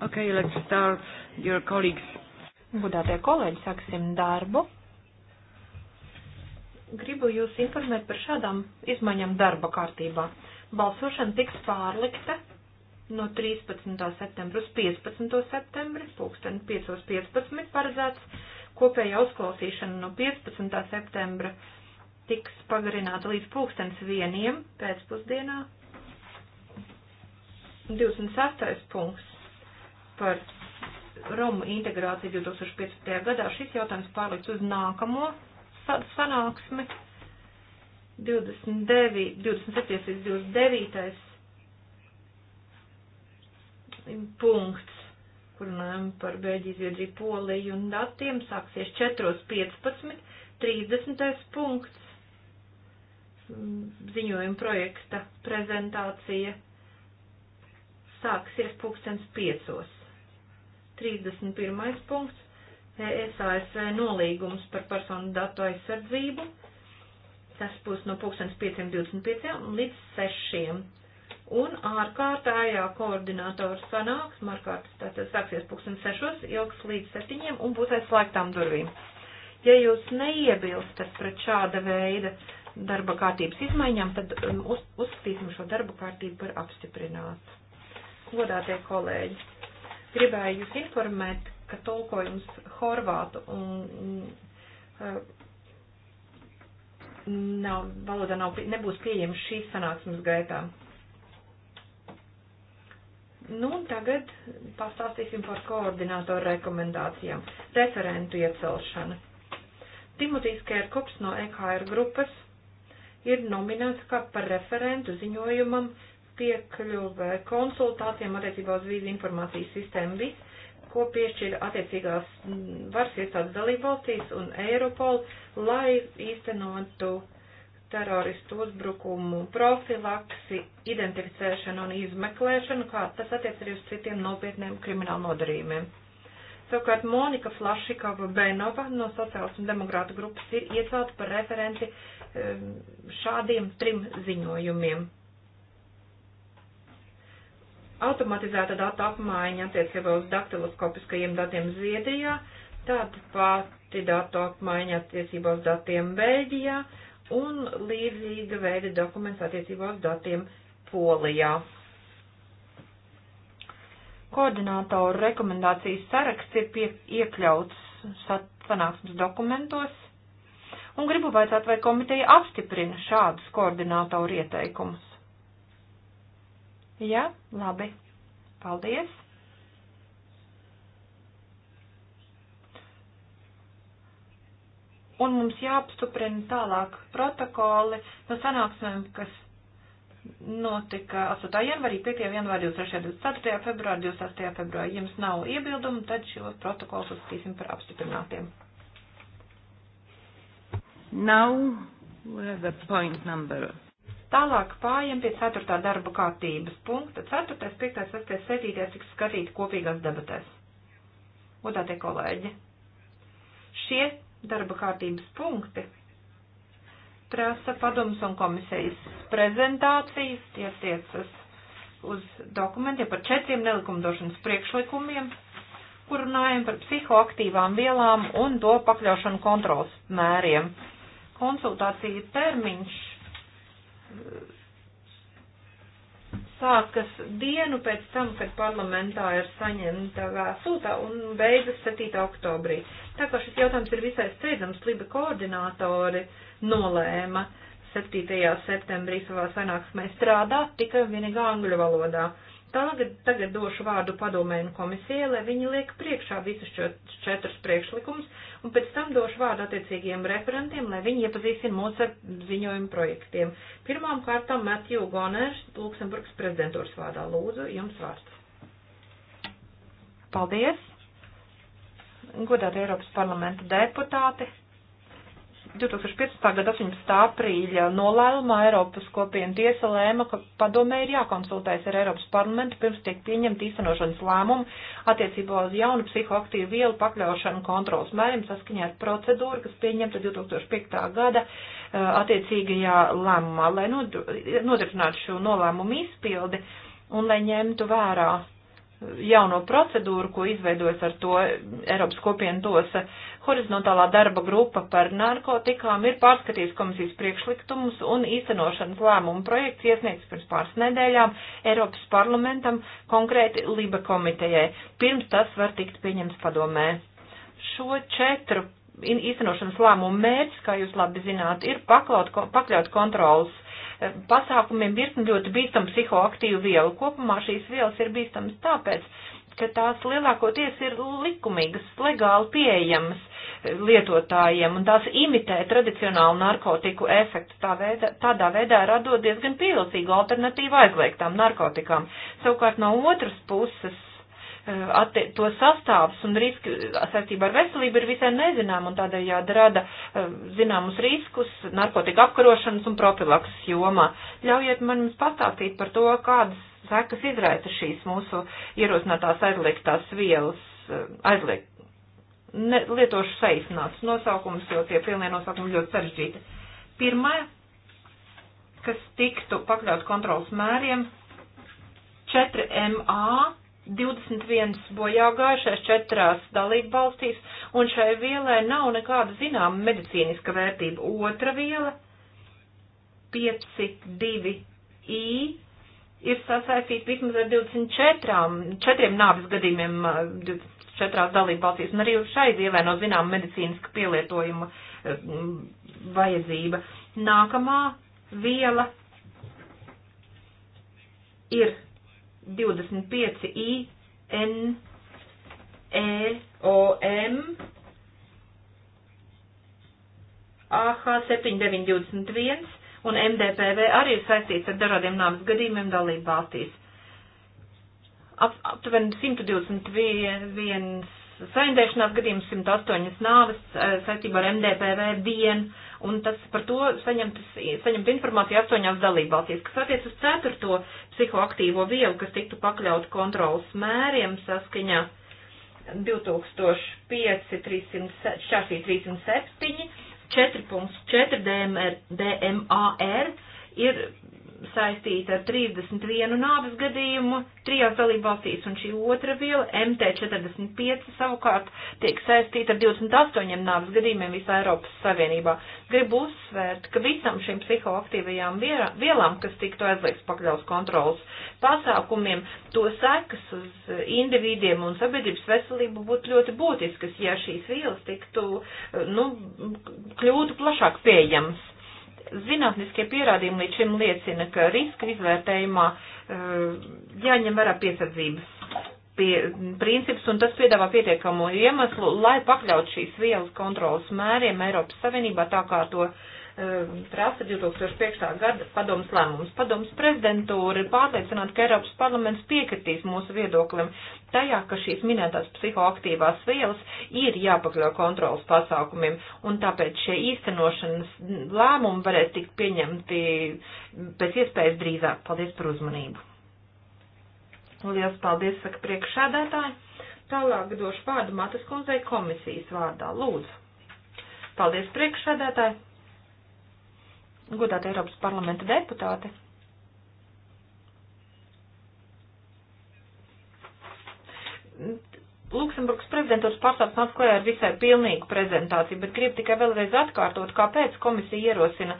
Okay, let's start your colleagues. Godātie kolēģi, sāksim darbu. Gribu jūs informēt par šādām izmaiņām darba kārtībā. Balsošana tiks pārlikta no 13. septembra uz 15. septembri, pulksten 5.15 paredzēts. Kopējā uzklausīšana no 15. septembra tiks pagarināta līdz pulkstens vieniem pēcpusdienā. 26. punkts par Romu integrāciju 2015. gadā. Šis jautājums pārliks uz nākamo sanāksmi 29, 27 līdz 29. punkts, kur runājam par Bēļģiju, Zviedriju, Poliju un datiem, sāksies 4.15. 30. punkts ziņojuma projekta prezentācija sāksies pulkstens piecos. 31. punkts. ESASV nolīgums par personu datu aizsardzību. Tas būs no 1525 līdz 6. Un ārkārtējā koordinātora sanāks, markārtas tātad sāksies 1600, ilgs līdz 7 un būs aizslēgtām durvīm. Ja jūs neiebilstat pret šāda veida darba kārtības izmaiņām, tad um, uz, uzskatīsim šo darba kārtību par apstiprinātu. Godātie kolēģi! Gribēju jūs informēt, ka tulkojums horvātu un, un e, nav, valoda nav, nebūs pieejama šīs sanāksmes gaitā. Nu, un tagad pastāstīsim par koordinātoru rekomendācijām. Referentu iecelšana. Timotīs Kērkops no EKR grupas ir nominēts kā par referentu ziņojumam piekļuve konsultācijām attiecībā uz vīzu informācijas sistēmu VIS, ko piešķir attiecīgās varas iestādes dalībvalstīs un Eiropol, lai īstenotu teroristu uzbrukumu profilaksi, identificēšanu un izmeklēšanu, kā tas attiec arī uz citiem nopietniem kriminālu nodarījumiem. Savukārt Monika Flašikava Benova no sociālas un demokrāta grupas ir iecelta par referenti šādiem trim ziņojumiem automatizēta datu apmaiņa attiecībā uz daktiloskopiskajiem datiem Zviedrijā, tāda pati datu apmaiņa attiecībā uz datiem Beļģijā un līdzīga veida dokuments attiecībā uz datiem Polijā. Koordinātoru rekomendācijas saraksts ir pie, iekļauts sanāksmes dokumentos, un gribu vaicāt, vai komiteja apstiprina šādus koordinātoru ieteikumus. Jā, labi. Paldies. Un mums jāapstuprina tālāk protokoli no sanāksmēm, kas notika 8. janvārī, 5. janvārī, 23. 24. februārī, 28. februārī. Jums nav iebildumu, tad šo protokolu uzskatīsim par apstiprinātiem. Now we have a point number Tālāk pājam pie 4. darba kārtības punkta. 4., 5., 6., 7. tiks skatīt kopīgās debatēs. Godātie kolēģi, šie darba kārtības punkti prasa padomus un komisijas prezentācijas, tie tiecas uz dokumentiem par četriem nelikumdošanas priekšlikumiem, kur runājam par psihoaktīvām vielām un to pakļaušanu kontrols mēriem. Konsultācija termiņš sākas dienu pēc tam, kad parlamentā ir saņemta vēstulta un beidzas 7. oktobrī. Tā kā šis jautājums ir visai steidzams, Liba koordinātori nolēma 7. septembrī savā sanāksmē strādāt tikai vienīgi angļu valodā. Tagad, tagad došu vārdu padomēnu komisijai, lai viņi liek priekšā visus četrus priekšlikumus, un pēc tam došu vārdu attiecīgiem referentiem, lai viņi iepazīstina mūs ar ziņojumu projektiem. Pirmām kārtām Matthew Goners, Luksemburgas prezidentūras vārdā. Lūdzu, jums vārds. Paldies! Godāt Eiropas parlamenta deputāti! 2015. gada 18. aprīļa nolēmumā Eiropas kopiena tiesa lēma, ka padomē ir jākonsultējas ar Eiropas parlamentu pirms tiek pieņemta īstenošanas lēmumu attiecībā uz jaunu psihoaktīvu vielu pakļaušanu kontrols mēriem saskaņā ar procedūru, kas pieņemta 2005. gada eh, attiecīgajā lēmumā, lai nodrošinātu šo nolēmumu izpildi un lai ņemtu vērā jauno procedūru, ko izveidojas ar to Eiropas kopienu tos horizontālā darba grupa par narkotikām, ir pārskatījis komisijas priekšliktumus un īstenošanas lēmumu projekts iesniegts pirms pāris nedēļām Eiropas parlamentam, konkrēti Liba komitejai, pirms tas var tikt pieņemts padomē. Šo četru īstenošanas lēmumu mērķis, kā jūs labi zināt, ir paklaut, pakļaut kontrolas pasākumiem virkni ļoti bīstam psihoaktīvu vielu. Kopumā šīs vielas ir bīstamas tāpēc, ka tās lielākoties ir likumīgas, legāli pieejamas lietotājiem, un tās imitē tradicionālu narkotiku efektu, tā veidā, tādā veidā radot diezgan pievilcīgu alternatīvu aizliegtām narkotikām. Savukārt no otras puses Eh, atti, to sastāvs un riski saistībā ar veselību ir visai nezinām un tādējādi rada eh, zināmus riskus narkotika apkarošanas un profilakses jomā. Ļaujiet man jums pastāstīt par to, kādas sekas izraisa šīs mūsu ierosinātās aizliegtās vielas eh, aizliegt. Ne, lietošu saīsināts nosaukums, jo tie pilnie nosaukumi ļoti sarežģīti. Pirmā, kas tiktu pakļauts kontrols mēriem, 4MA 21 bojā gājušais četrās dalību valstīs, un šai vielai nav nekāda zināma medicīniska vērtība. Otra viela, 5,2i, ir sasaistīta vismaz ar 24 četriem nāvis gadījumiem 24 dalību valstīs, un arī šai vielai nav no zināma medicīniska pielietojuma vajadzība. Nākamā viela ir 25 I N E O M AH 7921 un MDPV arī ir saistīts ar dažādiem nāves gadījumiem dalību valstīs. Ap, aptuveni 121 saindēšanās gadījums, 108 nāves eh, saistībā ar MDPV 1 un tas par to saņemtas, saņemt informāciju astoņās dalībvalstīs, kas attiec uz ceturto psihoaktīvo vielu, kas tiktu pakļaut kontrolas mēriem saskaņā 2005-307, 4.4 DMR, DMAR ir saistīta ar 31 nāves gadījumu trijās dalībvalstīs, un šī otra viela, MT45, savukārt tiek saistīta ar 28 nāves gadījumiem visā Eiropas Savienībā. Gribu uzsvērt, ka visam šīm psihoaktīvajām vielām, kas tiktu aizliegts pakļaus kontrolas pasākumiem, to sekas uz individiem un sabiedrības veselību būtu ļoti būtiskas, ja šīs vielas tiktu, nu, kļūtu plašāk pieejamas Zinātniskie pierādījumi līdz šim liecina, ka riska izvērtējumā eh, jāņem vērā piesardzības pie, princips, un tas piedāvā pietiekamo iemeslu, lai pakļaut šīs vielas kontrolas mēriem Eiropas Savienībā, tā kā to uh, Um, prasa 2005. gada padomas lēmums. Padomas prezidentūra ir pārliecināta, ka Eiropas parlaments piekritīs mūsu viedoklim tajā, ka šīs minētās psihoaktīvās vielas ir jāpakļau kontrolas pasākumiem, un tāpēc šie īstenošanas lēmumi varēs tikt pieņemti pēc iespējas drīzāk. Paldies par uzmanību. Lielas paldies, saka priekšsēdētāji. Tālāk došu vārdu Matas kundzei komisijas vārdā. Lūdzu. Paldies priekšsēdētāji godāta Eiropas parlamenta deputāte. Luksemburgas prezidentūras pārstāvs nāca klajā ar visai pilnīgu prezentāciju, bet gribu tikai vēlreiz atkārtot, kāpēc komisija ierosina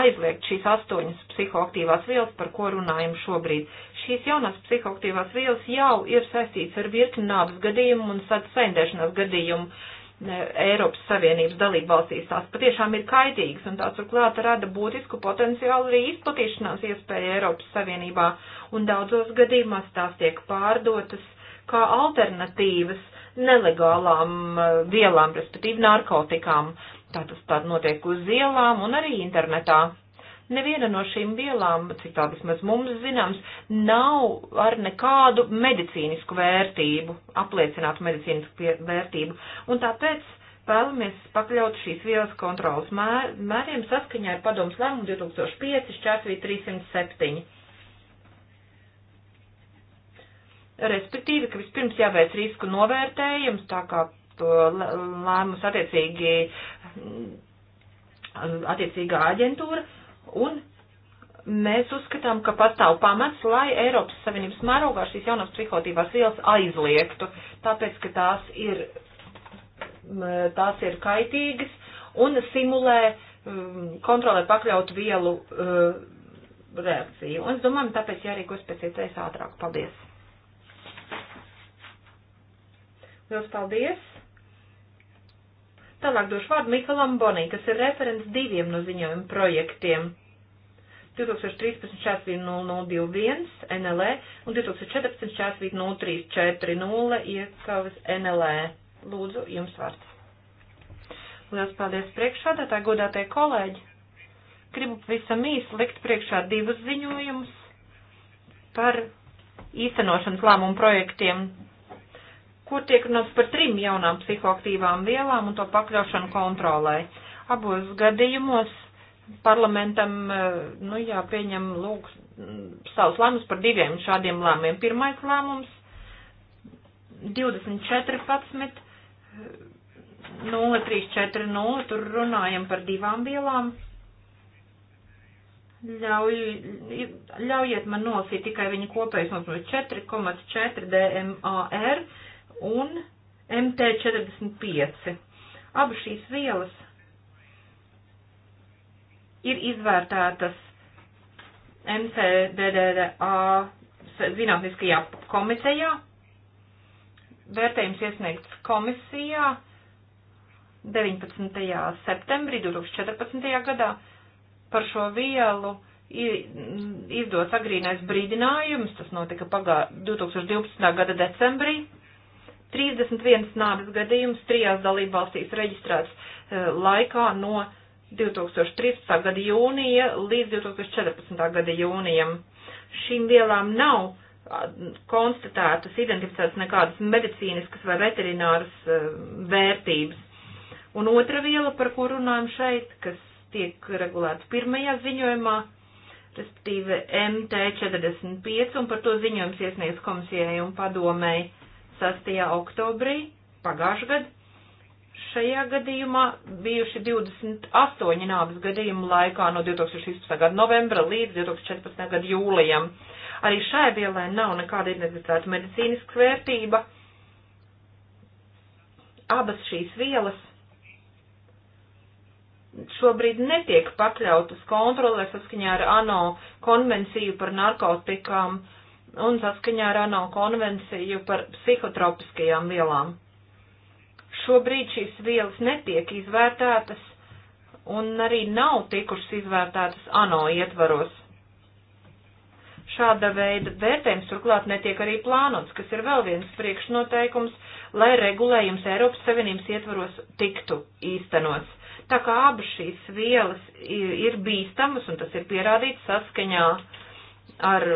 aizliegt šīs astoņas psihoaktīvās vielas, par ko runājam šobrīd. Šīs jaunās psihoaktīvās vielas jau ir saistīts ar virkni nāves gadījumu un sacensēšanās gadījumu. Uh, Eiropas Savienības dalību valstīs tās patiešām ir kaitīgas un tās turklāt rada būtisku potenciālu arī izplatīšanās iespēju Eiropas Savienībā un daudzos gadījumās tās tiek pārdotas kā alternatīvas nelegālām eh, vielām, respektīvi narkotikām. Tā tas tad notiek uz ielām un arī internetā. Neviena no šīm vielām, cik tā vismaz mums zināms, nav ar nekādu medicīnisku vērtību, apliecinātu medicīnisku vērtību. Un tāpēc vēlamies pakļaut šīs vielas kontrolas mēr, mēriem saskaņā ar padomus lēmumu 2005 šķērsvī 307. Respektīvi, ka vispirms jāveic risku novērtējums, tā kā to lēmums attiecīgi attiecīgā aģentūra, Un mēs uzskatām, ka pastāv pamats, lai Eiropas Savienības mērogā šīs jaunās psihotīvās vielas aizliegtu, tāpēc, ka tās ir, tās ir kaitīgas un simulē kontrolē pakļautu vielu uh, reakciju. Un es domāju, tāpēc jārīkos pēc iespējas ātrāk. Paldies! Liels paldies! Tālāk došu vārdu Mikalam Bonī, kas ir referents diviem no ziņojuma projektiem. 2013.0021 NLE e, un 2014.003440 iekavas NLE. Lūdzu, jums vārds. Lielas paldies priekšādātāji, godātie kolēģi. Gribu visam īsi likt priekšā divus ziņojumus par īstenošanas lēmumu projektiem kur tiek runāts par trim jaunām psihoaktīvām vielām un to pakļaušanu kontrolē. Abos gadījumos parlamentam, eh, nu jā, pieņem lūk mm, savus lēmumus par diviem šādiem lēmumiem. Pirmais lēmums 2014 0340, eh, tur runājam par divām vielām. Ļauj, ļaujiet man nosīt tikai viņa kopējais nosaukums 4,4 DMAR un MT45. Abas šīs vielas ir izvērtētas MCDDA zinātniskajā komisijā. Vērtējums iesniegts komisijā 19. septembrī 2014. gadā par šo vielu izdots agrīnais brīdinājums, tas notika pagā 2012. gada decembrī, 31 nāves gadījums trijās dalībvalstīs reģistrēts eh, laikā no 2013. gada jūnija līdz 2014. gada jūnijam. Šīm vielām nav konstatētas, identificētas nekādas medicīniskas vai veterināras eh, vērtības. Un otra viela, par ko runājam šeit, kas tiek regulēta pirmajā ziņojumā, respektīvi MT45, un par to ziņojums iesniegs komisijai un padomēji 6. oktobrī pagājušajā gadā. Šajā gadījumā bijuši 28 nāves gadījumu laikā no 2016. gada novembra līdz 2014. gada jūlijam. Arī šai vielai nav nekāda identificēta medicīniska vērtība. Abas šīs vielas šobrīd netiek pakļautas kontrolē saskaņā ar ANO konvenciju par narkotikām uh, un saskaņā ar ANO konvenciju par psihotropiskajām vielām. Šobrīd šīs vielas netiek izvērtētas un arī nav tikušas izvērtētas ANO ietvaros. Šāda veida vērtējums turklāt netiek arī plānots, kas ir vēl viens priekšnoteikums, lai regulējums Eiropas Savienības ietvaros tiktu īstenots. Tā kā abas šīs vielas ir bīstamas, un tas ir pierādīts saskaņā ar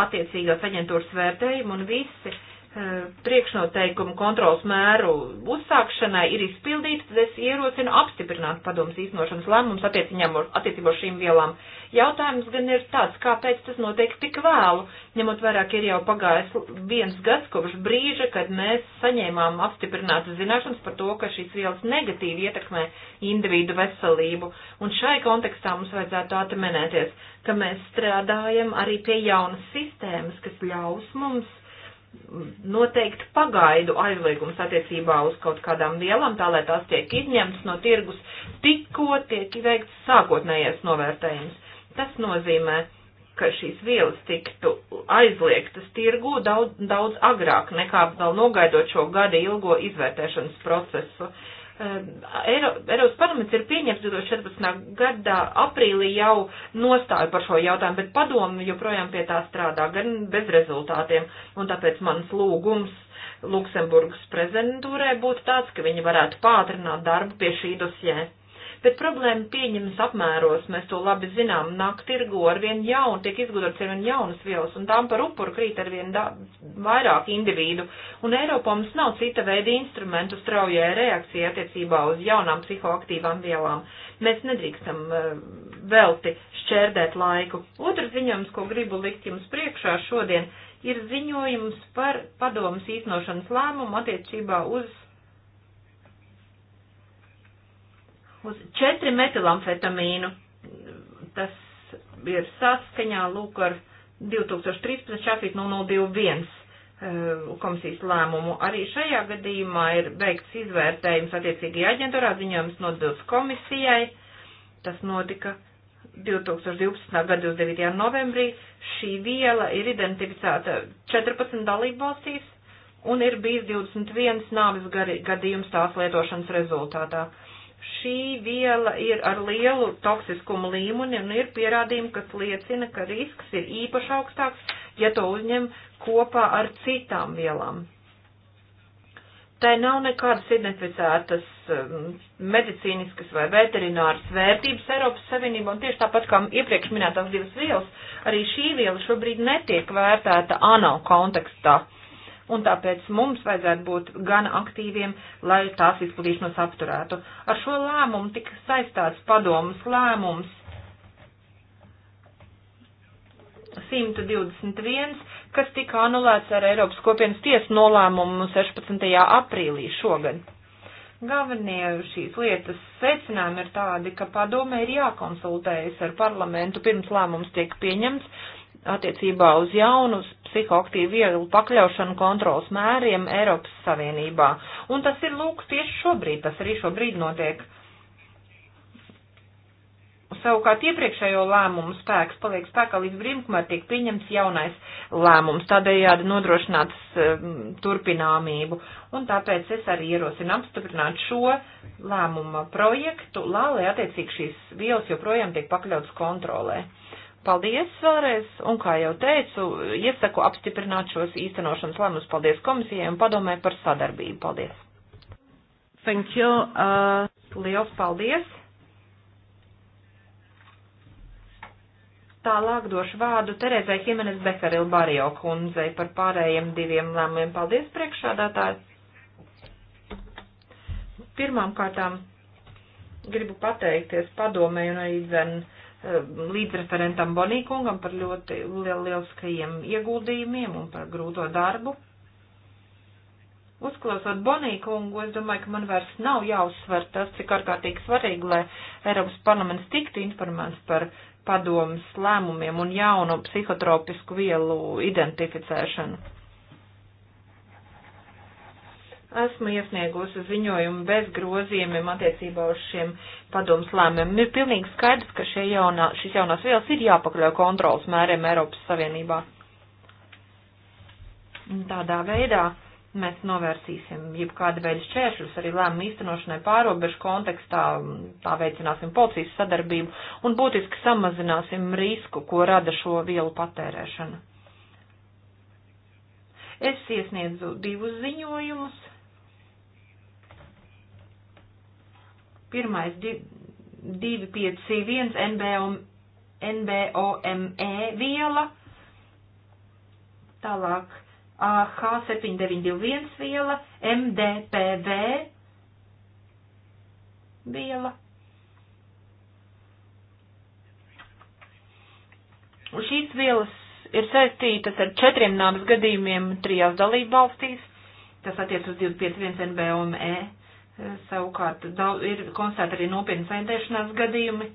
attiecīgās aģentūras vērtējumu un visi Eh, priekšnoteikumu kontrols mēru uzsākšanai ir izpildīts, tad es ierosinu apstiprināt padomus īstenošanas lēmumus attiecībā uz šīm vielām. Jautājums gan ir tāds, kāpēc tas notiek tik vēlu, ņemot vairāk ir jau pagājis viens gads kopš brīža, kad mēs saņēmām apstiprinātas zināšanas par to, ka šīs vielas negatīvi ietekmē individu veselību. Un šai kontekstā mums vajadzētu atminēties, ka mēs strādājam arī pie jaunas sistēmas, kas ļaus mums noteikti pagaidu aizliegums attiecībā uz kaut kādām vielām, tā lai tās tiek izņemtas no tirgus, tikko tiek veikts sākotnējais novērtējums. Tas nozīmē, ka šīs vielas tiktu aizliegtas tirgu daudz, daudz agrāk nekā vēl nogaidot šo gada ilgo izvērtēšanas procesu. Uh, Ehm, Eiro, Eiropas parlaments ir pieņemts 2014. gadā aprīlī jau nostāju par šo jautājumu, bet padomu joprojām pie tā strādā, gan bez rezultātiem. Un tāpēc mans lūgums Luksemburgas prezidentūrē būtu tāds, ka viņi varētu pātrināt darbu pie šī dosjē bet problēma pieņemas apmēros, mēs to labi zinām, nāk tirgo ar vien jaunu, tiek izgudrots ar vien jaunas vielas, un tām par upuru krīt ar vien da, vairāk individu, un Eiropā mums nav cita veida instrumentu straujai reakcijai attiecībā uz jaunām psihoaktīvām vielām. Mēs nedrīkstam uh, velti šķērdēt laiku. Otrs ziņojums, ko gribu likt jums priekšā šodien, ir ziņojums par padomas īstenošanas lēmumu attiecībā uz uz 4 metilamfetamīnu. Tas ir saskaņā lūk ar 2013 šafīt 0021 eh, komisijas lēmumu. Arī šajā gadījumā ir veikts izvērtējums attiecīgajā aģentūrā, ziņojums nodots komisijai. Tas notika 2012. gada 29. novembrī. Šī viela ir identificēta 14 dalībvalstīs un ir bijis 21 nāvis gadījums tās lietošanas rezultātā. Šī viela ir ar lielu toksiskumu līmeni un ir pierādījumi, kas liecina, ka risks ir īpaši augstāks, ja to uzņem kopā ar citām vielām. Tai nav nekādas identificētas um, medicīniskas vai veterināras vērtības Eiropas Savienībā, un tieši tāpat kā iepriekš minētās divas vielas, arī šī viela šobrīd netiek vērtēta ANO kontekstā. Uh, un tāpēc mums vajadzētu būt gan aktīviem, lai tās izplatīšanos apturētu. Ar šo lēmumu tika saistāts padomus lēmums 121, kas tika anulēts ar Eiropas kopienas tiesu nolēmumu 16. aprīlī šogad. Galvenie šīs lietas secinājumi ir tādi, ka padome ir jākonsultējas ar parlamentu pirms lēmums tiek pieņemts, attiecībā uz jaunu psihoaktīvu vielu pakļaušanu kontrols mēriem Eiropas Savienībā. Un tas ir lūk tieši šobrīd, tas arī šobrīd notiek. Savukārt iepriekšējo lēmumu spēks paliek spēkā līdz brīdim, kamēr tiek pieņemts jaunais lēmums, tādējādi nodrošināts um, turpināmību. Un tāpēc es arī ierosinu apstiprināt šo lēmuma projektu, lā, lai attiecīgi šīs vielas joprojām tiek pakļautas kontrolē. Paldies vēlreiz, un kā jau teicu, iesaku apstiprināt šos īstenošanas lēmumus. Paldies komisijai un padomē par sadarbību. Paldies! Thank you! Uh... Liels paldies! Tālāk došu vārdu Terezai Himenes Bekaril Barijo kundzei par pārējiem diviem lēmumiem. Paldies, priekšādātāji! Pirmām kārtām gribu pateikties padomē un arī dzen. Uh, līdzreferentam Bonīkungam par ļoti lieliskajiem ieguldījumiem un par grūto darbu. Uzklausot Bonīkungu, es domāju, ka man vairs nav jāuzsver tas, cik ārkārtīgi svarīgi, lai Eiropas parlaments tiktu informēts par padomas lēmumiem un jaunu psihotropisku vielu identificēšanu esmu iesniegusi ziņojumu bez grozījumiem attiecībā uz šiem padomus lēmumiem. Ir pilnīgi skaidrs, ka jaunā, šis jaunās vielas ir jāpakļauj kontrols mēriem Eiropas Savienībā. Tādā veidā mēs novērsīsim jebkāda veida šķēršļus arī lēmumu īstenošanai pārobežu kontekstā, tā veicināsim policijas sadarbību un būtiski samazināsim risku, ko rada šo vielu patērēšana. Es iesniedzu divus ziņojumus Pirmais 25C1 NBO, NBOME viela, tālāk AH7921 viela, MDPV viela. Un šīs vielas ir saistītas ar četriem nāves gadījumiem trijās dalību valstīs. Tas attiec uz 251 NBOME Savukārt daudz, ir konstatēta arī nopietnas aizēšanās gadījumi.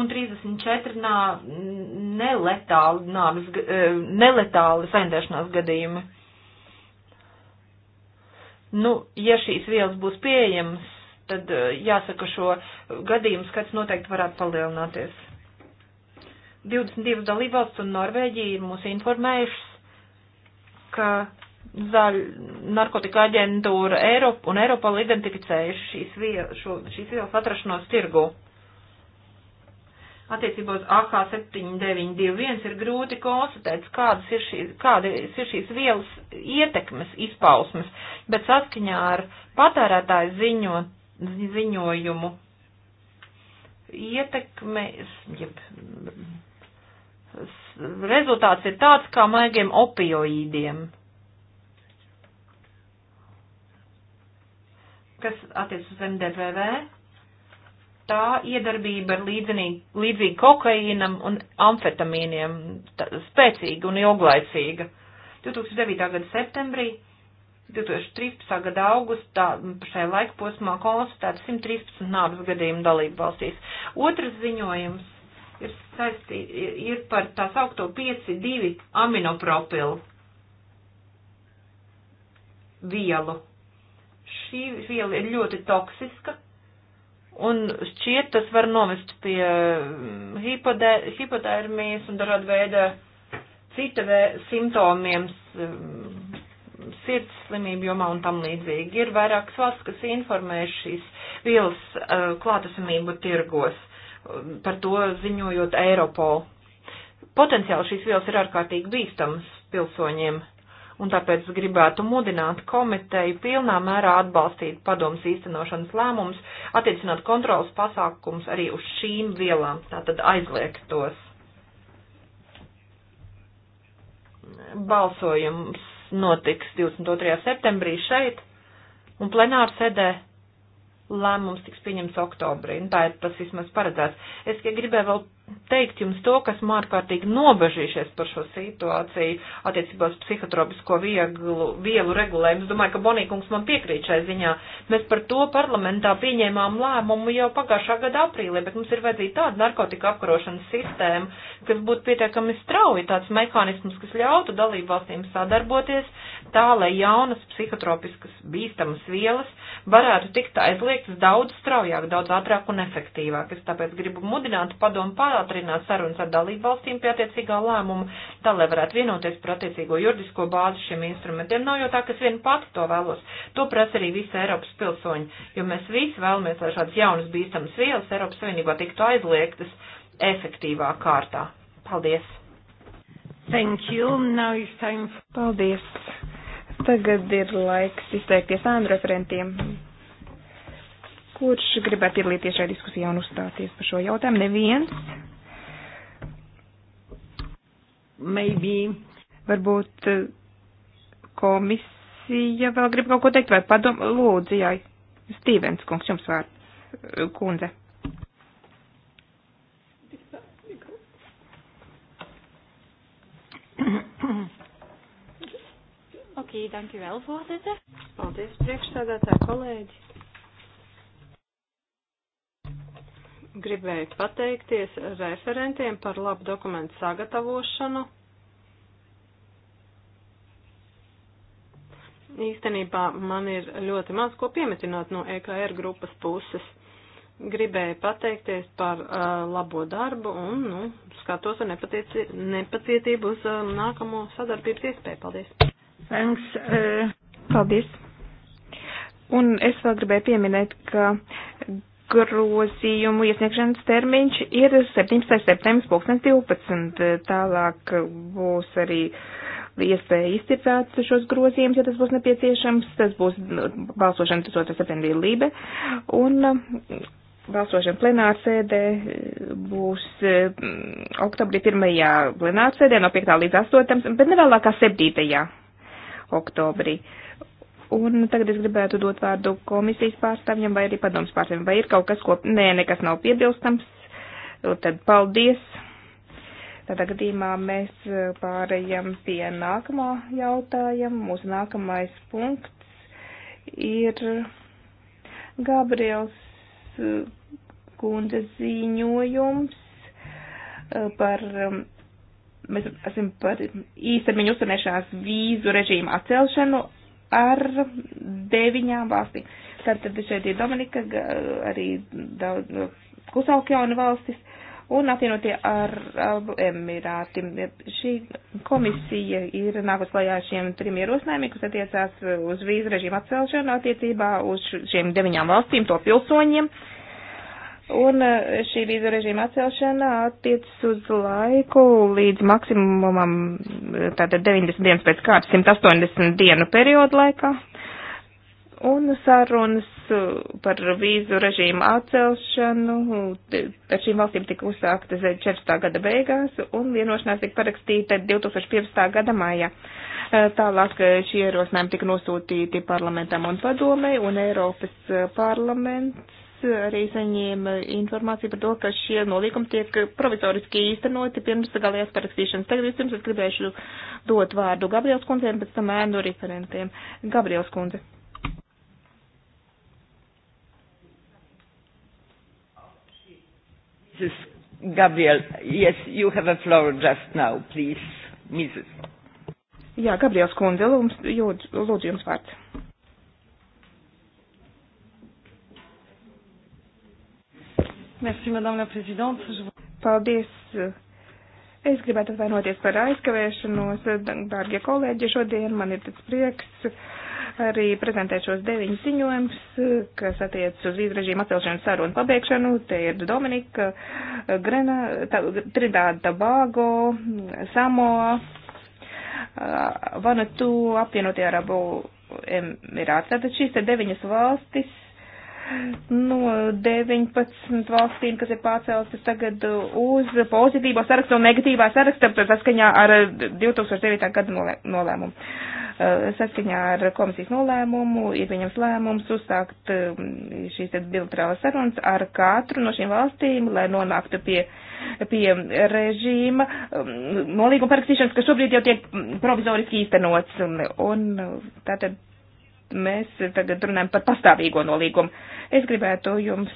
Un 34 nā, neletāli, nāvis, e, neletāli saindēšanās gadījumi. Nu, ja šīs vielas būs pieejamas, tad e, jāsaka šo gadījumu skats noteikti varētu palielināties. 22 dalībvalsts un Norvēģija ir mūs informējušas, ka zaļu narkotika aģentūra Eiropa un Eiropola identificējuši šīs, vie, šo, šīs vielas atrašanos tirgu. Attiecībā uz AK7921 ir grūti konstatēt, kādas ir, šī, kādas ir šīs vielas ietekmes izpausmes, bet saskaņā ar patērētāju ziņo, ziņojumu ietekme, jeb, rezultāts ir tāds kā maigiem opioīdiem kas attiec uz MDVV, tā iedarbība ir līdzīga kokaīnam un amfetamīniem, tā, spēcīga un ilglaicīga. 2009. gada septembrī, 2013. gada augustā šajā laika posmā konstatēta 113 nāves gadījumu dalību valstīs. Otrs ziņojums ir, saistī, ir par tā saukto 5,2 aminopropilu vielu šī viela ir ļoti toksiska, un šķiet tas var novest pie mm, hipodē, hipotermijas un dažāda veida cita vē, simptomiem mm, sirds slimību jomā un tam līdzīgi. Ir vairākas valsts, kas informē šīs vielas eh, klātesamību tirgos, mm, par to ziņojot Eiropolu. Potenciāli šīs vielas ir ārkārtīgi bīstamas pilsoņiem un tāpēc gribētu mudināt komiteju pilnā mērā atbalstīt padomus īstenošanas lēmumus, attiecināt kontrolas pasākums arī uz šīm vielām, tātad aizliegt tos. Balsojums notiks 22. septembrī šeit, un plenāra sēdē lēmums tiks pieņemts oktobrī, un tā ir tas vismaz paredzēts. Es ja gribēju vēl teikt jums to, kas man ārkārtīgi nobežījušies par šo situāciju attiecībā uz psihotropisko vieglu, vielu regulējumu. Es domāju, ka Bonīkungs man piekrīt šai ziņā. Mēs par to parlamentā pieņēmām lēmumu jau pagājušā gada aprīlī, bet mums ir vajadzīga tāda narkotika apkarošanas sistēma, kas būtu pietiekami strauji tāds mehānisms, kas ļautu dalību valstīm sadarboties tā, lai jaunas psihotropiskas bīstamas vielas varētu tikt aizliegtas daudz straujāk, daudz ātrāk un efektīvāk. Es tāpēc gribu mudināt padomu pārāk pātrināt sarunas ar dalību valstīm pie attiecīgā lēmuma, tā lai varētu vienoties par attiecīgo juridisko bāzi šiem instrumentiem. Nav jau tā, ka es vien pati to vēlos. To prasa arī visi Eiropas pilsoņi, jo mēs visi vēlamies, lai šādas jaunas bīstamas vielas Eiropas Savienībā tiktu aizliegtas efektīvā kārtā. Paldies! Thank you. Now it's time for... Paldies. Tagad ir laiks izteikties ānu referentiem. Kurš gribētu piedalīties šajā diskusijā un uzstāties par šo jautājumu? Neviens. Maybe. Varbūt eh, komisija vēl grib kaut ko teikt vai padom. Lūdzu, jā, Stīvens kungs, jums vārds, eh, kundze. Oké, okay, dank u wel, voorzitter. Paldies, priekšstādātāji kolēģi. gribēju pateikties referentiem par labu dokumentu sagatavošanu. Īstenībā man ir ļoti maz ko piemetināt no EKR grupas puses. Gribēju pateikties par uh, labo darbu un nu, skatos ar nepacietību uz uh, nākamo sadarbības iespēju. Paldies! Thanks, uh, paldies! Un es vēl gribēju pieminēt, ka grozījumu iesniegšanas termiņš ir 17. septembris 2012. Tālāk būs arī iespēja izcirtāt šos grozījumus, ja tas būs nepieciešams. Tas būs balsošana 2. septembrī Lībe. Un mm, balsošana plenārsēdē mm, būs mm, oktobrī 1. plenārsēdē no 5. līdz 8. bet nevēlākā 7. oktobrī. Un tagad es gribētu dot vārdu komisijas pārstāvjiem vai arī padoms pārstāvjiem. Vai ir kaut kas, ko nē, nekas nav piebilstams? Tad paldies. Tādā gadījumā mēs e, pārējām pie nākamā jautājuma. Mūsu nākamais punkts ir Gabriels e, kundzes ziņojums e, par mēs esam par īstermiņu uzturēšanās vīzu režīmu atcelšanu ar deviņām valstīm. Tātad šeit ir Dominika, arī daudz Kusaukjauna valstis un apvienotie ar Arbu Emirāti. Šī komisija ir nākus klajā šiem trim ierosinājumiem, kas attiecās uz vīzu režīmu atcelšanu attiecībā uz šiem deviņām valstīm, to pilsoņiem. Uh, Un e, šī vīzu režīma atcelšana attiecas uz laiku līdz maksimumam, e, tātad 90 dienas pēc kārtas 180 dienu periodu laikā. Un sarunas e, par vīzu režīmu atcelšanu ar šīm valstīm tika uzsāktas 14. gada beigās un vienošanās tika parakstīta 2015. gada maijā. Tālāk šie ierosinājumi tika nosūtīti parlamentam un padomei un Eiropas parlaments arī saņēma informāciju par to, ka šie nolīgumi tiek provizoriski īstenoti pirms galējās parakstīšanas. Tagad es jums gribēšu dot vārdu Gabriels kundzēm, pēc tam ēnu referentiem. Gabriels kundze. Mrs. Gabriel, yes, you have a floor just now, please, Mrs. Jā, Gabriels kundze, lūdzu, lūdzu jums vārds. Merci, madame la présidente. Paldies. Es gribētu atvainoties par aizkavēšanos, dārgie kolēģi, šodien man ir tāds prieks arī prezentēt šos deviņus ziņojumus, kas attiec uz vīzrežīmu atcelšanu sarunu pabeigšanu. Te ir Dominika, Grena, Trinidāda Tobago, Samoa, Vanatu, apvienotie Arabu Emirāti. Tātad šīs te deviņas valstis no 19 valstīm, kas ir pārceltas tagad uz pozitīvo sarakstu un negatīvā saraksta saskaņā ar 2009. gada nolēmumu. Eh, saskaņā ar komisijas nolēmumu ir viņams lēmums uzsākt eh, šīs bilaterālas sarunas ar katru no šīm valstīm, lai nonāktu pie, pie režīma mm, nolīguma parakstīšanas, kas šobrīd jau tiek mm, provizoriski īstenots. Un, un tātad mēs tagad runājam par pastāvīgo nolīgumu. Es gribētu jums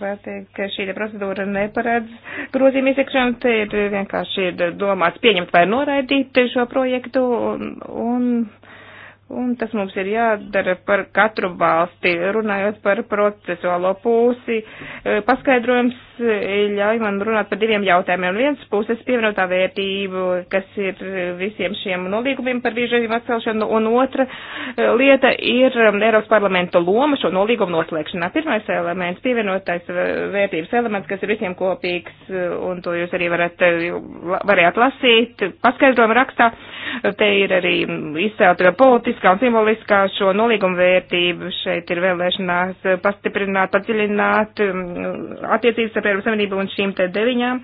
pateikt, eh, ka šī procedūra neparedz grozījumu izsekšanu, te ir vienkārši ir domāts pieņemt vai noraidīt šo projektu, un, un, un tas mums ir jādara par katru valsti, runājot par procesuālo pusi. Eh, paskaidrojums ļauj man runāt par diviem jautājumiem. Viens puses pievienotā vērtība, kas ir visiem šiem nolīgumiem par vīžiem atcelšanu, un otra eh, lieta ir um, Eiropas parlamenta loma šo nolīgumu noslēgšanā. Pirmais elements, pievienotās eh, vērtības elements, kas ir visiem kopīgs, eh, un to jūs arī varat, varējāt lasīt paskaidrojumu rakstā. Te ir arī mm, izcelta politiskā un simboliskā šo nolīgumu vērtība. Šeit ir vēlēšanās pastiprināt, padziļināt mm, attiecības ar starp Eiropas Savienību un šīm te deviņām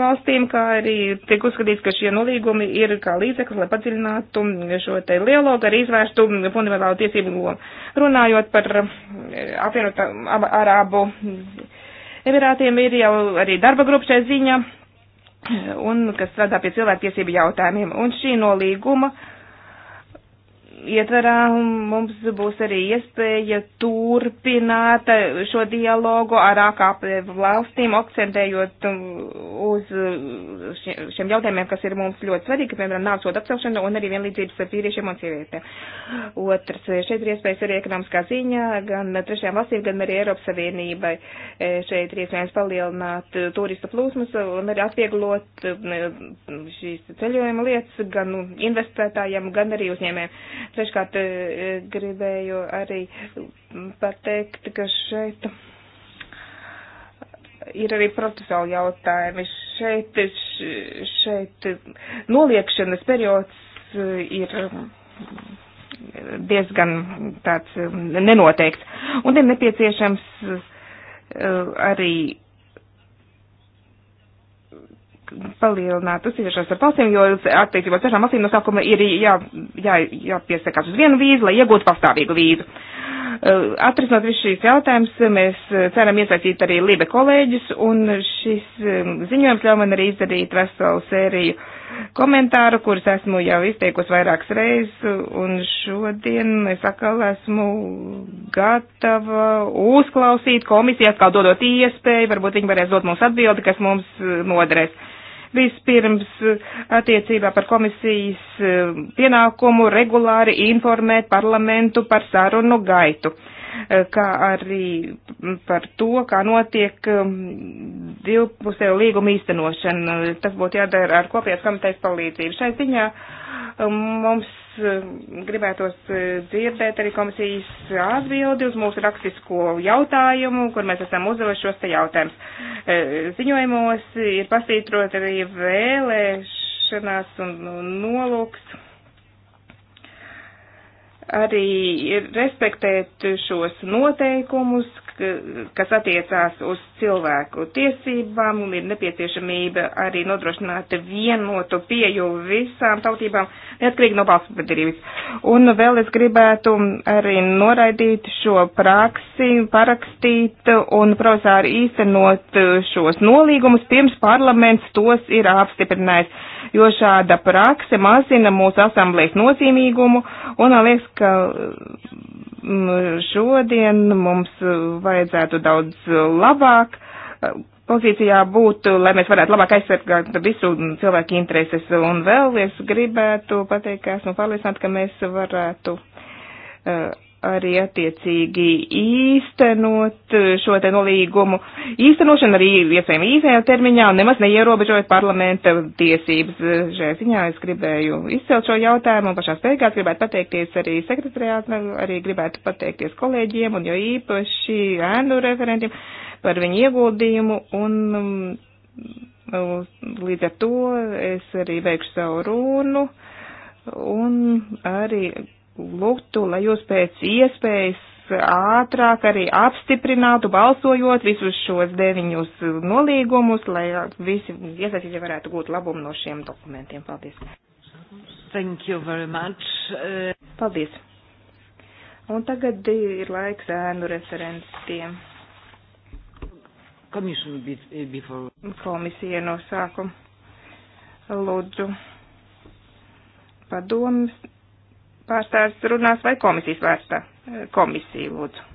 valstīm, kā arī tiek uzskatīts, ka šie nolīgumi ir kā līdzeklis, lai padziļinātu šo te dialogu, arī izvērstu fundamentālu tiesību lomu. Runājot par eh, apvienotā arābu Emirātiem, ir jau arī darba grupa šai ziņā, eh, un kas strādā pie cilvēktiesību jautājumiem. Un šī nolīguma uh, ietverā mums būs arī iespēja turpināt šo dialogu ar AKP valstīm, akcentējot uz šiem jautājumiem, kas ir mums ļoti svarīgi, piemēram, nāksot apcelšana un arī vienlīdzības ar vīriešiem un sievietēm. Otrs, šeit ir iespējas arī ekonomiskā ziņā, gan trešajām valstīm, gan arī Eiropas Savienībai. Šeit ir iespējams palielināt turista plūsmas un arī atvieglot šīs ceļojuma lietas gan investētājiem, gan arī uzņēmējiem. Treškārt e, e, gribēju arī pateikt, ka šeit ir arī procesuāli jautājumi. Šeit, šeit noliekšanas periods ir diezgan tāds mm, nenoteikts. Un ir nepieciešams e, arī palielināt uzticēšanos ar valstīm, jo attiecībā uz trešām valstīm no sākuma ir jā, jā, jāpiesakās uz vienu vīzu, lai iegūtu pastāvīgu vīzu. Uh, atrisinot visu šīs jautājumus, mēs uh, ceram iesaistīt arī Libe kolēģis, un šis um, ziņojums ļauj man arī izdarīt veselu sēriju komentāru, kurus esmu jau izteikusi vairākas reizes, un šodien es atkal esmu gatava uzklausīt komisiju, atkal dodot iespēju, varbūt viņi varēs dot mums atbildi, kas mums noderēs. Uh, Vispirms eh, attiecībā par komisijas eh, pienākumu regulāri informēt parlamentu par sarunu gaitu eh, kā arī par to, kā notiek divpusēju līgumu īstenošana. Tas būtu jādara ar kopējās komitejas palīdzību. Šai ziņā mums Eh, gribētos eh, dzirdēt arī komisijas atbildi uz mūsu rakstisko jautājumu, kur mēs esam uzdevuši šos te jautājumus. Eh, ziņojumos ir pasvītrot arī vēlēšanās un nolūks arī respektēt šos noteikumus, kas attiecās uz cilvēku tiesībām, un ir nepieciešamība arī nodrošināt vienotu pieju visām tautībām, neatkarīgi no balsts padarības. Un vēl es gribētu arī noraidīt šo praksi, parakstīt un prozāri īstenot šos nolīgumus, pirms parlaments tos ir apstiprinājis, jo šāda prakse mazina mūsu asamblējas nozīmīgumu, un man liekas, ka Mm, šodien mums uh, vajadzētu daudz uh, labāk uh, pozīcijā būt, lai mēs varētu labāk aizsargāt visu cilvēku intereses. Un vēl es gribētu pateikt, ka esmu pārliecināta, ka mēs varētu uh, arī attiecīgi īstenot šo te nolīgumu. Īstenošana arī iespējami īsajā termiņā un nemaz neierobežojot parlamenta tiesības. Šajā ziņā es gribēju izcelt šo jautājumu un pašā beigās gribētu pateikties arī sekretariātam, arī gribētu pateikties kolēģiem un jo īpaši ēnu referentiem par viņu ieguldījumu un um, līdz ar to es arī veikšu savu runu un arī lūgtu, lai jūs pēc iespējas ātrāk arī apstiprinātu, balsojot visus šos deviņus nolīgumus, lai visi iesaistītie varētu gūt labumu no šiem dokumentiem. Paldies. Thank you very much. Paldies. Un tagad ir laiks ēnu referentiem. Eh, Komisija no sākuma. Lūdzu. Padoms pārstāvis runās vai komisijas vērsta eh, komisija, lūdzu.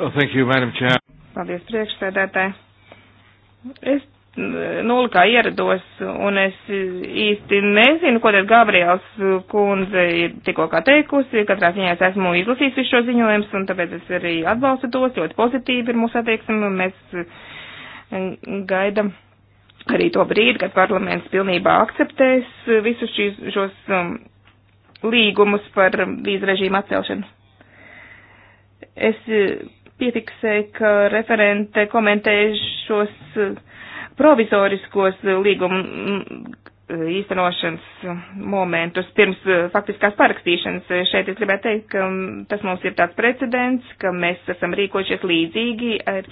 Oh, thank you, Madam Chair. Paldies, priekšsēdētāji. Es eh, nulli kā ierados, un es īsti nezinu, ko tad Gabriels kundze ir tikko kā teikusi. Katrā ziņā es esmu izlasījis visu šo ziņojumus, un tāpēc es arī atbalstu tos. Ļoti pozitīvi ir mūsu attieksme, un mēs eh, gaidam arī to brīdi, kad parlaments pilnībā akceptēs eh, visus šīs, šos um, līgumus par um, vīzu režīmu atcelšanu. Es eh, pietiksēju, ka referente komentē šos eh, provizoriskos līgumu mm, īstenošanas momentus pirms faktiskās parakstīšanas. Šeit es gribētu teikt, ka mm, tas mums ir tāds precedents, ka mēs esam rīkojušies līdzīgi ar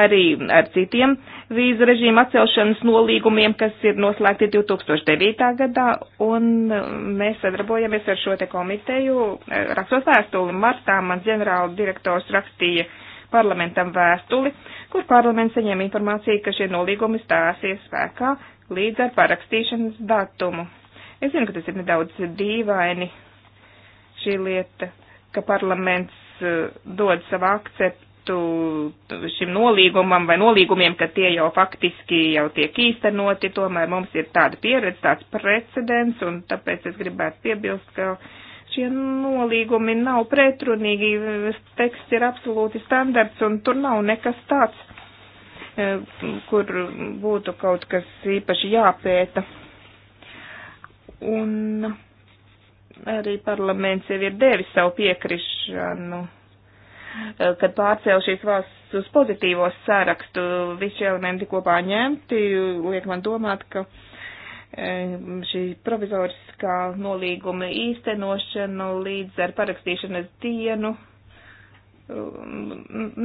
arī ar citiem vīzu režīmu atcelšanas nolīgumiem, kas ir noslēgti 2009. gadā, un um, mēs sadarbojamies ar šo te komiteju. Rakstot vēstuli martā, mans ģenerāla direktors rakstīja parlamentam vēstuli, kur parlaments saņēma informāciju, ka šie nolīgumi stāsies spēkā līdz ar parakstīšanas datumu. Es zinu, ka tas ir nedaudz dīvaini šī lieta, ka parlaments uh, dod savu akceptu pamatu šim nolīgumam vai nolīgumiem, ka tie jau faktiski jau tiek īstenoti, tomēr mums ir tāda pieredze, tāds precedents, un tāpēc es gribētu piebilst, ka šie nolīgumi nav pretrunīgi, teksts ir absolūti standarts, un tur nav nekas tāds, e, kur būtu kaut kas īpaši jāpēta. Un arī parlaments jau ir devis savu piekrišanu. Nu, Eh, kad pārcēl šīs valsts uz pozitīvo sarakstu, visi šie elementi kopā ņemti, liek man domāt, ka eh, šī provizoriskā nolīguma īstenošanu līdz ar parakstīšanas dienu eh,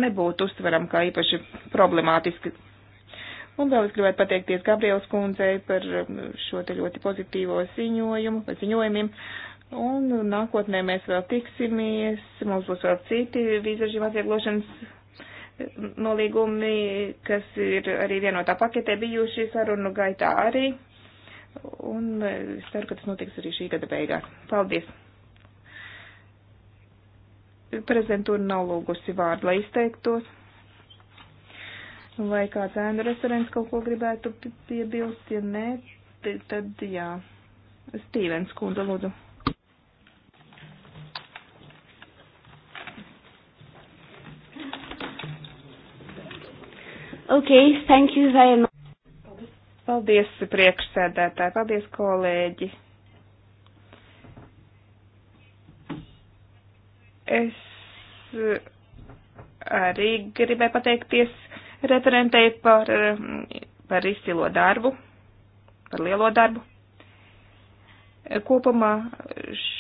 nebūtu uztveram kā īpaši problemātiski. Un vēl es gribētu pateikties Gabrielas kundzei par šo te ļoti pozitīvo ziņojumu, par ziņojumiem. Uh, Un nākotnē mēs vēl tiksimies, mums būs vēl citi vīzažīm atvieglošanas nolīgumi, kas ir arī vienotā paketē bijuši sarunu gaitā arī. Un es ceru, ka tas notiks arī šī gada beigās. Paldies! Prezidentūra nav lūgusi vārdu, lai izteiktos. Vai kāds ēnu referents kaut ko gribētu piebilst, ja nē, tad jā. Stīvens kundze, lūdzu. Okay, thank you very much. Paldies, priekšsēdētāji, paldies, kolēģi. Es eh, arī gribēju pateikties referentei par, eh, par izcilo darbu, par lielo darbu. Kopumā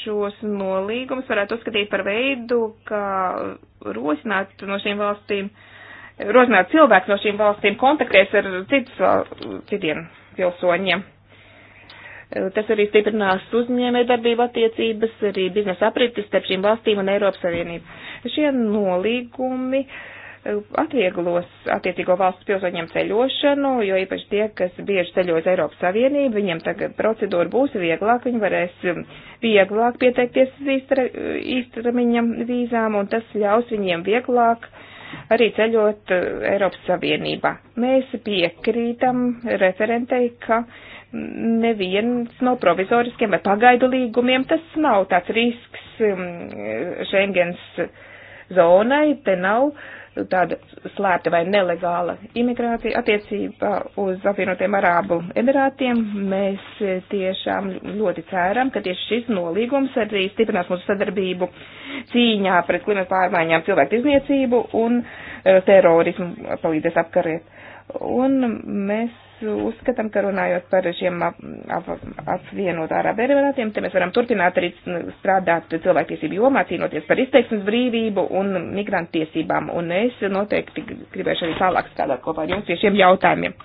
šos nolīgumus varētu uzskatīt par veidu, kā rosināt no šīm valstīm uh, rozināt cilvēks no šīm valstīm kontaktēs ar citus, citiem pilsoņiem. Tas arī stiprinās uzņēmējdarbību attiecības, arī biznesa apritis starp šīm valstīm un Eiropas Savienību. Šie nolīgumi eh, atvieglos attiecīgo valsts pilsoņiem ceļošanu, jo īpaši tie, kas bieži ceļo uz Eiropas Savienību, viņiem tagad procedūra būs vieglāk, viņi varēs mm, vieglāk pieteikties uz īstra, īstramiņa vīzām, un tas ļaus viņiem vieglāk uh, arī ceļot eh, Eiropas Savienībā. Mēs piekrītam referentei, ka neviens no provizoriskiem vai pagaidu līgumiem tas nav tāds risks mm, Schengens zonai, te nav uh, tāda slēpta vai nelegāla imigrācija. Attiecībā uz apvienotiem Arābu Emirātiem mēs eh, tiešām ļoti ceram, ka tieši šis nolīgums arī stiprinās mūsu sadarbību cīņā pret klimatu pārmaiņām, cilvēku izniecību un eh, terorismu palīdzēs apkarēt. Un mēs uzskatām, ka runājot par šiem ap, ap, apvienot ārābu emirātiem, te mēs varam turpināt arī strādāt cilvēktiesību jomā, cīnoties par izteiksmes brīvību un migrantu tiesībām. Un es noteikti gribēšu arī tālāk strādāt kopā ar jums pie šiem jautājumiem.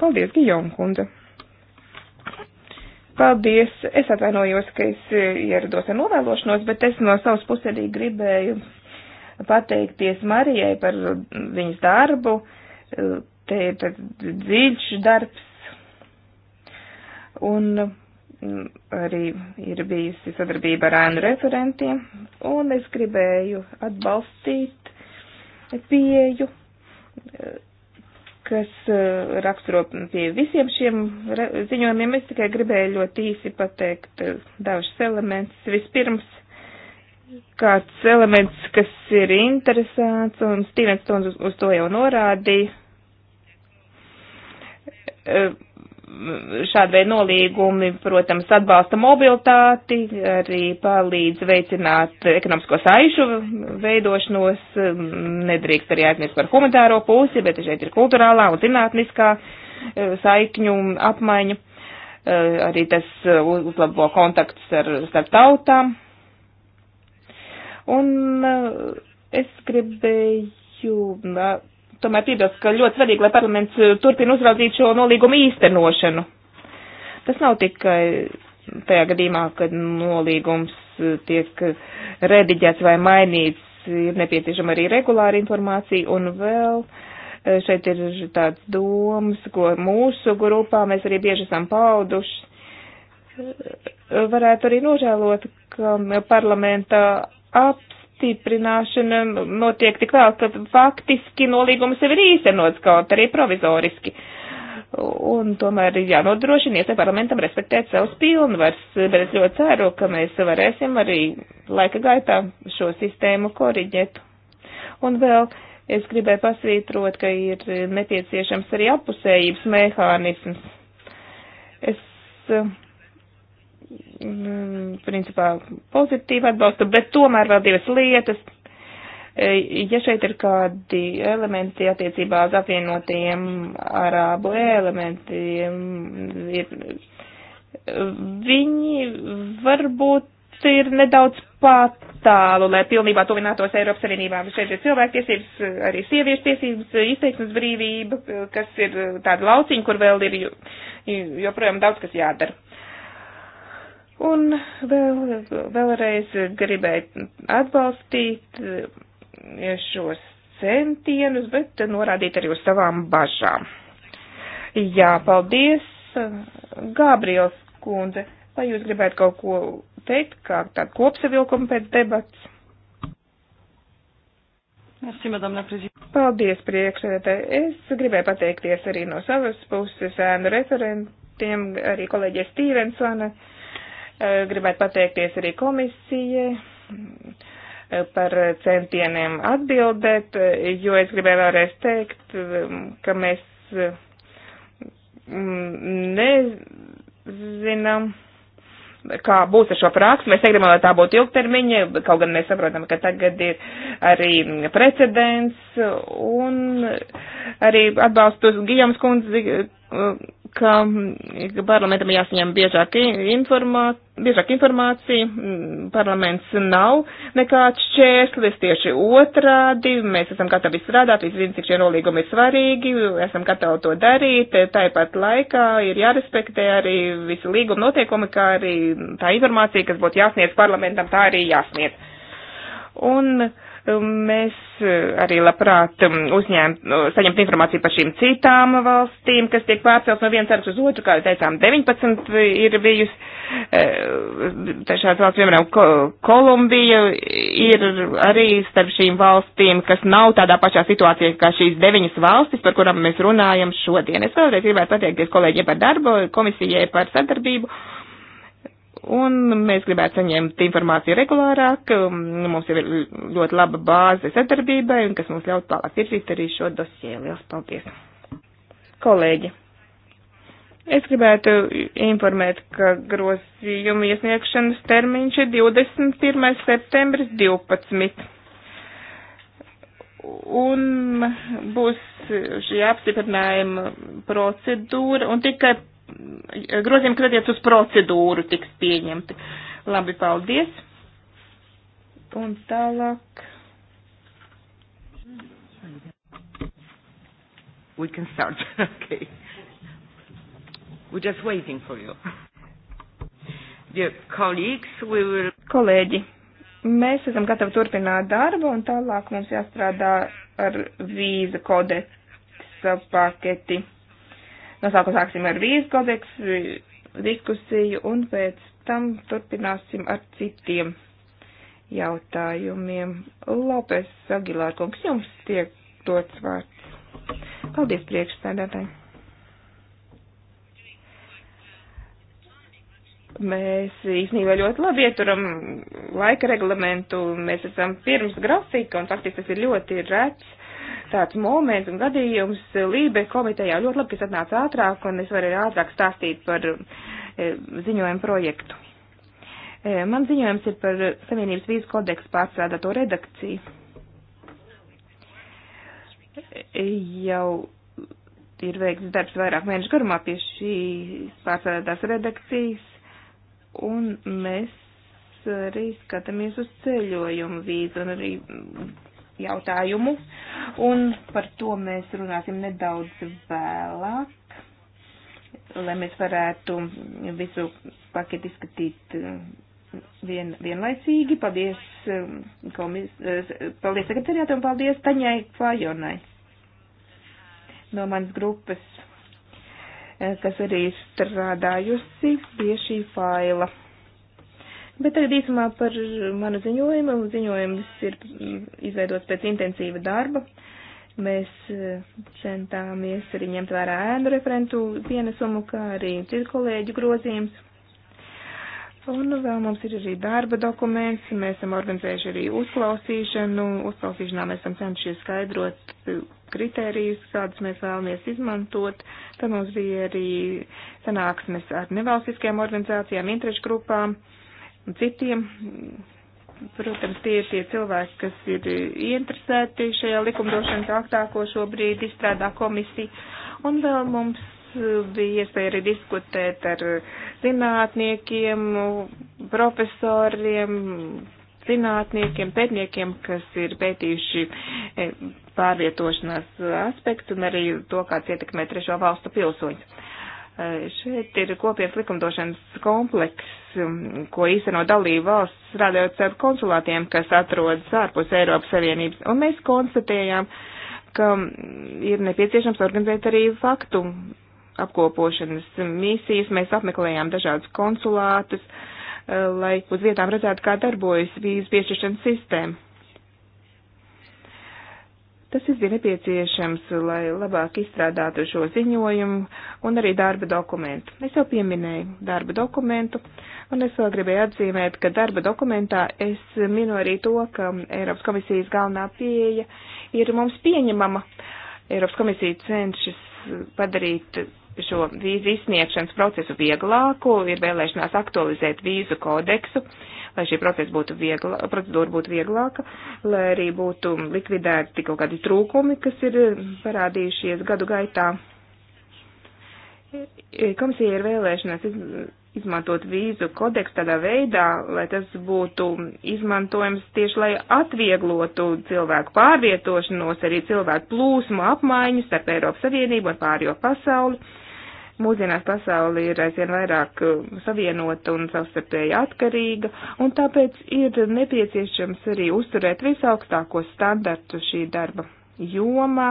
Paldies, Gijom kundze. Paldies. Es atvainojos, ka es ierados ar novēlošanos, bet es no savas puses arī gribēju pateikties Marijai par viņas darbu Te ir tad dziļš darbs. Un mm, arī ir bijusi sadarbība ar ēnu referentiem, un es gribēju atbalstīt pieju, kas eh, raksturo pie visiem šiem ziņojumiem. Es tikai gribēju ļoti īsi pateikt eh, dažus elementus. Vispirms, kāds elements, kas ir interesants, un Stīvens Tons uz to jau norādīja Eh, Šāda veida nolīgumi, protams, atbalsta mobilitāti, arī palīdz veicināt ekonomisko saišu veidošanos, eh, nedrīkst arī aizmirst par humanitāro pusi, bet šeit ir kulturālā un zinātniskā eh, saikņu apmaiņa, arī tas uzlabo kontakts ar starp tautām. Un es gribēju tomēr piebilst, ka ļoti svarīgi, lai parlaments eh, turpina uzraudzīt šo nolīgumu īstenošanu. Tas nav tikai tajā gadījumā, kad nolīgums eh, tiek rediģēts vai mainīts, ir nepieciešama arī regulāra informācija un vēl. Eh, šeit ir tāds domas, ko mūsu grupā mēs arī bieži esam pauduši. Varētu arī nožēlot, ka parlamenta aps apstiprināšana notiek tik vēl, ka faktiski nolīgums jau ir īstenots, kaut arī provizoriski. Un tomēr jānodrošina iesai parlamentam respektēt savus pilnvars, bet es ļoti ceru, ka mēs varēsim arī laika gaitā šo sistēmu koriģēt. Un vēl es gribēju pasvītrot, ka ir nepieciešams arī apusējības mehānisms. Es Mm, principā pozitīvi atbalstu, bet tomēr vēl divas lietas. E, ja šeit ir kādi elementi attiecībā uz apvienotajiem arābu elementiem, ir, viņi varbūt ir nedaudz patālu, lai pilnībā tuvinātos Eiropas Savienībā. Šeit ir cilvēktiesības, arī sieviešu tiesības, izteiksmes brīvība, kas ir tāda lauciņa, kur vēl ir joprojām daudz kas jādara. Un vēl, vēlreiz gribēju atbalstīt eh, šos centienus, bet norādīt arī uz savām bažām. Jā, paldies, Gabriels kundze. Vai jūs gribētu kaut ko teikt, kā tādu kopsavilkumu pēc debats? Merci, madame la présidente. Paldies, priekšsēdētāji. Es gribēju pateikties arī no savas puses ēnu referentiem, arī kolēģie Stīvensona. Uh, Eh, gribētu pateikties arī komisijai eh, par centieniem atbildēt, eh, jo es gribēju vēlreiz teikt, ka mēs mm, nezinām, kā būs ar šo praksi. Mēs negribam, lai tā būtu ilgtermiņa, kaut gan mēs saprotam, ka tagad ir arī precedents un arī atbalstu uz Gijams kundzi ka parlamentam jāsaņem biežāk, informā, biežāk informācija, mm, parlaments nav nekāds šķērslis, tieši otrādi, mēs esam gatavi strādāt, visi zin, cik šie nolīgumi ir svarīgi, esam gatavi to darīt, tāpat laikā ir jārespektē arī visi līguma noteikumi, kā arī tā informācija, kas būtu jāsniedz parlamentam, tā arī jāsniedz. Un, uh, Mēs eh, arī labprāt um, uzņēmt, nu, saņemt informāciju par šīm citām valstīm, kas tiek pārcelt no vienas sarakstu uz otru, kā jau teicām, 19 ir bijusi. Eh, Šāds valsts, piemēram, Kolumbija ir arī starp šīm valstīm, kas nav tādā pašā situācijā kā šīs deviņas valstis, par kurām mēs runājam šodien. Es vēlreiz gribētu pateikties kolēģiem par darbu, komisijai par sadarbību un mēs gribētu saņemt informāciju regulārāk. Um, mums jau ir ļoti laba bāze sadarbībai, un kas mums ļaut tālāk virzīt arī šo dosiju. Lielas paldies! Kolēģi! Es gribētu informēt, ka grozījuma iesniegšanas termiņš ir 21. septembris 12. Un būs šī apstiprinājuma procedūra, un tikai grozījumi, kas attiec uz procedūru, tiks pieņemti. Labi, paldies. Un tālāk. We can start. okay. We're just waiting for you. Dear colleagues, we will... Kolēģi, mēs esam gatavi turpināt darbu un tālāk mums jāstrādā ar vīza kodeksa paketi. Nosāku sāksim ar vīzu kodeksu diskusiju un pēc tam turpināsim ar citiem jautājumiem. Lopes Agilārkungs, jums tiek dots vārds. Paldies priekšsēdētāji. Mēs īstenībā ļoti labi ieturam laika reglamentu, mēs esam pirms grafika un faktiski tas ir ļoti rēts tāds moments un gadījums Lībe komitejā. Ļoti labi, ka es atnācu ātrāk un es varu arī ātrāk stāstīt par eh, ziņojumu projektu. Eh, man ziņojums ir par Savienības vīzu kodeksu pārstrādāto redakciju. Jau ir veikts darbs vairāk mēnešu garumā pie šīs pārstrādātās redakcijas un mēs arī skatāmies uz ceļojumu vīzu un arī jautājumu, un par to mēs runāsim nedaudz vēlāk, lai mēs varētu visu paketi izskatīt eh, vien, vienlaicīgi. Paldies, eh, komis, eh, paldies sekretariātam, paldies Taņai Fajonai no manas grupas, kas arī strādājusi pie šī faila. Bet tagad īsumā par manu ziņojumu. Ziņojums ir izveidots pēc intensīva darba. Mēs eh, centāmies arī ņemt vērā ēnu referentu pienesumu, kā arī citu kolēģu grozījums. Un nu, vēl mums ir arī darba dokuments, mēs esam organizējuši arī uzklausīšanu. Uzklausīšanā mēs esam cenšies skaidrot kritērijus, kādus mēs vēlamies izmantot. Tad mums bija arī sanāksmes ar nevalstiskajām organizācijām, interešu grupām. Uh, citiem. Protams, tie ir tie cilvēki, kas ir ieinteresēti šajā likumdošanas aktā, ko šobrīd izstrādā komisija. Un vēl mums eh, bija iespēja arī diskutēt ar zinātniekiem, profesoriem, zinātniekiem, pētniekiem, kas ir pētījuši eh, pārvietošanās aspektu un arī to, kāds ietekmē trešo valstu pilsoņus. Eh, šeit ir kopienas likumdošanas kompleks, um, ko īsteno dalību valsts strādājot ar konsulātiem, kas atrodas ārpus Eiropas Savienības. Un mēs konstatējām, ka um, ir nepieciešams organizēt arī faktu apkopošanas misijas. Mēs apmeklējām dažādus konsulātus, eh, lai uz vietām redzētu, kā darbojas vīzu piešķiršanas sistēma. Tas viss bija nepieciešams, lai labāk izstrādātu šo ziņojumu un arī darba dokumentu. Es jau pieminēju darba dokumentu, un es vēl gribēju atzīmēt, ka darba dokumentā es minu arī to, ka Eiropas komisijas galvenā pieeja ir mums pieņemama. Eiropas komisija cenšas padarīt šo vīzu izsniegšanas procesu vieglāku, ir vēlēšanās aktualizēt vīzu kodeksu, lai šī būtu viegla, procedūra būtu vieglāka, lai arī būtu likvidēti tik kaut kādi trūkumi, kas ir parādījušies gadu gaitā. Komisija ir vēlēšanās izmantot vīzu kodeksu tādā veidā, lai tas būtu izmantojams tieši, lai atvieglotu cilvēku pārvietošanos, arī cilvēku plūsmu apmaiņas starp Eiropas Savienību un pārējo pasauli Mūsdienās pasauli ir aizvien vairāk uh, savienota un savstarpēji atkarīga, un tāpēc ir nepieciešams arī uzturēt visaugstākos standartus šī darba jomā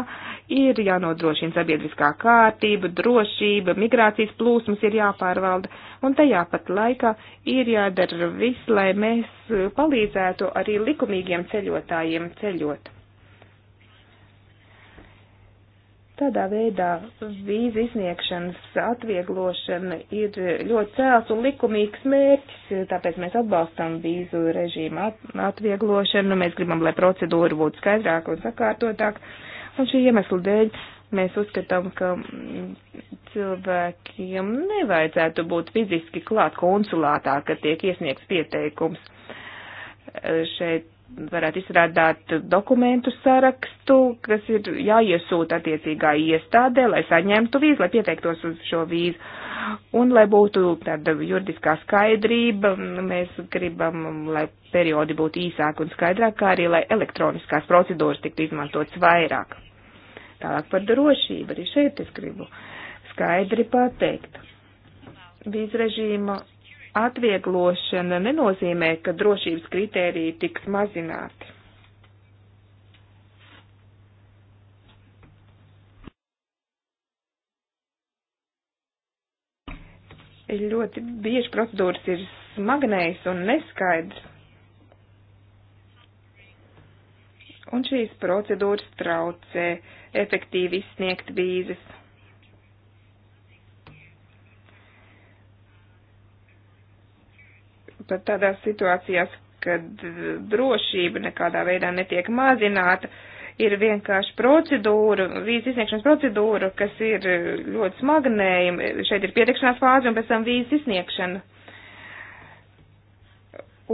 ir jānodrošina sabiedriskā kārtība, drošība, migrācijas plūsmas ir jāpārvalda, un tajā pat laikā ir jādara viss, lai mēs uh, palīdzētu arī likumīgiem ceļotājiem ceļot. Tādā veidā vīzu izsniegšanas atvieglošana ir ļoti cēls un likumīgs mērķis, tāpēc mēs atbalstam vīzu režīmu atvieglošanu, mēs gribam, lai procedūra būtu skaidrāka un sakārtotāka, un šī iemesla dēļ mēs uzskatām, ka mm, cilvēkiem nevajadzētu būt fiziski klāt konsulātā, kad tiek iesniegts pieteikums. Šeit varētu izstrādāt dokumentu sarakstu, kas ir jāiesūta attiecīgā iestādē, lai saņemtu vīzu, lai pieteiktos uz šo vīzu. Un, lai būtu tāda juridiskā skaidrība, mēs gribam, lai periodi būtu īsāki un skaidrāk, kā arī, lai elektroniskās procedūras tiktu izmantotas vairāk. Tālāk par drošību arī šeit es gribu skaidri pateikt. Vīzu režīma atvieglošana nenozīmē, ka drošības kritēriji tiks mazināti. Ļoti bieži procedūras ir smagnējas un neskaidras. Un šīs procedūras traucē efektīvi izsniegt vīzes Pat tādās situācijās, kad e, drošība nekādā veidā netiek mazināta, ir vienkārši procedūra, vīzas izsniegšanas procedūra, kas ir e, ļoti smagnējuma. Šeit ir pieteikšanās fāze un pēc tam vīzas izsniegšana.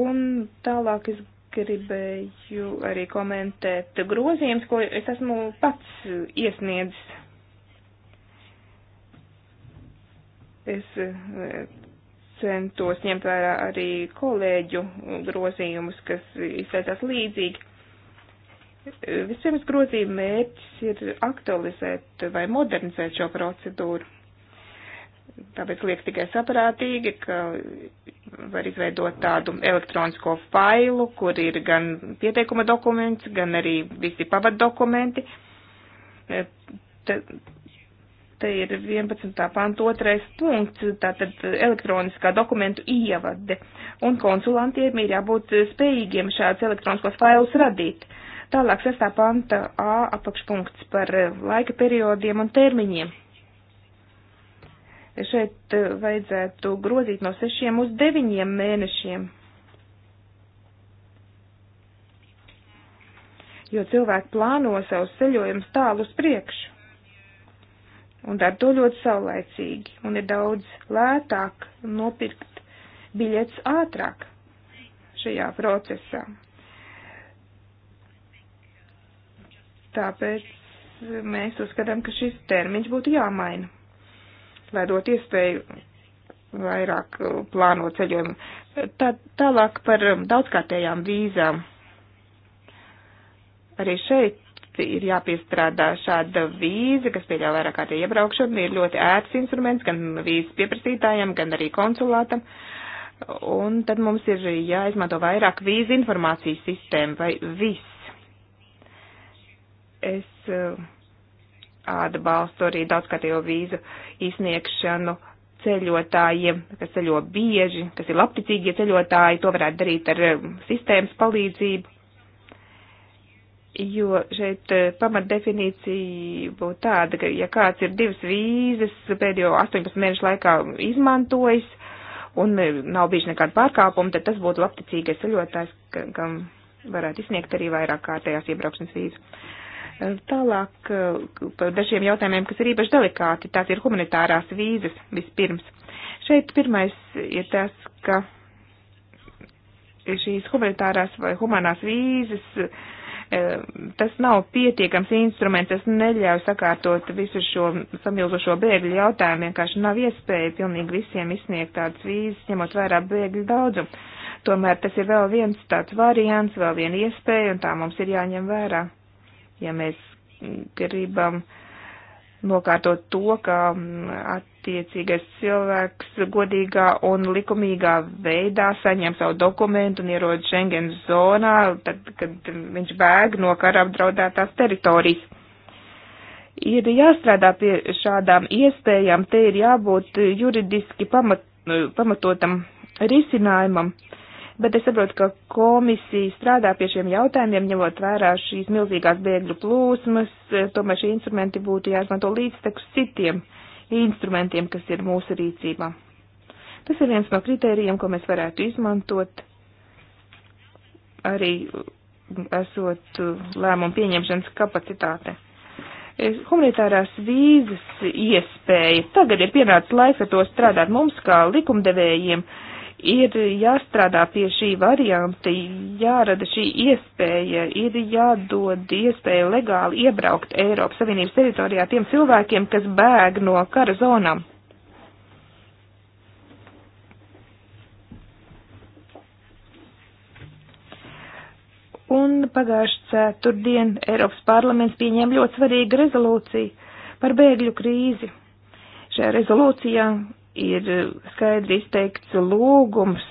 Un tālāk es gribēju arī komentēt grozījums, ko es esmu pats e, iesniedzis. Es centos ņemt vērā arī kolēģu grozījumus, kas izteicās līdzīgi. Vispirms grozījuma mērķis ir aktualizēt vai modernizēt šo procedūru. Tāpēc liekas tikai saprātīgi, ka var izveidot tādu elektronisko failu, kur ir gan pieteikuma dokuments, gan arī visi pavaddokumenti. Te ir 11. pānta otrais punkts, tātad elektroniskā dokumentu ievade. Un konsulantiem ir jābūt spējīgiem šādus elektroniskos failus radīt. Tālāk 6. panta A apakšpunkts par laika periodiem un termiņiem. Šeit vajadzētu grozīt no 6 uz 9 mēnešiem. Jo cilvēki plāno savus ceļojumus tālu uz priekšu un dara to ļoti saulaicīgi, un ir daudz lētāk nopirkt biļets ātrāk šajā procesā. Tāpēc mēs uzskatām, ka šis termiņš būtu jāmaina, lai dot iespēju vairāk uh, plānot ceļojumu. Tā, tālāk par um, daudzkārtējām vīzām. Arī šeit ir jāpiestrādā šāda vīze, kas pieļauj vairāk kā tie iebraukšanu, ir ļoti ērts instruments gan vīzes pieprasītājiem, gan arī konsulātam. Un tad mums ir jāizmanto vairāk vīzu informācijas sistēma vai viss. Es eh, atbalstu arī daudzkārtējo vīzu izsniegšanu ceļotājiem, kas ceļo bieži, kas ir labticīgie ceļotāji, to varētu darīt ar eh, sistēmas palīdzību jo šeit eh, pamatdefinīcija būtu tāda, ka ja kāds ir divas vīzes pēdējo 18 mēnešu laikā izmantojis un eh, nav bijis nekāda pārkāpuma, tad tas būtu labticīgais ceļotājs, kam varētu izsniegt arī vairāk kārtējās iebraukšanas vīzu. Eh, tālāk par dažiem jautājumiem, kas ir īpaši delikāti, tās ir humanitārās vīzes vispirms. Šeit pirmais ir tas, ka šīs humanitārās vai humanās vīzes uh, E, tas nav pietiekams instruments, tas neļauj sakārtot visu šo samilzušo bēgļu jautājumu. Vienkārši nav iespēja pilnīgi visiem izsniegt tādas vīzes, ņemot vērā bēgļu daudzumu. Tomēr tas ir vēl viens tāds variants, vēl viena iespēja, un tā mums ir jāņem vērā, ja mēs gribam nokārtot to, ka at mm, attiecīgais cilvēks godīgā un likumīgā veidā saņem savu dokumentu un ierod Schengen zonā, tad, kad viņš bēg no kara apdraudētās teritorijas. Ir jāstrādā pie šādām iespējām, te ir jābūt juridiski pamat, pamatotam risinājumam, bet es saprotu, ka komisija strādā pie šiem jautājumiem, ņemot vērā šīs milzīgās bēgļu plūsmas, tomēr šie instrumenti būtu jāizmanto līdztekus citiem uh, instrumentiem, kas ir mūsu rīcībā. Tas ir viens no kritērijiem, ko mēs varētu izmantot arī esot lēmumu pieņemšanas kapacitāte. Humanitārās vīzas iespēja. Tagad ir pienācis laiks ar to strādāt mums, kā likumdevējiem. Uh, ir jāstrādā pie šī varianta, jārada šī iespēja, ir jādod iespēja legāli iebraukt Eiropas Savienības teritorijā tiem cilvēkiem, kas bēg no kara zonām. Un pagājuši ceturtdien Eiropas parlaments pieņēma ļoti svarīgu rezolūciju par bēgļu krīzi. Šajā rezolūcijā ir skaidri izteikts lūgums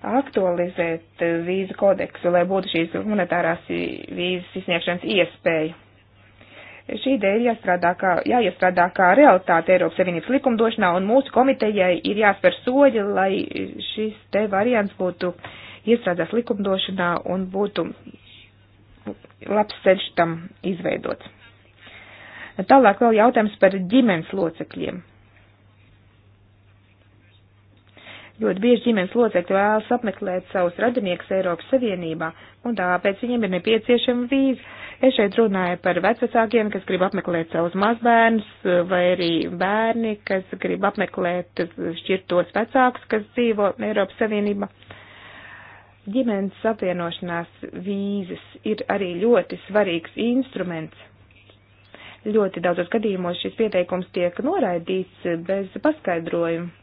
aktualizēt vīzu kodeksu, lai būtu šīs humanitārās vīzas izsniegšanas iespēja. Šī ideja ir jāstrādā kā, jāiestrādā kā realitāte Eiropas Savienības likumdošanā, un mūsu komitejai ir jāspēr soļi, lai šis te variants būtu iestrādās likumdošanā un būtu labs ceļš tam izveidots. Tālāk vēl jautājums par ģimenes locekļiem. Ļoti bieži ģimenes locekļi vēlas apmeklēt savus radiniekus Eiropas Savienībā, un tāpēc viņiem ir nepieciešama vīza. Es šeit runāju par vecākiem, kas grib apmeklēt savus mazbērnus, vai arī bērni, kas grib apmeklēt šķirtos vecākus, kas dzīvo Eiropas Savienībā. Ģimenes apvienošanās vīzes ir arī ļoti svarīgs instruments. Ļoti daudzos gadījumos šis pieteikums tiek noraidīts bez paskaidrojuma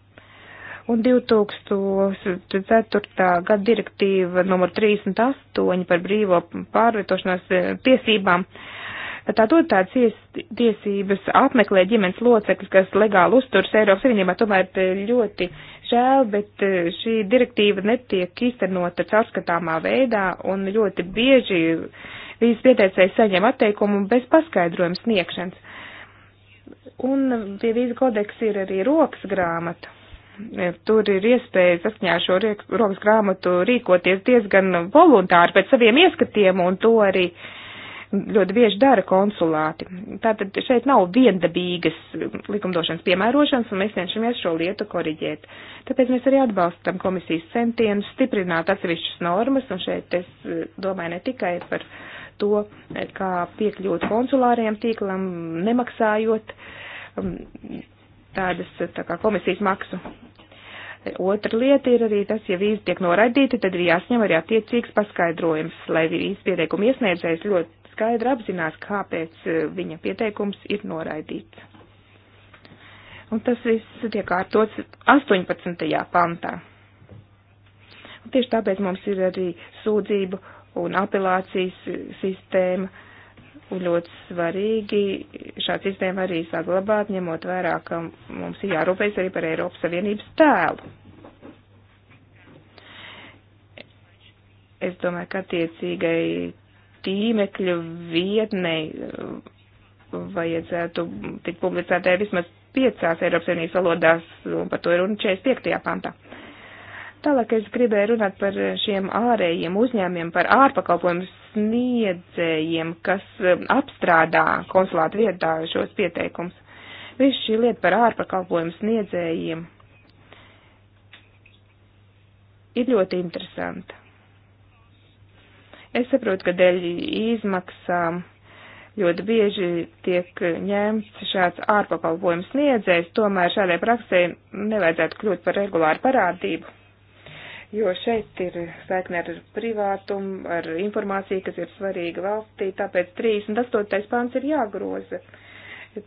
Un 2004. gada direktīva numur 38 par brīvo pārvietošanās eh, tiesībām. Tā dod tādas tiesības apmeklēt ģimenes locekļus, kas legāli uzturas Eiropas Savienībā. Tomēr eh, ļoti žēl, bet eh, šī direktīva netiek īstenota caurskatāmā veidā un ļoti bieži vīzas pieteicējs saņem atteikumu bez paskaidrojuma sniegšanas. Un pie vīza kodeksa ir arī rokas grāmata. Eh, tur ir iespēja saskaņā ar šo rokas grāmatu rīkoties diezgan voluntāri pēc saviem ieskatiem, un to arī ļoti bieži dara konsulāti. Tātad šeit nav viendabīgas um, likumdošanas piemērošanas, un mēs cenšamies šo lietu koriģēt. Tāpēc mēs arī atbalstam komisijas centienus stiprināt atsevišķas normas, un šeit es eh, domāju ne tikai par to, eh, kā piekļūt konsulāriem tīklam, nemaksājot um, tādas tā kā komisijas maksu. Otra lieta ir arī tas, ja vīzi tiek noraidīti, tad ir jāsņem arī attiecīgs paskaidrojums, lai vīzi pieteikumu iesniedzējs ļoti skaidri apzinās, kāpēc eh, viņa pieteikums ir noraidīts. Un tas viss tiek kārtots 18. pantā. Un tieši tāpēc mums ir arī sūdzību un apelācijas eh, sistēma ļoti svarīgi šāds sistēma arī saglabāt, ņemot vērā, ka mums ir jārūpējas arī par Eiropas Savienības tēlu. Es domāju, ka attiecīgai tīmekļu vietnei uh, vajadzētu tikt publicētai vismaz piecās Eiropas Savienības valodās, un par to ir runa 45. pantā. Tālāk es gribēju runāt par šiem ārējiem uzņēmiem, par ārpakalpojumu sniedzējiem, kas um, apstrādā konsulātu vietā šos pieteikumus. Viss šī lieta par ārpakalpojumu sniedzējiem ir ļoti interesanta. Es saprotu, ka dēļ izmaksām ļoti bieži tiek ņemts šāds ārpakalpojums sniedzējs, tomēr šādai praksē nevajadzētu kļūt par regulāru parādību jo šeit ir saikne ar privātumu, ar informāciju, kas ir svarīga valstī, tāpēc 38. pāns ir jāgroza.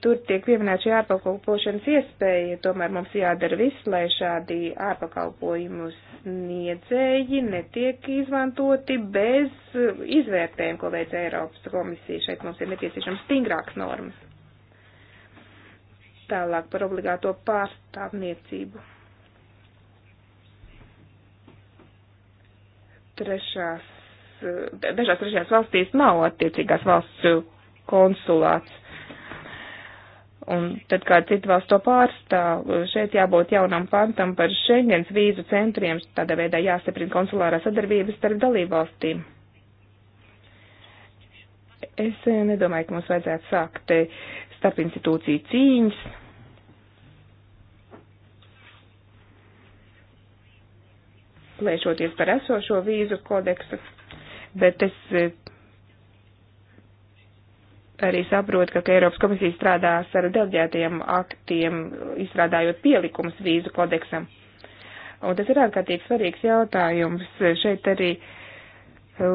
Tur tiek pieminēta šī ārpakalpošanas iespēja, tomēr mums jādara viss, lai šādi ārpakalpojumu sniedzēji netiek izmantoti bez izvērtējuma, ko veic Eiropas komisija. Šeit mums ir nepieciešams stingrāks normas. Tālāk par obligāto pārstāvniecību trešās, eh, dažās trešās valstīs nav attiecīgās valsts eh, konsulāts. Un tad kā cita valsts to pārstāv, šeit jābūt jaunam pantam par Schengens vīzu centriem, tādā veidā jāstiprina konsulārā sadarbības starp dalībvalstīm. Es eh, nedomāju, ka mums vajadzētu sākt starp institūciju cīņas plēšoties par esošo vīzu kodeksu, bet es eh, arī saprotu, ka, ka Eiropas komisija strādās ar delģētajiem aktiem, izstrādājot pielikumus vīzu kodeksam. Un tas ir ārkārtīgi svarīgs jautājums. Šeit arī eh,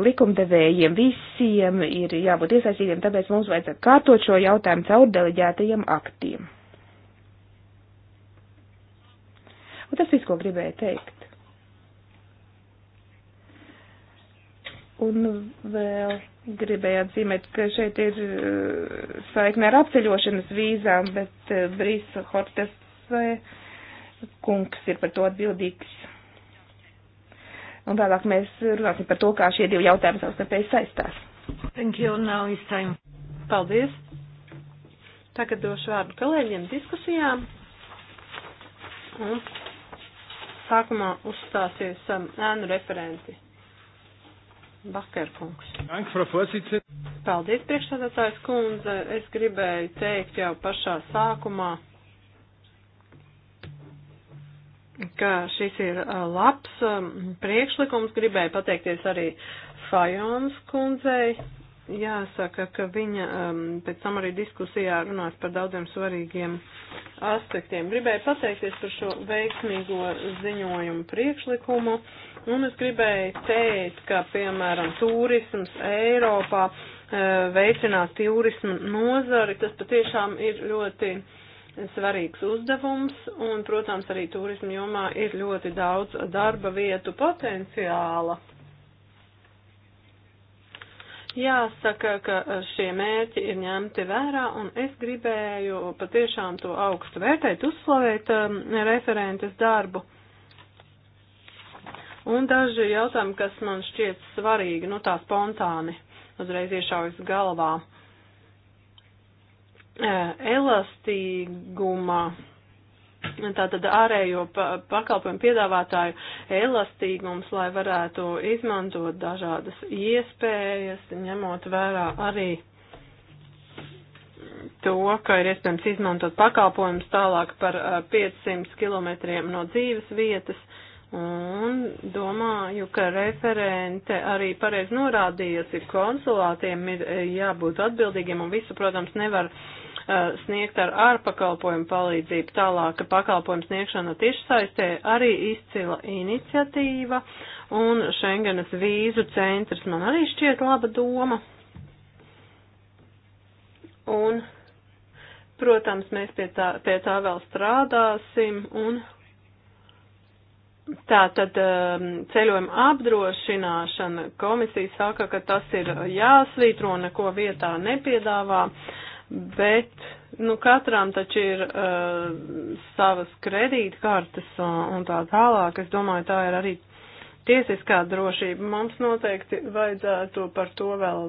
likumdevējiem visiem ir jābūt iesaistītiem, tāpēc mums vajadzētu kārtot šo jautājumu caur delģētajiem aktiem. Un tas viss, ko gribēju teikt. Un vēl gribēju atzīmēt, ka šeit ir eh, saikne ar apceļošanas vīzām, bet eh, Brīsa Hortes kungs ir par to atbildīgs. Un vēlāk mēs runāsim par to, kā šie divi jautājumi savstarpēji saistās. Thank you, now it's time. Paldies. Tagad došu vārdu kolēģiem diskusijām. Un sākumā uzstāsies um, ēnu referenti. Bakarkungs. Paldies, priekšsādātājs kundze. Es gribēju teikt jau pašā sākumā, ka šis ir uh, labs um, priekšlikums. Gribēju pateikties arī Fajons kundzei jāsaka, ka viņa um, pēc tam arī diskusijā runās par daudziem svarīgiem aspektiem. Gribēju pateikties par šo veiksmīgo ziņojumu priekšlikumu, un es gribēju teikt, ka, piemēram, turisms Eiropā uh, veicināt turismu nozari, tas patiešām ir ļoti svarīgs uzdevums, un, protams, arī turismu jomā ir ļoti daudz darba vietu potenciāla. Jāsaka, ka šie mērķi ir ņemti vērā, un es gribēju patiešām to augstu vērtēt, uzslavēt um, referentes darbu. Un daži jautājumi, kas man šķiet svarīgi, nu tā spontāni, uzreiz iešaujas galvā. Uh, elastīguma tātad ārējo pakalpojumu piedāvātāju elastīgums, lai varētu izmantot dažādas iespējas, ņemot vērā arī to, ka ir iespējams izmantot pakalpojumus tālāk par 500 km no dzīves vietas. Un domāju, ka referente arī pareizi norādījusi, konsulātiem ir jābūt atbildīgiem un visu, protams, nevar uh, Eh, sniegt ar ārpakalpojumu palīdzību. Tālāka pakalpojuma sniegšana tiešsaistē arī izcila iniciatīva un Schengenas vīzu centrs man arī šķiet laba doma. Un, protams, mēs pie tā, pie tā vēl strādāsim un Tā tad eh, ceļojuma apdrošināšana komisija saka, ka tas ir jāsvītro, neko vietā nepiedāvā bet nu, katram taču ir uh, savas kredītkartes un, uh, un tā tālāk. Es domāju, tā ir arī tiesiskā drošība. Mums noteikti vajadzētu par to vēl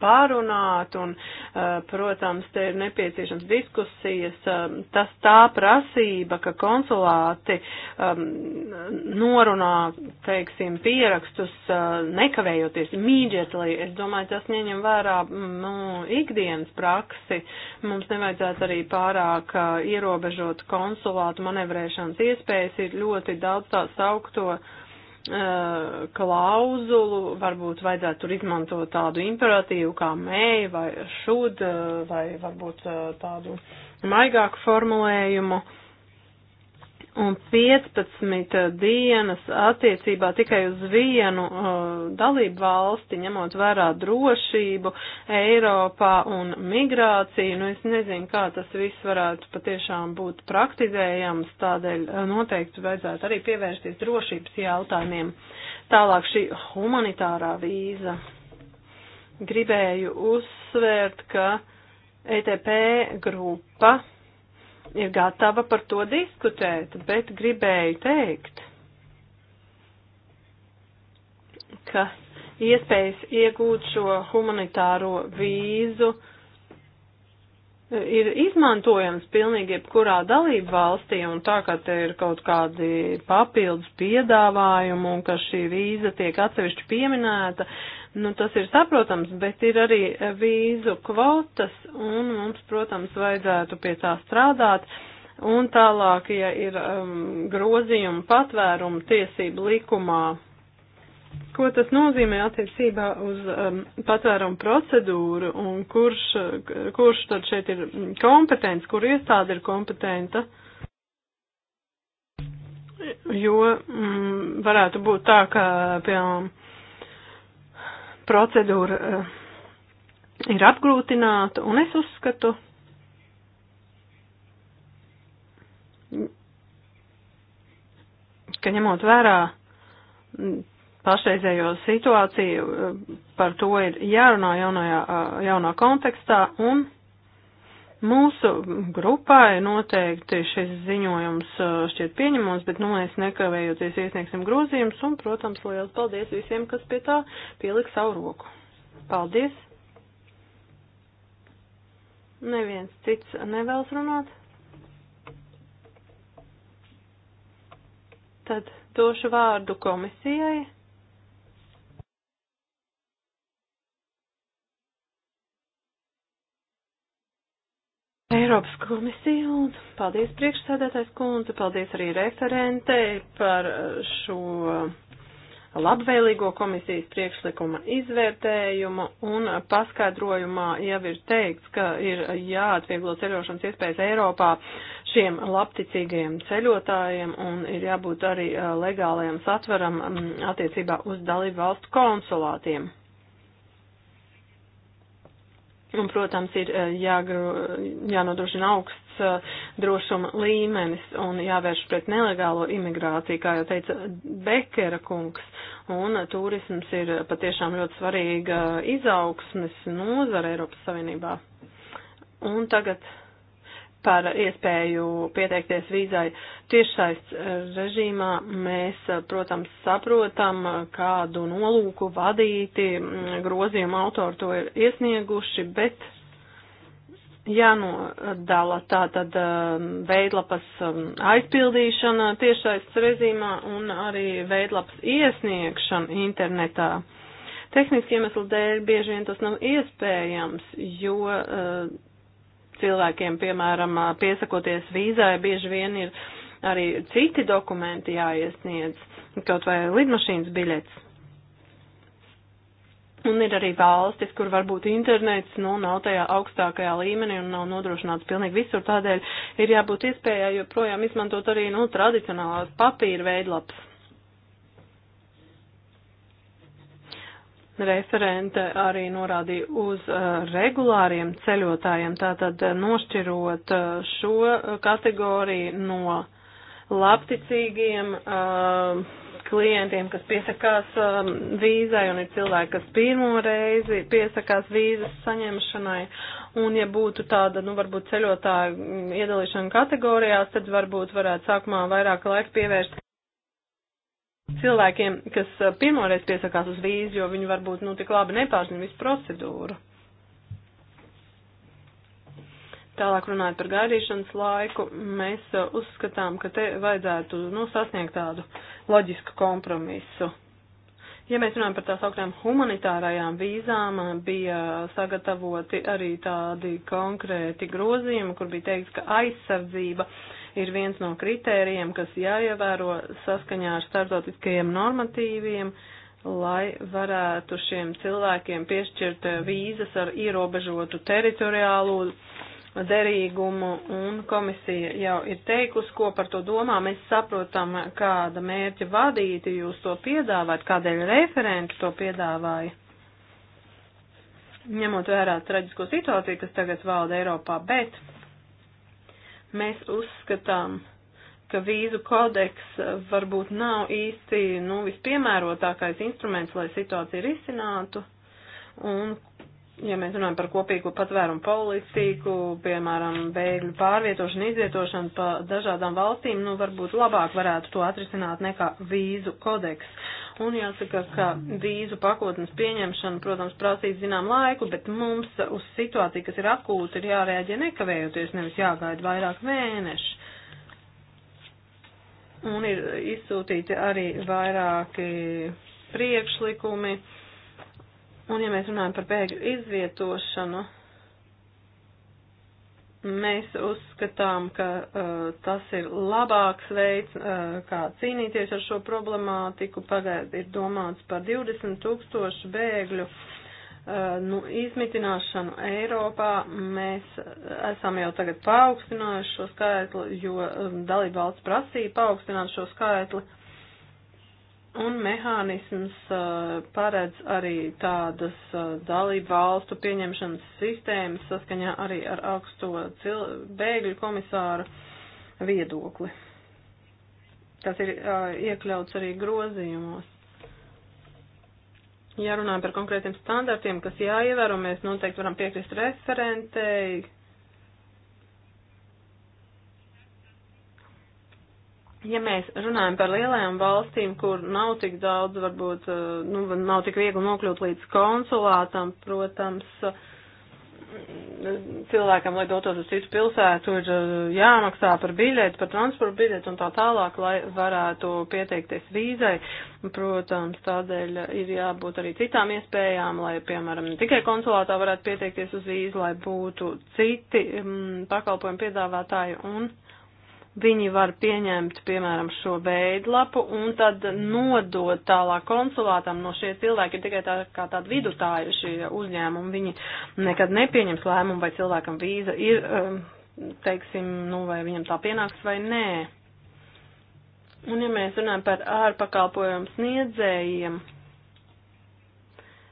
pārunāt un, eh, protams, te ir nepieciešams diskusijas. Eh, tas tā prasība, ka konsulāti ehm, norunā, teiksim, pierakstus eh, nekavējoties immediately, es domāju, tas ņem vērā nu, ikdienas praksi. Mums nevajadzētu arī pārāk ierobežot konsulātu manevrēšanas iespējas. Ir ļoti daudz tā saukto Eh, klauzulu, varbūt vajadzētu tur izmantot tādu imperatīvu kā mēj vai šud, eh, vai varbūt eh, tādu maigāku formulējumu. Uh, un 15 eh, dienas attiecībā tikai uz vienu uh, dalību valsti, ņemot vērā drošību Eiropā un migrāciju. Nu, es nezinu, kā tas viss varētu patiešām būt praktizējams, tādēļ eh, noteikti vajadzētu arī pievērsties drošības jautājumiem. Tālāk šī humanitārā vīza. Gribēju uzsvērt, ka ETP grupa ir gatava par to diskutēt, bet gribēju teikt, ka iespējas iegūt šo humanitāro vīzu e, ir izmantojams pilnīgi jebkurā dalību valstī, un tā kā te ir kaut kādi papildus piedāvājumi un ka šī vīza tiek atsevišķi pieminēta, uh, Nu, tas ir saprotams, bet ir arī vīzu kvotas, un mums, protams, vajadzētu pie tā strādāt. Un tālāk, ja ir um, grozījumi patvērumu tiesību likumā, ko tas nozīmē attiecībā uz um, patvērumu procedūru un kurš, kurš tad šeit ir kompetents, kur iestāde ir kompetenta. Jo mm, varētu būt tā, ka, piemēram, procedūra eh, ir apgrūtināta, un es uzskatu, ka ņemot vērā mm, pašreizējo situāciju, eh, par to ir jārunā jaunajā, eh, jaunā kontekstā, un Mūsu grupai noteikti šis ziņojums uh, šķiet pieņemams, bet nu mēs nekavējoties iesniegsim grozījumus un, protams, liels paldies visiem, kas pie tā pielika savu roku. Paldies! Neviens cits nevēlas runāt. Tad došu vārdu komisijai. Eiropas komisija, un paldies priekšsēdētājs kundze, paldies arī referentei par eh, šo labvēlīgo komisijas priekšlikuma izvērtējumu un paskaidrojumā jau ir teikts, ka ir jāatvieglo ceļošanas iespējas Eiropā šiem labticīgajiem ceļotājiem un ir jābūt arī eh, legālajam satveram mm, attiecībā uz dalību valstu konsulātiem. Un, protams, ir eh, jāgro, jānodrošina augsts eh, drošuma līmenis un jāvērš pret nelegālo imigrāciju, kā jau teica Bekera kungs. Un turisms ir eh, patiešām ļoti svarīga izaugsmes nozara Eiropas Savienībā. Un tagad par iespēju pieteikties vīzai tiešais eh, režīmā, mēs, eh, protams, saprotam, eh, kādu nolūku vadīti mm, grozījumu autori to ir iesnieguši, bet jānodala tātad veidlapas mm, aizpildīšana tiešais režīmā un arī veidlapas iesniegšana internetā. Tehniski iemeslu dēļ bieži vien tas nav iespējams, jo uh, cilvēkiem, piemēram, piesakoties vīzai, bieži vien ir arī citi dokumenti jāiesniedz, kaut vai lidmašīnas biļets. Un ir arī valstis, kur varbūt internets nu, nav tajā augstākajā līmenī un nav nodrošināts pilnīgi visur. Tādēļ ir jābūt iespējai joprojām izmantot arī nu, tradicionālās papīra veidlapas. Referente arī norādīja uz uh, regulāriem ceļotājiem, tātad uh, nošķirot uh, šo kategoriju no labticīgiem uh, klientiem, kas piesakās um, vīzai, un ir cilvēki, kas pirmo reizi piesakās vīzas saņemšanai. Un, ja būtu tāda, nu, varbūt ceļotāju mm, iedalīšana kategorijās, tad varbūt varētu sākumā vairāk laika pievērst cilvēkiem, kas pirmoreiz piesakās uz vīzu, jo viņi varbūt nu, tik labi nepārzina visu procedūru. Tālāk runājot par gaidīšanas laiku, mēs uzskatām, ka te vajadzētu nu, sasniegt tādu loģisku kompromisu. Ja mēs runājam par tās augstām humanitārajām vīzām, bija sagatavoti arī tādi konkrēti grozījumi, kur bija teikts, ka aizsardzība uh, ir viens no kritērijiem, kas jāievēro saskaņā ar starptautiskajiem normatīviem, lai varētu šiem cilvēkiem piešķirt eh, vīzas ar ierobežotu teritoriālo derīgumu, un komisija jau ir teikusi, ko par to domā. Mēs saprotam, kāda mērķa vadīti jūs to piedāvājat, kādēļ referenti to piedāvāja. Ņemot vērā traģisko situāciju, kas tagad valda Eiropā, bet Mēs uzskatām, ka vīzu kodeks eh, varbūt nav īsti nu, vispiemērotākais instruments, lai situāciju risinātu. Un, ja mēs runājam par kopīgu patvērumu politiku, piemēram, bēgļu pārvietošanu, izvietošanu pa dažādām valstīm, nu, varbūt labāk varētu to atrisināt nekā vīzu kodeks. Un jāsaka, ka vīzu pakotnes pieņemšana, protams, prasīs zinām laiku, bet mums uz situāciju, kas ir akūta, ir jārēģē nekavējoties, nevis jāgaida vairāk mēneši. Un ir izsūtīti arī vairāki priekšlikumi. Un ja mēs runājam par bēgļu izvietošanu, Mēs uzskatām, ka uh, tas ir labāks veids, uh, kā cīnīties ar šo problemātiku. Pagaid ir domāts par 20 tūkstošu bēgļu uh, nu, izmitināšanu Eiropā. Mēs esam jau tagad paaugstinājuši šo skaitli, jo um, dalība valsts prasīja paaugstināt šo skaitli. Un mehānisms eh, paredz arī tādas eh, dalību valstu pieņemšanas sistēmas saskaņā arī ar augsto cil... bēgļu komisāru viedokli. Tas ir eh, iekļauts arī grozījumos. Ja runājam par konkrētiem standartiem, kas jāievēro, mēs noteikti varam piekrist referentei, ja mēs runājam par lielajām valstīm, kur nav tik daudz, varbūt, eh, nu, nav tik viegli nokļūt līdz konsulātam, protams, eh, cilvēkam, lai dotos uz citu pilsētu, ir eh, jāmaksā par biļeti, par transportu biļeti un tā tālāk, lai varētu pieteikties vīzai. Protams, tādēļ ir jābūt arī citām iespējām, lai, piemēram, ne tikai konsulātā varētu pieteikties uz vīzu, lai būtu citi mm, pakalpojumu piedāvātāji un. Uh, Viņi var pieņemt, piemēram, šo veidlapu un tad nodot tālāk konsulātam no šie cilvēki ir tikai tā, kā tādi vidutāji šie uzņēmumi. Viņi nekad nepieņems lēmumu, vai cilvēkam vīza ir, um, teiksim, nu, vai viņam tā pienāks vai nē. Un ja mēs runājam par ārpakalpojumu sniedzējiem,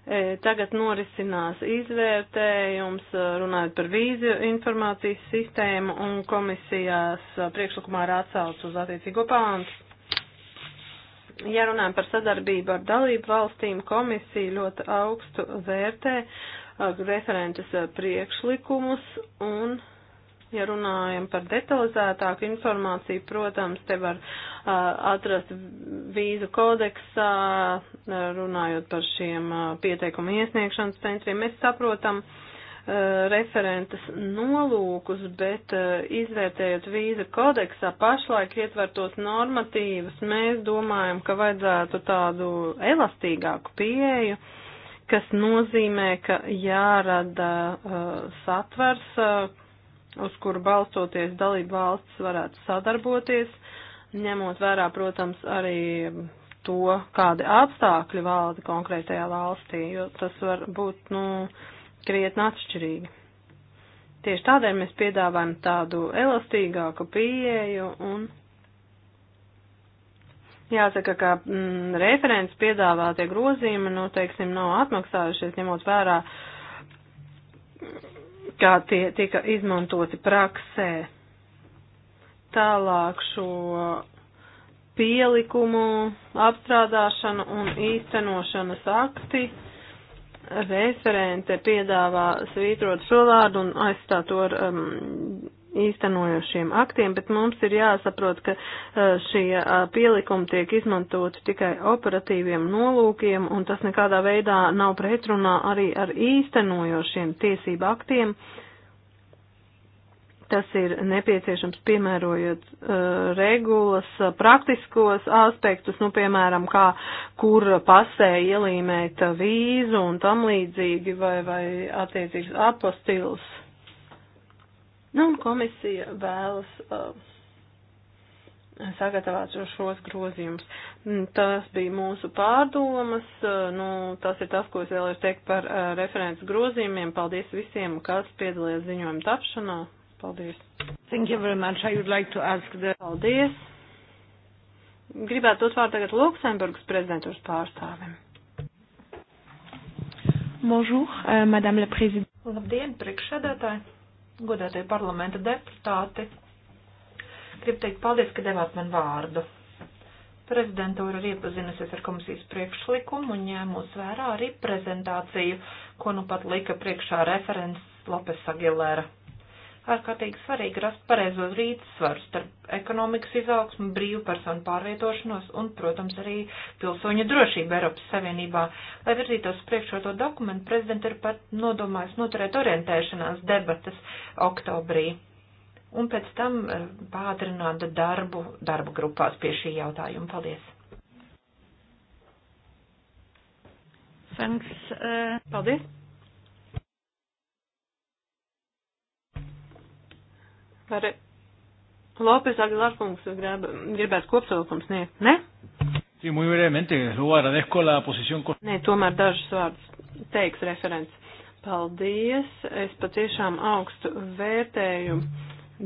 E, tagad norisinās izvērtējums, e, runājot par vīziju informācijas sistēmu, un komisijās e, priekšlikumā ir atsauc uz attiecīgo pāntu. Ja runājam par sadarbību ar dalību valstīm, komisija ļoti augstu vērtē referentes priekšlikumus un Ja runājam par detalizētāku informāciju, protams, te var uh, atrast vīzu kodeksā, uh, runājot par šiem uh, pieteikumu iesniegšanas centriem. Mēs saprotam uh, referentes nolūkus, bet uh, izvērtējot vīza kodeksā pašlaik ietvertos normatīvas, mēs domājam, ka vajadzētu tādu elastīgāku pieeju kas nozīmē, ka jārada uh, satvers, uh, uz kuru balstoties dalību valsts varētu sadarboties, ņemot vērā, protams, arī to, kādi apstākļi valda konkrētajā valstī, jo tas var būt, nu, krietni atšķirīgi. Tieši tādēļ mēs piedāvājam tādu elastīgāku pieeju un jāsaka, ka mm, referents piedāvātie grozījumi, nu, teiksim, nav atmaksājušies, ņemot vērā kā tie tika izmantoti praksē. Tālāk šo pielikumu apstrādāšanu un īstenošanas akti referente piedāvā svītrot šo vārdu un aizstāt to ar um, īstenojošiem aktiem, bet mums ir jāsaprot, ka uh, šie uh, pielikumi tiek izmantoti tikai operatīviem nolūkiem, un tas nekādā veidā nav pretrunā arī ar īstenojošiem tiesību aktiem, Tas ir nepieciešams piemērojot uh, regulas uh, praktiskos aspektus, nu, piemēram, kā kur pasē ielīmēt vīzu un tam līdzīgi vai, vai attiecīgs apostils. Nu, un komisija vēlas uh, sagatavāt šos grozījumus. Mm, tas bija mūsu pārdomas, uh, nu, tas ir tas, ko es vēlēju teikt par uh, referents grozījumiem. Paldies visiem, kas piedalījās ziņojuma tapšanā. Paldies. Thank you very much. I would like to ask the... Paldies. Gribētu dot vārdu tagad Luksemburgas prezidentūras pārstāvim. Bonjour, uh, Madame la Présidente. Labdien, priekšsēdētāji, godātie parlamenta deputāti. Gribu teikt paldies, ka devāt man vārdu. Prezidentūra ir iepazinusies ar komisijas priekšlikumu un ņēmus vērā arī prezentāciju, ko nu pat lika priekšā referents Lopes Agilēra ārkārtīgi svarīgi rast pareizos rīdsvaru starp ekonomikas izaugsmu, brīvu personu pārvietošanos un, protams, arī pilsoņu drošību Eiropas Savienībā. Lai virzītos priekšā to dokumentu, prezidents ir pat nodomājis noturēt orientēšanās debatas oktobrī un pēc tam eh, pātrināt darbu darba grupās pie šī jautājuma. Paldies! Thanks, uh, paldies! Par Lopes Aguilarkungs grib, gribētu kopsavilkums sniegt, ne? Sí, muy brevemente, luego agradezco la posición. Nē, tomēr dažus vārdus teiks referents. Paldies, es patiešām augstu vērtēju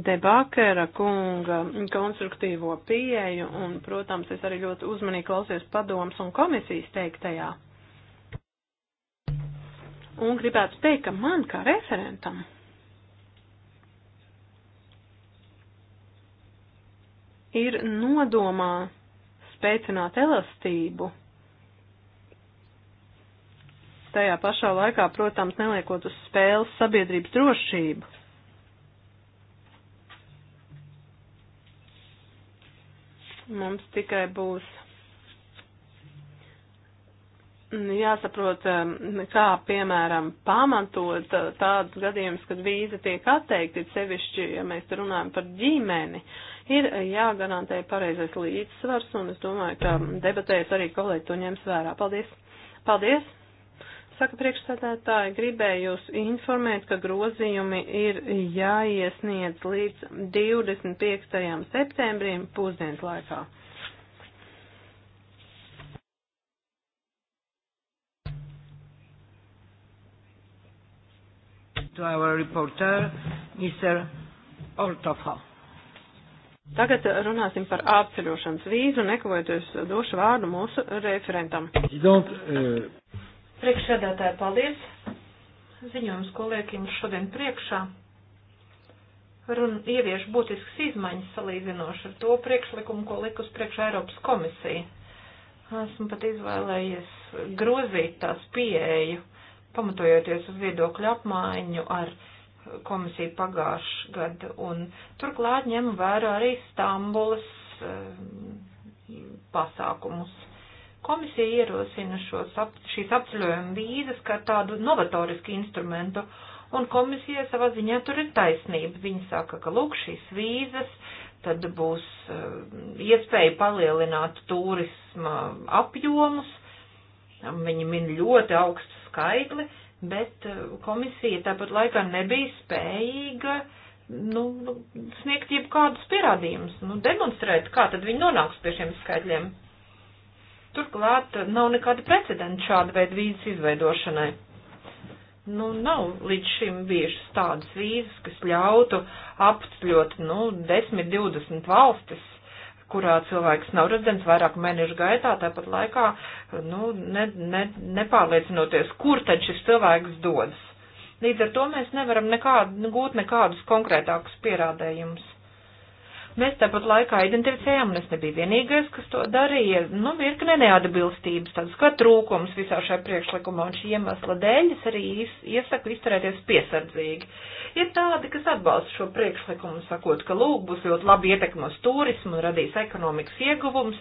debakera kunga konstruktīvo pieeju un, protams, es arī ļoti uzmanīgi klausies padoms un komisijas teiktajā. Un gribētu teikt, ka man kā referentam ir nodomā spēcināt elastību. Tajā pašā laikā, protams, neliekot uz spēles sabiedrības drošību. Mums tikai būs jāsaprot, kā piemēram pamatot tādus gadījumus, kad vīza tiek atteikti, sevišķi, ja mēs runājam par ģimeni, Ir jāgarantē pareizais līdzsvars, un es domāju, ka debatēs arī kolēģi to ņems vērā. Paldies! Paldies! Saka priekšsēdētāji, gribēju jūs informēt, ka grozījumi ir jāiesniedz līdz 25. septembrim pusdienas laikā. to our reporter, Mr. Ortofov. Tagad runāsim par apceļošanas vīzu, nekavējoties došu vārdu mūsu referentam. Eh, Priekšsēdētāji, paldies! Ziņojums, ko liek jums šodien priekšā, runa ievieš būtisks izmaiņas salīdzinoši ar to priekšlikumu, ko likus priekšā Eiropas komisija. Esmu pat izvēlējies grozīt tās pieeju, pamatojoties uz viedokļu apmaiņu ar komisija pagājuši gadu, un turklāt ņem vērā arī Stambulas eh, pasākumus. Komisija ierosina šos, ap, šīs apceļojuma vīzas kā tādu novatorisku instrumentu, un komisija savā ziņā tur ir taisnība. Viņa saka, ka lūk, šīs vīzas, tad būs eh, iespēja palielināt turisma apjomus, viņi min ļoti augstu skaitli, bet eh, komisija tāpat laikā nebija spējīga nu, sniegt jebkādus pierādījumus, nu, demonstrēt, kā tad viņi nonāks pie šiem skaitļiem. Turklāt eh, nav nekāda precedenta šāda veida vīzes izveidošanai. Nu, nav līdz šim bijušas tādas vīzes, kas ļautu apceļot, nu, 10, 20 valstis kurā cilvēks nav rezidents vairāku mēnešu gaitā, tāpat laikā, nu, ne, ne, nepārliecinoties, kur tad šis cilvēks dodas. Līdz ar to mēs nevaram nekādu, nu, gūt nekādus konkrētākus pierādējumus. Mēs tāpat laikā identificējām, un es nebiju vienīgais, kas to darīja, nu, virkne neatbilstības, tāds kā trūkums visā šajā priekšlikumā, un šī iemesla dēļ es arī iesaku izturēties piesardzīgi. Uh, ir tādi, kas atbalsta šo priekšlikumu, sakot, ka lūk, būs ļoti labi ietekmi uz turismu un radīs ekonomikas ieguvums.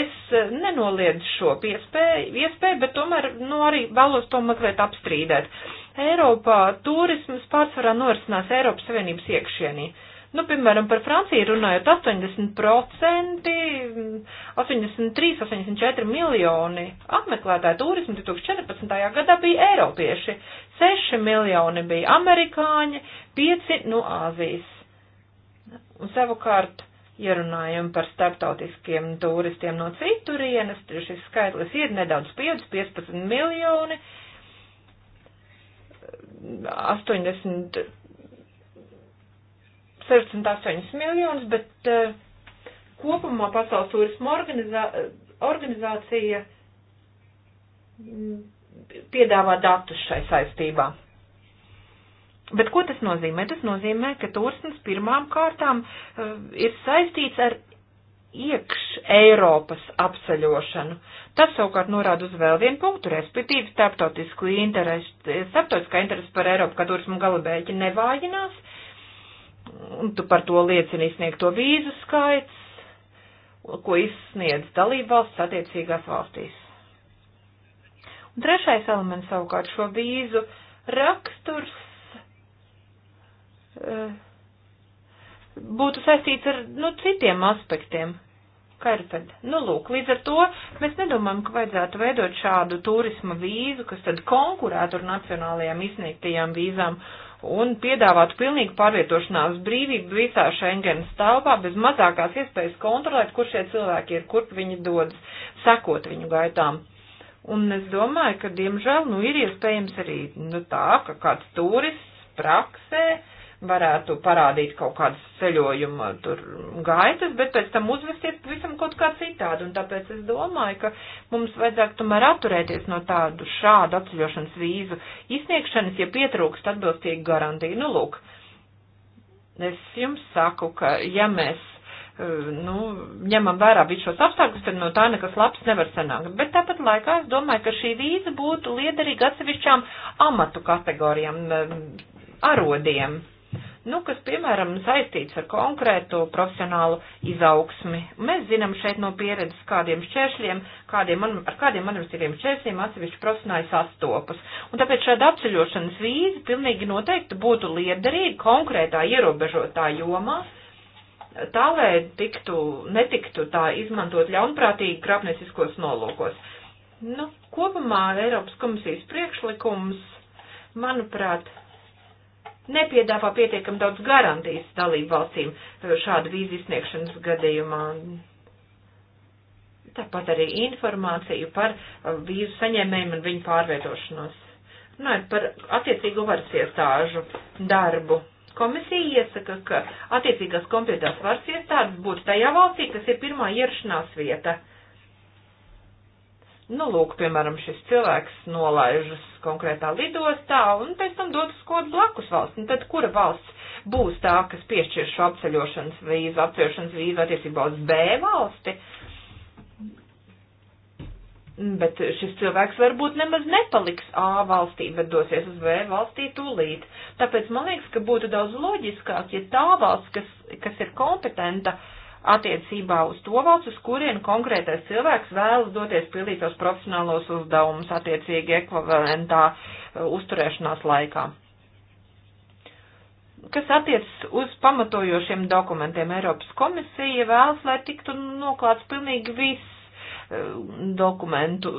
Es eh, nenoliedzu šo iespēju, iespēju, bet tomēr, nu, arī vēlos to mazliet apstrīdēt. Eiropā turismas pārsvarā norisinās Eiropas Savienības iekšienī. Nu, piemēram, par Franciju runājot, 80%, 83, 84 miljoni apmeklētāju turismu 2014. gadā bija eiropieši, 6 miljoni bija amerikāņi, 5 no Āzijas. Un savukārt, ja runājam par starptautiskiem turistiem no citurienes, šis skaitlis ir nedaudz 5, 15 miljoni, 80 68 miljonus, bet uh, kopumā Pasaules turisma organizā, eh, organizācija mm, piedāvā datus šai saistībā. Bet ko tas nozīmē? Tas nozīmē, ka turisms pirmām kārtām uh, ir saistīts ar iekš Eiropas apceļošanu. Tas savukārt norāda uz vēl vienu punktu, respektīvi starptautisku interesu, starptautiskā interesi par Eiropu, kad turismu galabēķi nevājinās, uh, un tu par to liecini izsniegto vīzu skaits, ko izsniedz dalībvalsts attiecīgās valstīs. Un trešais elements savukārt šo vīzu raksturs eh, būtu saistīts ar, nu, citiem aspektiem. Kā ir tad? Nu, lūk, līdz ar to mēs nedomājam, ka vajadzētu veidot šādu turisma vīzu, kas tad konkurētu ar nacionālajām izsniegtajām vīzām. Uh, un piedāvātu pilnīgu pārvietošanās brīvību visā Schengenas telpā, bez mazākās iespējas kontrolēt, kur šie cilvēki ir, kur viņi dodas, sekot viņu gaitām. Un es domāju, ka, diemžēl, nu, ir iespējams arī nu, tā, ka kāds turists praksē, uh, varētu parādīt kaut kādas ceļojuma tur gaitas, bet pēc tam uzvesties pavisam kaut kā citādi. Un tāpēc es domāju, ka mums vajadzētu tomēr atturēties no tādu šādu atceļošanas vīzu izsniegšanas, ja pietrūkst atbilstīgi garantija. Nu, lūk, es jums saku, ka ja mēs eh, nu, ņemam vērā visus šos apstākļus, tad no tā nekas labs nevar sanākt. Bet tāpat laikā es domāju, ka šī vīza būtu liederīga atsevišķām amatu kategorijām, eh, arodiem nu, kas, piemēram, saistīts ar konkrēto profesionālu izaugsmi. Mēs zinām šeit no pieredzes, kādiem šķēršļiem, kādiem man, ar kādiem administratīviem šķēršļiem atsevišķi profesionāļi sastopas. Un tāpēc šāda apceļošanas vīza pilnīgi noteikti būtu liederīga konkrētā ierobežotā jomā, tā lai tiktu, netiktu tā izmantot ļaunprātīgi krāpnieciskos nolūkos. Nu, kopumā Eiropas komisijas priekšlikums, manuprāt, nepiedāvā pietiekam daudz garantijas dalību valstīm e, šādu vīzu izsniegšanas gadījumā. Tāpat arī informāciju par e, vīzu saņēmējiem un viņu pārvietošanos. Nu, par attiecīgo varas iestāžu darbu. Komisija iesaka, ka attiecīgās kompetentās varas iestādes būtu tajā valstī, kas ir pirmā ierašanās vieta. Uh, Nu, lūk, piemēram, šis cilvēks nolaižas konkrētā lidostā un pēc tam dodas kaut blakus valsts. Un tad kura valsts būs tā, kas piešķir šo apceļošanas vīzu, apceļošanas vīzu attiecībā uz B valsti? Bet šis cilvēks varbūt nemaz nepaliks A valstī, bet dosies uz B valstī tūlīt. Tāpēc man liekas, ka būtu daudz loģiskāk, ja tā valsts, kas, kas ir kompetenta, uh, attiecībā uz to valsts, uz kurien konkrētais cilvēks vēlas doties pildīt tos profesionālos uzdevumus attiecīgi ekvivalentā e, uzturēšanās laikā. Kas attiecas uz pamatojošiem dokumentiem, Eiropas komisija vēlas, lai tiktu noklāts pilnīgi viss e, dokumentu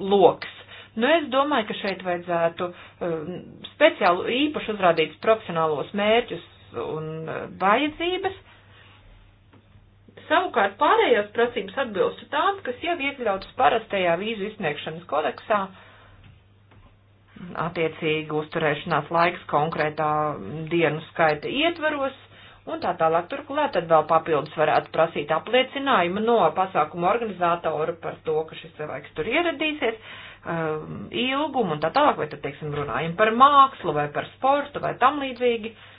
loks. Nu, es domāju, ka šeit vajadzētu e, speciāli īpaši uzrādīt profesionālos mērķus un vajadzības, Savukārt pārējās prasības atbilstu tām, kas jau iekļautas parastajā vīzu izsniegšanas kodeksā, attiecīgi uzturēšanās laiks konkrētā dienu skaita ietvaros un tā tālāk. Turklāt tad vēl papildus varētu prasīt apliecinājumu no pasākuma organizātora par to, ka šis cilvēks tur ieradīsies, um, ilgumu un tā tālāk, vai tad, teiksim, runājam par mākslu vai par sportu vai tam līdzīgi. Uh,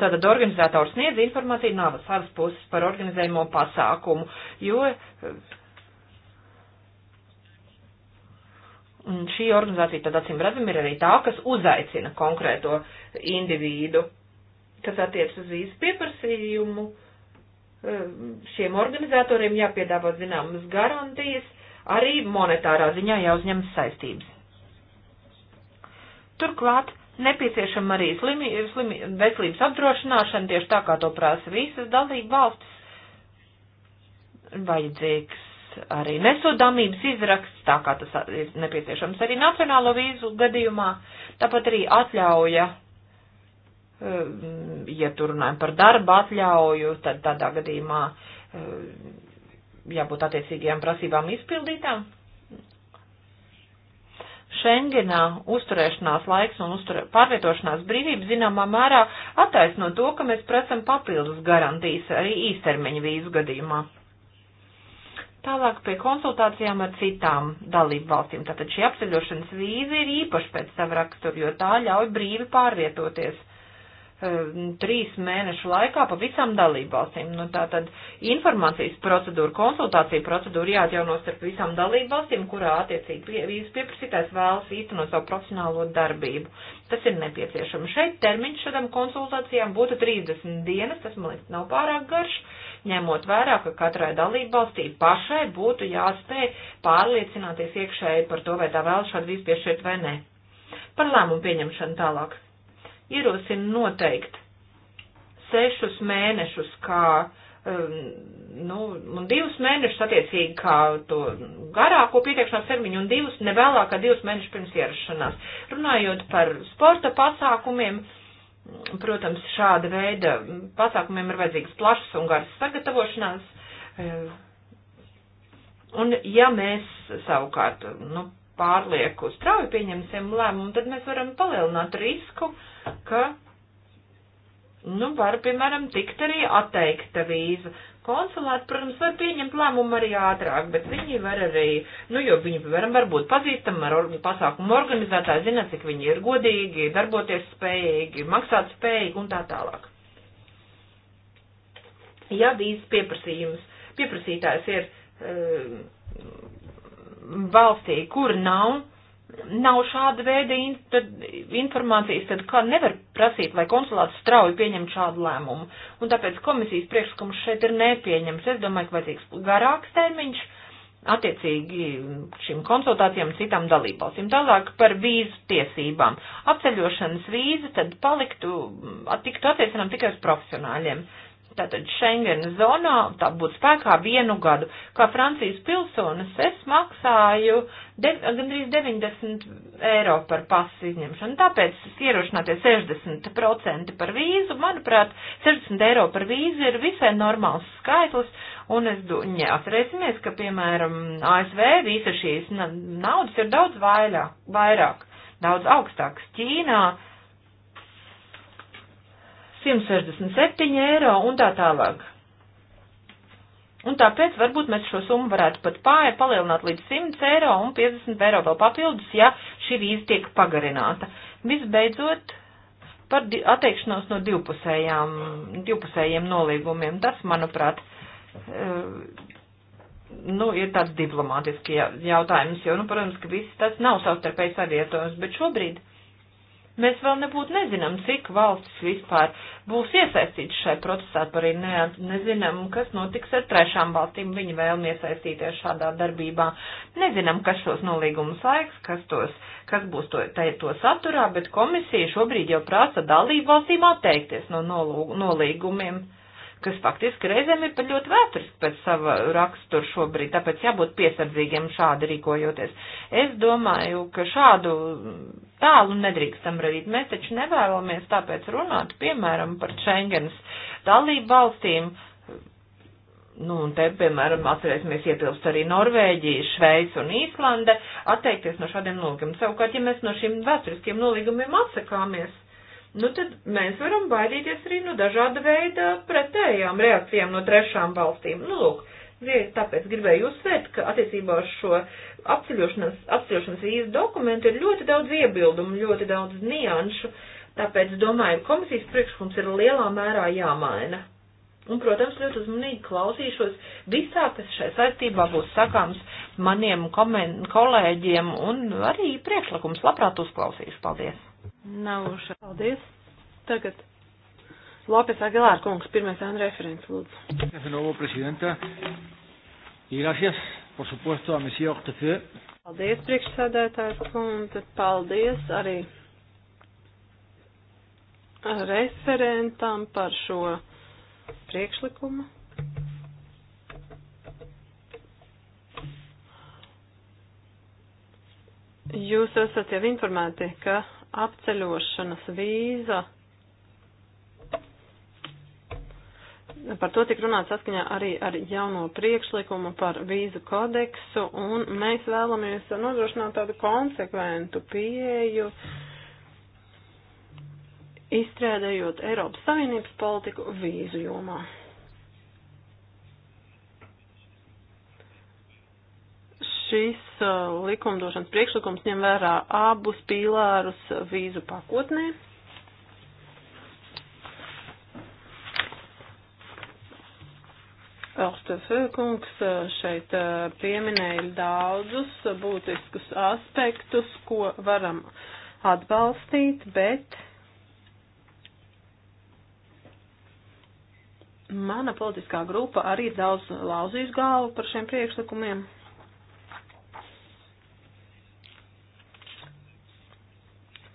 Tātad organizators sniedz informāciju no savas puses par organizējumu pasākumu, jo eh, šī organizācija, tad acīm redzam, ir arī tā, kas uzaicina konkrēto individu, kas attiecas uz vīzu pieprasījumu. Eh, šiem organizatoriem jāpiedāvā zināmas garantijas, arī monetārā ziņā jāuzņemas saistības. Turklāt Nepieciešama arī slimi, slimi, veselības apdrošināšana, tieši tā kā to prasa visas dalība valstis. Vajadzīgs arī nesodāmības izraksts, tā kā tas ir nepieciešams arī nacionālo vīzu gadījumā, tāpat arī atļauja, um, ja tur runājam par darba atļauju, tad tādā gadījumā um, jābūt attiecīgajām prasībām izpildītām. Schengenā uzturēšanās laiks un uzturē, pārvietošanās brīvība zināmā mērā attaisno to, ka mēs prasam papildus garantijas arī īstermiņa vīzu gadījumā. Tālāk pie konsultācijām ar citām dalību valstīm. Tātad šī apceļošanas vīza ir īpaši pēc sava rakstura, jo tā ļauj brīvi pārvietoties Um, trīs mēnešu laikā pa visām dalībvalstīm. Nu, tātad informācijas procedūra, konsultācija procedūra jāatjauno starp visām dalībvalstīm, kurā attiecīgi pie, pieprasītājs vēlas īstenot savu profesionālo darbību. Tas ir nepieciešams. Šeit termiņš šādām konsultācijām būtu 30 dienas, tas man liekas nav pārāk garš, ņemot vērā, ka katrai dalībvalstī pašai būtu jāspēj pārliecināties iekšēji par to, vai tā vēl šādu vispiešiet vai nē. Par lēmumu pieņemšanu tālāk ierosina noteikt sešus mēnešus kā, um, nu, un divus mēnešus attiecīgi kā to garāko pieteikšanās termiņu un divus, ne vēlāk kā divus mēnešus pirms ierašanās. Runājot par sporta pasākumiem, protams, šāda veida pasākumiem ir vajadzīgs plašs un garas sagatavošanās. Um, un ja mēs savukārt, nu, pārlieku strauji pieņemsim lēmumu, tad mēs varam palielināt risku, ka, nu, var, piemēram, tikt arī atteikta vīza. Konsulāti, protams, var pieņemt lēmumu arī ātrāk, bet viņi var arī, nu, jo viņi, piemēram, varbūt pazīstami ar or pasākumu organizētāju, zina, cik viņi ir godīgi, darboties spējīgi, maksāt spējīgi un tā tālāk. Ja vīzas pieprasījums, pieprasītājs ir. Uh, valstī, kur nav, nav šāda veida in, tad, informācijas, tad kā nevar prasīt, lai konsulāts strauji pieņem šādu lēmumu. Un tāpēc komisijas priekšlikums šeit ir nepieņems. Es domāju, ka vajadzīgs garāks termiņš attiecīgi šīm konsultācijām citām dalībvalstīm. Tālāk par vīzu tiesībām. Apceļošanas vīza tad paliktu, tiktu attiecinām tikai uz profesionāļiem. Uh, tātad Schengen zonā, tā būtu spēkā vienu gadu. Kā Francijas pilsonis es maksāju de, gandrīz 90 eiro par pasu izņemšanu, tāpēc ierošinātie 60% par vīzu, manuprāt, 60 eiro par vīzu ir visai normāls skaitlis, un es neatcerēsimies, ka, piemēram, ASV visa šīs naudas ir daudz vairāk, vairāk daudz augstāks Ķīnā 167 eiro un tā tālāk. Un tāpēc varbūt mēs šo summu varētu pat pāri palielināt līdz 100 eiro un 50 eiro vēl papildus, ja šī vīza tiek pagarināta. Visbeidzot, par atteikšanos no divpusējām, divpusējiem nolīgumiem, tas, manuprāt, eh, nu, ir tāds diplomātiski jautājums, jo, nu, protams, ka viss tas nav savstarpēji savietojums, bet šobrīd Mēs vēl nebūtu nezinām, cik valstis vispār būs iesaistīts šai procesā, arī ne, nezinām, kas notiks ar trešām valstīm, viņa vēlmi iesaistīties šādā darbībā. Nezinām, kas tos nolīgumus laiks, kas, tos, kas būs to, tā, to saturā, bet komisija šobrīd jau prasa dalību valstīm atteikties no nolū, nolīgumiem kas faktiski reizēm ir pat ļoti vēsturiski pēc sava rakstura šobrīd, tāpēc jābūt piesardzīgiem šādi rīkojoties. Es domāju, ka šādu tālu nedrīkstam radīt. Mēs taču nevēlamies tāpēc runāt, piemēram, par Schengens dalību valstīm. Nu, un te, piemēram, atcerēsimies ietilpst arī Norvēģija, Šveica un Īslande, atteikties no šādiem nolīgumiem. Savukārt, ja mēs no šiem vēsturiskiem nolīgumiem atsakāmies, nu tad mēs varam baidīties arī no dažāda veida pretējām reakcijām no trešām valstīm. Nu, lūk, tāpēc gribēju uzsvērt, ka attiecībā uz šo apceļošanas, apceļošanas vīzu dokumentu ir ļoti daudz iebildumu, ļoti daudz nianšu, tāpēc domāju, komisijas priekšlikums ir lielā mērā jāmaina. Un, protams, ļoti uzmanīgi klausīšos visā, kas šai saistībā būs sakāms maniem kolēģiem un arī priekšlikums labprāt uzklausīšu. Paldies! Nav šā. Paldies. Tagad Lopes Agilār kungs, pirmais un referents, lūdzu. De nuevo, presidenta. Y gracias, por supuesto, a Mesija Oktefē. Paldies, priekšsēdētājs kundze. Paldies arī referentam par šo priekšlikumu. Jūs esat jau informēti, ka apceļošanas vīza. Par to tik runāts saskaņā arī ar jauno priekšlikumu par vīzu kodeksu, un mēs vēlamies nodrošināt tādu konsekventu pieeju, izstrādējot Eiropas Savienības politiku vīzu jomā. šis uh, likumdošanas priekšlikums ņem vērā abus pīlārus vīzu pakotnē. Elstefēkungs uh, šeit uh, pieminēja daudzus būtiskus aspektus, ko varam atbalstīt, bet mana politiskā grupa arī ir daudz lauzījis galvu par šiem priekšlikumiem.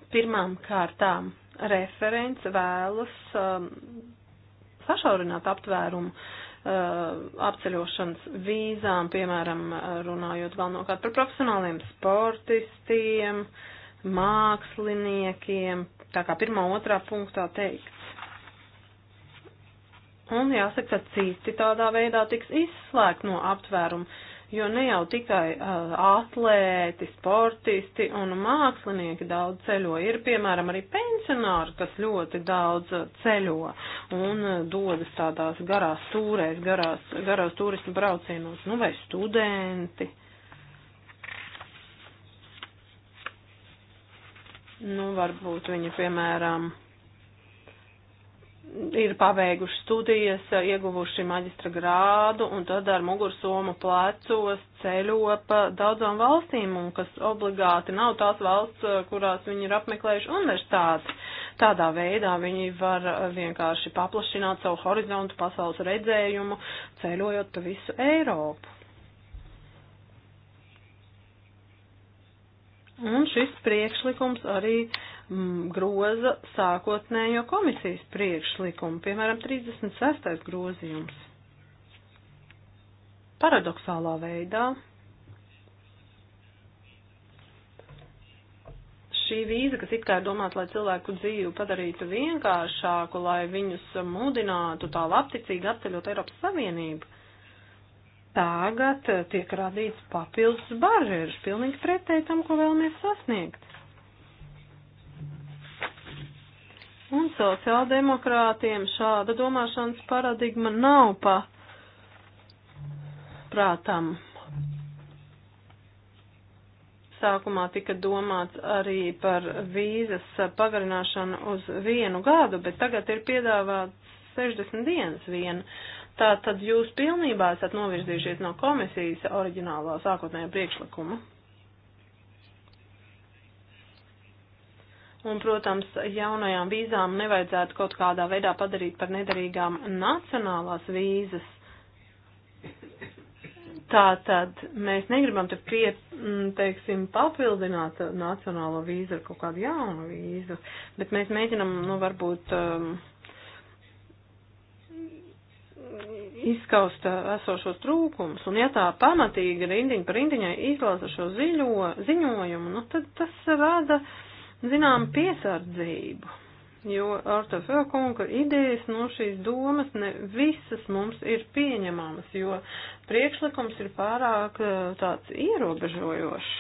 Pirmām kārtām referents vēlas um, sašaurināt aptvērumu uh, apceļošanas vīzām, piemēram, runājot galvenokārt par profesionāliem sportistiem, māksliniekiem, tā kā pirmā otrā punktā teikts. Un jāsaka, ka citi tādā veidā tiks izslēgt no aptvērumu. Uh, jo ne jau tikai uh, atlēti, sportisti un mākslinieki daudz ceļo, ir piemēram arī pensionāri, kas ļoti daudz uh, ceļo un uh, dodas tādās garās tūrēs, garās, garās turismu braucienos, nu vai studenti. Nu, varbūt viņi, piemēram, ir pabeiguši studijas, ieguvuši maģistra grādu un tad ar mugursomu plecos ceļo pa daudzām valstīm, un kas obligāti nav tās valsts, kurās viņi ir apmeklējuši universitāti. Tādā veidā viņi var vienkārši paplašināt savu horizontu pasaules redzējumu, ceļojot pa visu Eiropu. Un šis priekšlikums arī uh, Mm, groza sākotnējo komisijas priekšlikumu, piemēram, 36. grozījums. Paradoxālā veidā šī vīza, kas it kā ir domāta, lai cilvēku dzīvi padarītu vienkāršāku, lai viņus mudinātu tā labticīgi apceļot Eiropas Savienību, tagad tiek radīts papildus barjeras, pilnīgi pretēji tam, ko vēlamies sasniegt. Un sociāldemokrātiem šāda domāšanas paradigma nav pa prātam. Sākumā tika domāts arī par vīzas pagarināšanu uz vienu gadu, bet tagad ir piedāvāts 60 dienas viena. Tā tad jūs pilnībā esat novirzījušies no komisijas oriģinālā sākotnējā priekšlikuma. Un, protams, jaunajām vīzām nevajadzētu kaut kādā veidā padarīt par nederīgām nacionālās vīzas. Tātad mēs negribam te pie, teiksim, papildināt nacionālo vīzu ar kaut kādu jaunu vīzu, bet mēs mēģinam, nu, varbūt um, izskaust uh, esošos trūkumus. Un ja tā pamatīgi rindiņa par rindiņai izlasa šo ziļo, ziņojumu, nu, tad tas rada. Uh, zinām piesardzību, jo Artofeo kunga idejas, nu, šīs domas ne visas mums ir pieņemamas, jo priekšlikums ir pārāk eh, tāds ierobežojošs.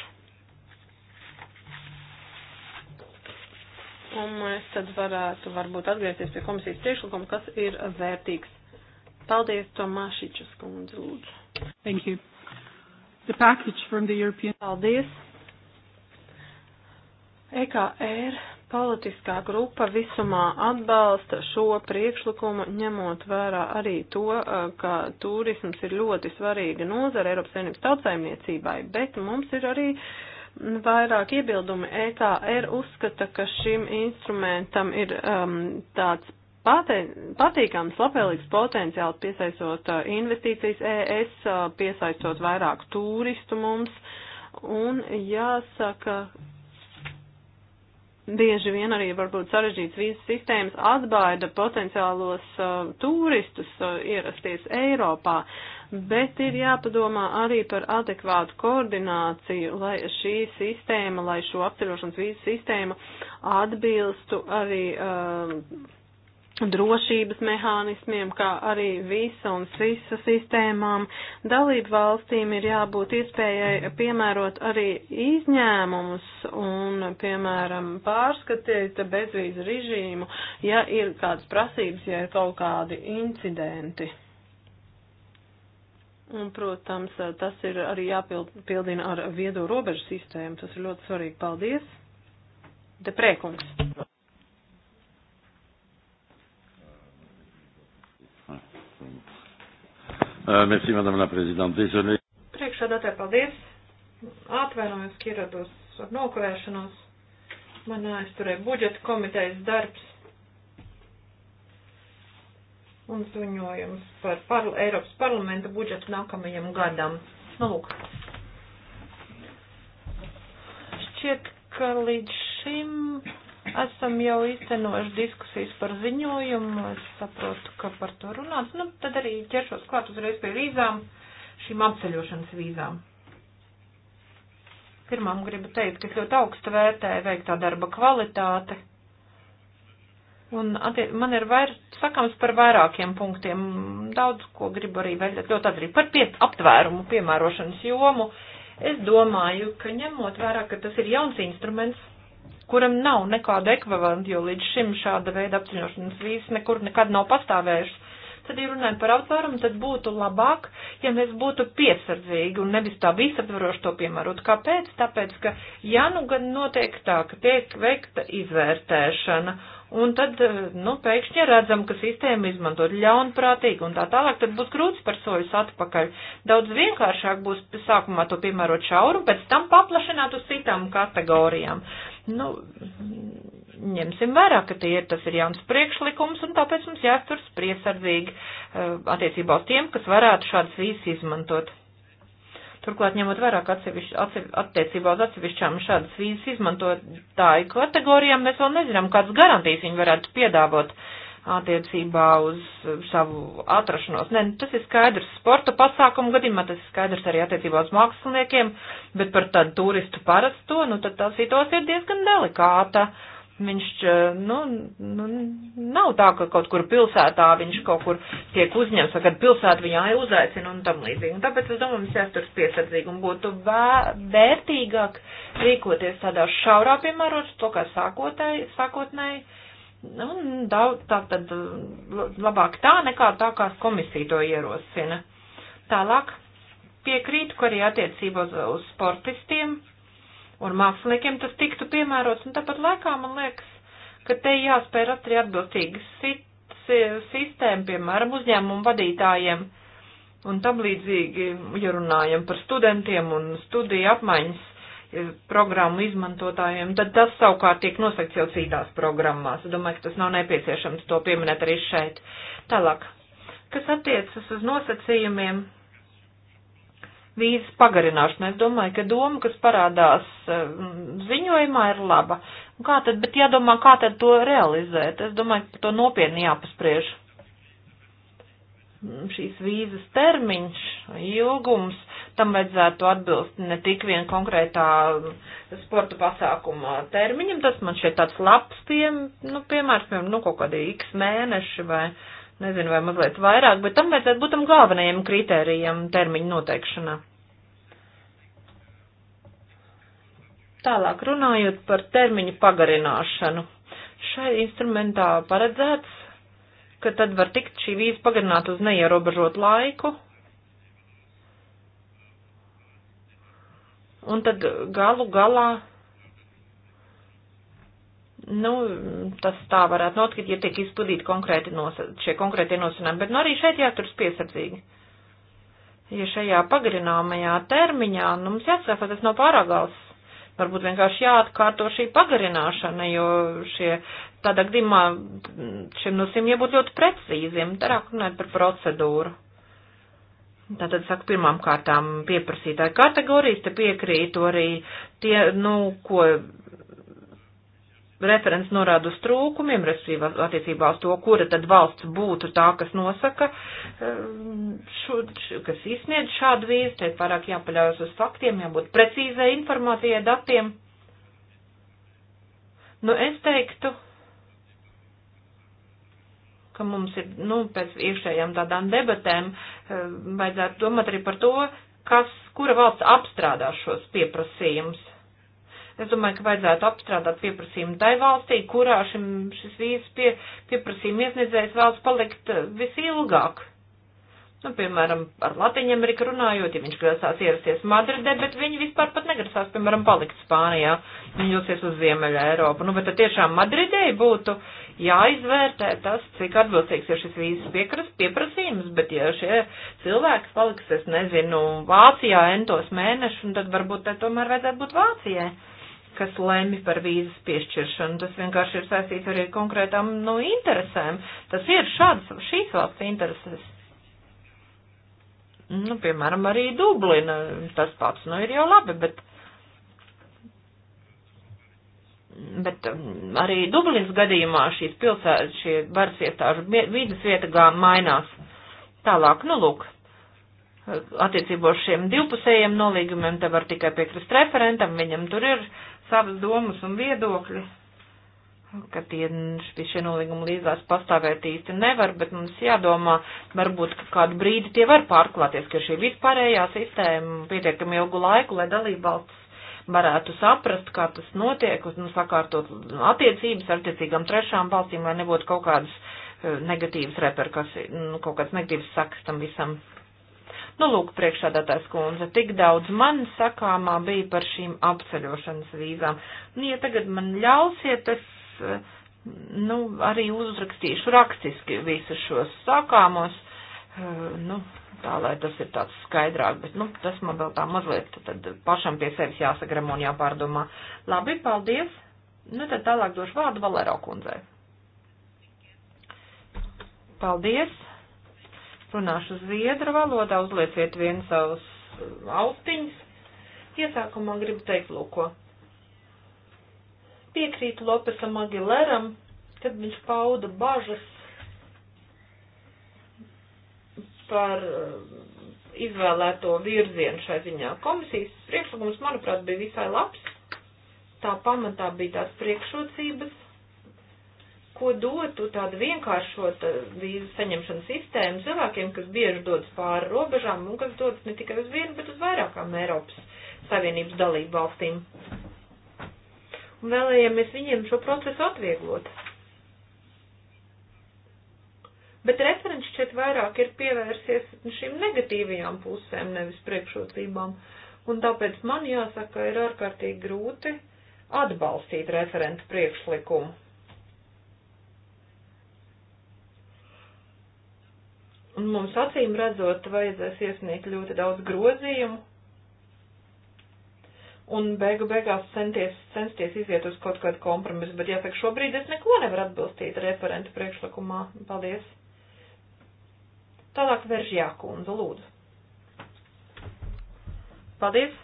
un mēs tad varētu varbūt atgriezties pie komisijas priekšlikuma, kas ir vērtīgs. Paldies, Tomāšičas kundze, lūdzu. Thank you. The package from the European... Paldies. EKR politiskā grupa visumā atbalsta šo priekšlikumu, ņemot vērā arī to, uh, ka turisms ir ļoti svarīga nozara Eiropas Savienības tautsaimniecībai, bet mums ir arī vairāk iebildumi. EKR uzskata, ka šim instrumentam ir um, tāds patīkams, labvēlīgs potenciāls piesaistot uh, investīcijas ES, uh, piesaistot vairāk turistu mums. Un jāsaka, bieži vien arī varbūt sarežģīts vīzu sistēmas atbaida potenciālos uh, turistus uh, ierasties Eiropā, bet ir jāpadomā arī par adekvātu koordināciju, lai šī sistēma, lai šo apceļošanas vīzu sistēma atbilstu arī uh, drošības mehānismiem, kā arī visa un visa sistēmām. Dalību valstīm ir jābūt iespējai piemērot arī izņēmumus un, piemēram, pārskatīt bezvīzu režīmu, ja ir kādas prasības, ja ir kaut kādi incidenti. Un, protams, tas ir arī jāpildina ar viedo robežu sistēmu. Tas ir ļoti svarīgi. Paldies! Deprēkungs! Uh, merci, madame la prezidente. Désolé. Priekšādātāji, paldies. Atvainojos, ka ierados ar nokavēšanos. Man aizturēja budžeta komitejas darbs un ziņojums par parla Eiropas parlamenta budžetu nākamajam gadam. Nu, lūk. Šķiet, ka līdz šim Esam jau izcenojuši diskusijas par ziņojumu, es saprotu, ka par to runāts. Nu, tad arī ķeršos klāt uzreiz pie vīzām, šīm apceļošanas vīzām. Pirmām gribu teikt, ka es ļoti augstu vērtēju veiktā darba kvalitāte. Un man ir vair, sakams par vairākiem punktiem, daudz ko gribu arī vērtēt ļoti atzīt par pie, aptvērumu piemērošanas jomu. Es domāju, ka ņemot vērā, ka tas ir jauns instruments, kuram nav nekāda ekvivalenta, jo līdz šim šāda veida apziņošanas vīzes nekur nekad nav pastāvējušas. Tad, ja runājam par aptvērumu, tad būtu labāk, ja mēs būtu piesardzīgi un nevis tā visaptvaroši to piemērot. Kāpēc? Tāpēc, ka ja nu gan notiek tā, ka tiek veikta izvērtēšana un tad, eh, nu, pēkšņi redzam, ka sistēma izmantot ļaunprātīgi un tā tālāk, tad būs grūts par soļus atpakaļ. Daudz vienkāršāk būs sākumā to piemērot šaurumu, pēc tam paplašināt uz citām kategorijām. Nu, ņemsim vērā, ka tie ir, tas ir jauns priekšlikums, un tāpēc mums jāsturas priesardzīgi eh, attiecībā uz tiem, kas varētu šādas vīzes izmantot. Turklāt, ņemot vērā, ka attiecībā uz atsevišķām šādas vīzes izmantotāju kategorijām, mēs vēl nezinām, kādas garantijas viņi varētu piedāvot uh, attiecībā uz savu atrašanos. Nē, tas ir skaidrs sporta pasākumu gadījumā, tas ir skaidrs arī attiecībā uz māksliniekiem, bet par tādu turistu parasto, nu tad tā situācija ir diezgan delikāta. Viņš, nu, nu, nav tā, ka kaut kur pilsētā viņš kaut kur tiek uzņemts, vai kad pilsēta viņā uzaicina un tam līdzīgi. Un tāpēc, es domāju, mums jāsturas piesardzīgi un būtu vērtīgāk rīkoties tādā šaurā piemērots to, kā sākotnēji Un nu, daudz, tā tad labāk tā nekā tā, kā komisija to ierosina. Tālāk piekrītu, ka arī attiecībos uz sportistiem un māksliniekiem tas tiktu piemērots, un tāpat laikā man liekas, ka te jāspēj rast arī atbilstīgas sistēma, piemēram, uzņēmumu vadītājiem un tam līdzīgi, ja runājam par studentiem un studiju apmaiņas E, programmu izmantotājiem, tad tas savukārt tiek nosakts jau citās programmās. Domāju, ka tas nav nepieciešams to pieminēt arī šeit. Tālāk, kas attiecas uz nosacījumiem vīzas pagarināšanai, es domāju, ka doma, kas parādās e, ziņojumā, ir laba. Kā tad, bet jādomā, kā tad to realizēt. Es domāju, ka to nopietni jāpaspriež šīs vīzas termiņš, ilgums tam vajadzētu atbilst ne tik vien konkrētā sporta pasākuma termiņam, tas man šeit tāds labs piem, nu, piemērs, piemēram, nu, kaut kādi x mēneši vai, nezinu, vai mazliet vairāk, bet tam vajadzētu būt tam galvenajam kritērijam termiņu noteikšanā. Tālāk runājot par termiņu pagarināšanu. Šai instrumentā paredzēts, ka tad var tikt šī vīza pagarināt uz neierobežotu laiku, Un tad galu galā, nu, tas tā varētu notikt, ja tiek izpildīti konkrēti nosa, šie konkrētie nosacījumi, bet nu arī šeit jāturas piesardzīgi. Ja šajā pagarināmajā termiņā, nu, mums jāsaka, tas nav pārāk gals. Varbūt vienkārši jāatkārto šī pagarināšana, jo šie tādā gadījumā šiem nosacījumiem jābūt ļoti precīziem, tā rāk runāt par procedūru. Tātad, saka, pirmām kārtām pieprasītāju kategorijas, te piekrītu arī tie, nu, ko referents norāda uz trūkumiem, respektīvi attiecībā uz to, kura tad valsts būtu tā, kas nosaka, ehm, šo, kas izsniedz šādu vīzu, te pārāk jāpaļaujas uz faktiem, jābūt precīzai informācijai, datiem. Nu, es teiktu, ka mums ir, nu, pēc iekšējām tādām debatēm eh, vajadzētu domāt arī par to, kas, kura valsts apstrādā šos pieprasījumus. Es domāju, ka vajadzētu apstrādāt pieprasījumu tai valstī, kurā šim, šis vīzes pie, pieprasījuma iesniedzējs vēlas palikt eh, visilgāk. Nu, piemēram, ar Latviju Ameriku runājot, ja viņš grasās ierasties Madridē, bet viņi vispār pat negrasās, piemēram, palikt Spānijā, viņi dosies uz Ziemeļa Eiropu. Nu, bet tad tiešām Madridē būtu jāizvērtē tas, cik atbilstīgs ir šis vīzas piekras, pieprasījums, bet ja šie cilvēki paliks, es nezinu, Vācijā entos mēnešus, un tad varbūt te tomēr vajadzētu būt Vācijai kas lemj par vīzas piešķiršanu. Tas vienkārši ir saistīts arī ar konkrētām, nu, interesēm. Tas ir šāds, šīs valsts intereses. Nu, piemēram, arī Dublina tas pats, nu, ir jau labi, bet, bet um, arī Dublinas gadījumā šīs pilsētas, šie varas iestāžu vīdas vietagā mainās tālāk, nu, lūk, attiecībā uz šiem divpusējiem nolīgumiem, te var tikai piekrist referentam, viņam tur ir savas domas un viedokļi ka tie šie nolīgumi līdzās pastāvēt īsti nevar, bet mums jādomā, varbūt kādu brīdi tie var pārklāties, ka šī vispārējā sistēma pietiekami ilgu laiku, lai dalībvalsts varētu saprast, kā tas notiek, un sakārtot attiecības ar attiecīgām trešām valstīm, lai nebūtu kaut kādas eh, negatīvas reperkasi, nu, kaut kādas negatīvas sakas tam visam. Nu, lūk, priekšādātājs kundze, tik daudz man sakāmā bija par šīm apceļošanas vīzām. Nu, ja tagad man ļausiet, es Eh, nu, arī uzrakstīšu rakstiski visus šos sākāmos, eh, nu, tā lai tas ir tāds skaidrāk, bet, nu, tas man vēl tā mazliet tad pašam pie sevis jāsagramo un jāpārdomā. Labi, paldies. Nu, tad tālāk došu vārdu Valero kundzei. Paldies. Runāšu zviedru valodā, uzlieciet vienu savus austiņus. Iesākumā gribu teikt, lūko piekrītu Lopesam Agileram, kad viņš pauda bažas par uh, izvēlēto virzienu šai ziņā. Komisijas priekšlikums, manuprāt, bija visai labs. Tā pamatā bija tās priekšrocības, ko dotu tāda vienkāršota vīzu saņemšanas sistēma cilvēkiem, kas bieži dodas pāri robežām un kas dodas ne tikai uz vienu, bet uz vairākām Eiropas Savienības dalību valstīm un vēlējāmies viņiem šo procesu atvieglot. Bet referents šķiet vairāk ir pievērsies šīm negatīvajām pusēm, nevis priekšrocībām, un tāpēc man jāsaka, ir ārkārtīgi grūti atbalstīt referentu priekšlikumu. Un mums acīm redzot vajadzēs iesniegt ļoti daudz grozījumu, un beigu beigās centies, censties iziet uz kaut kādu kompromisu, bet jāsaka, šobrīd es neko nevaru atbilstīt referentu priekšlikumā. Paldies. Tālāk verž jākundze, lūdzu. Paldies.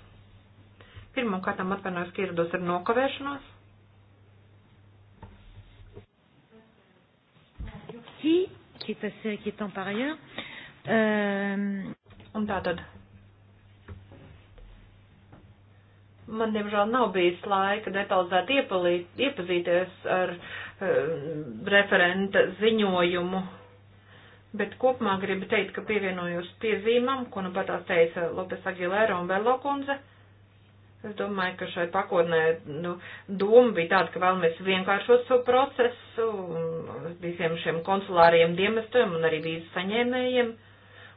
Pirmam kārtam atvainojos, ka ierados ar nokavēšanos. Qui est, qui est en par ailleurs. Euh... Un tātad Man, diemžēl, nav bijis laika detalizēt iepalīt, iepazīties ar um, referenta ziņojumu, bet kopumā gribu teikt, ka pievienojos piezīmam, ko nu pat teica Lopes Agilēra un Velokundze. Es domāju, ka šai pakotnē nu, doma bija tāda, ka vēlamies vienkāršot šo procesu visiem šiem konsulāriem dienestiem un arī vīzu saņēmējiem.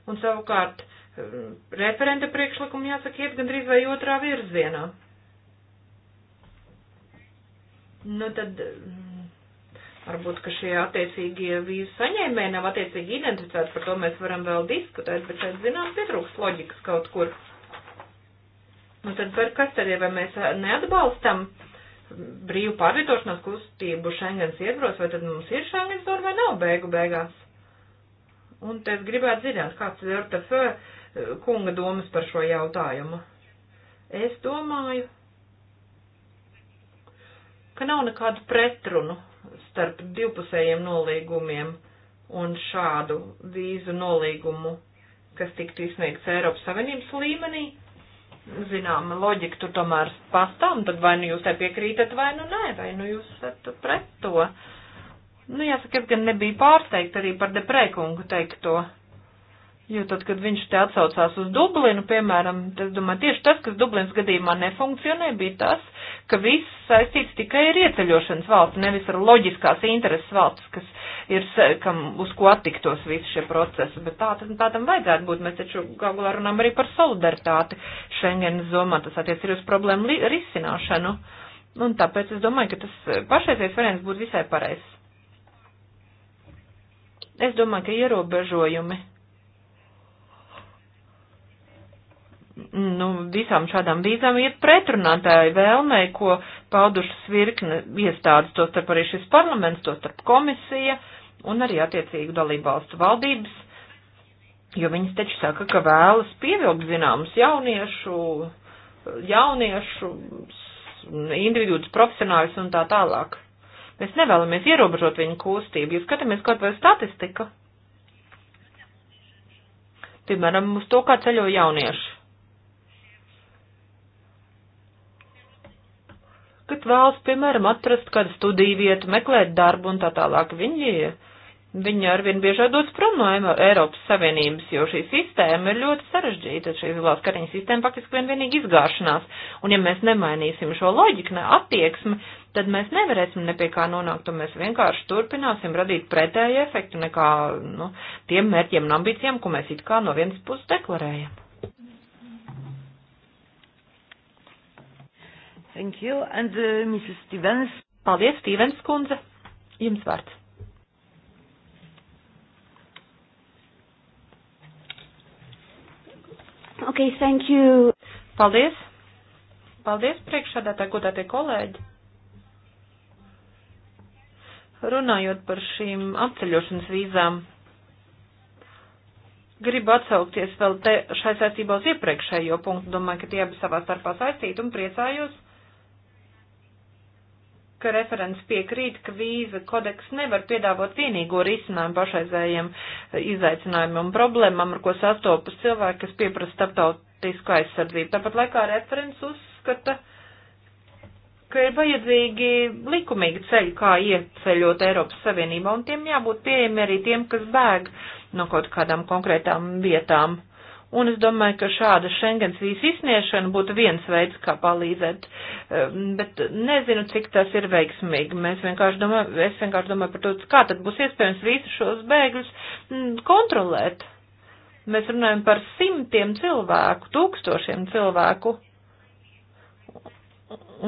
Un savukārt Ehm, referenta priekšlikumi, jāsaka, iet gandrīz vai otrā virzienā. Nu tad ehm, varbūt, ka šie attiecīgie vīzu saņēmēji nav attiecīgi identificēti, par to mēs varam vēl diskutēt, bet tad, zinām, pietrūks loģikas kaut kur. Nu tad par kas tad ir, vai mēs neatbalstam brīvu pārvietošanās kustību Schengens ietvaros, vai tad mums ir Schengens zona vai nav beigu beigās? Un te es gribētu zināt, kāds ir RTF eh, kunga domas par šo jautājumu. Es domāju, ka nav nekādu pretrunu starp divpusējiem nolīgumiem un šādu vīzu nolīgumu, kas tiktu izsniegts Eiropas Savienības līmenī. Zināma loģika tur tomēr pastāv, un tad vai nu jūs te piekrītat, vai nu nē, vai nu jūs esat pret to. Uh, Nu, jāsaka, es gan nebiju pārsteigta arī par deprēkungu teikto. Jo tad, kad viņš te atsaucās uz Dublinu, piemēram, es domāju, tieši tas, kas Dublinas gadījumā nefunkcionē, bija tas, ka viss saistīts tikai ar ieceļošanas valsti, nevis ar loģiskās intereses valsts, kas ir, kam, uz ko attiktos visi šie procesi. Bet tā, tā tam vajadzētu būt. Mēs taču galvā runām arī par solidaritāti Schengenas zomā, tas attiec arī uz problēmu risināšanu. Un tāpēc es domāju, ka tas pašreizies variants būtu visai pareizs. Es domāju, ka ierobežojumi nu, visām šādām vīzām iet pretrunātāji vēlmei, ko paudušas virkne iestādes, to starp arī šis parlaments, to starp komisija un arī attiecīgu dalību valstu valdības, jo viņas taču saka, ka vēlas pievilkt zināmus jauniešu, jauniešu individus, profesionāļus un tā tālāk. Mēs nevēlamies ierobežot viņu kustību, ja skatāmies kaut vai statistiku. Piemēram, uz to, kā ceļo jaunieši. Kad vēlas, piemēram, atrast kādu studiju vietu, meklēt darbu un tā tālāk, viņi Viņa arvien biežāk dodas prom no Eiropas Savienības, jo šī sistēma ir ļoti sarežģīta. Šī zilās kariņas sistēma faktiski vien vienīgi izgāšanās. Un ja mēs nemainīsim šo loģiku, ne attieksmi, tad mēs nevarēsim ne pie kā nonākt, un mēs vienkārši turpināsim radīt pretēju efektu nekā nu, tiem mērķiem un ambīcijām, ko mēs it kā no vienas puses deklarējam. Thank you. And uh, Mrs. Stevens. Paldies, Stevens kundze. Jums vārds. Okay, thank you. Paldies. Paldies priekšādā tā godātie kolēģi. Runājot par šīm apceļošanas vīzām, gribu atsaukties vēl te šai saistībā uz iepriekšējo punktu. Domāju, ka tie abi savā starpā saistīti un priecājos, ka referents piekrīt, ka vīza kodeks nevar piedāvot vienīgo risinājumu pašaizējiem izaicinājumiem un problēmām, ar ko sastopas cilvēki, kas pieprasa starptautisku aizsardzību. Tāpat laikā referents uzskata, ka ka ir vajadzīgi likumīgi ceļi, kā ieceļot Eiropas Savienībā, un tiem jābūt pieejami arī tiem, kas bēg no kaut kādām konkrētām vietām. Un es domāju, ka šāda Schengens vīzu izsniešana būtu viens veids, kā palīdzēt, ehm, bet nezinu, cik tas ir veiksmīgi. Mēs vienkārši domājam, es vienkārši domāju par to, kā tad būs iespējams visus šos bēgļus mm, kontrolēt. Mēs runājam par simtiem cilvēku, tūkstošiem cilvēku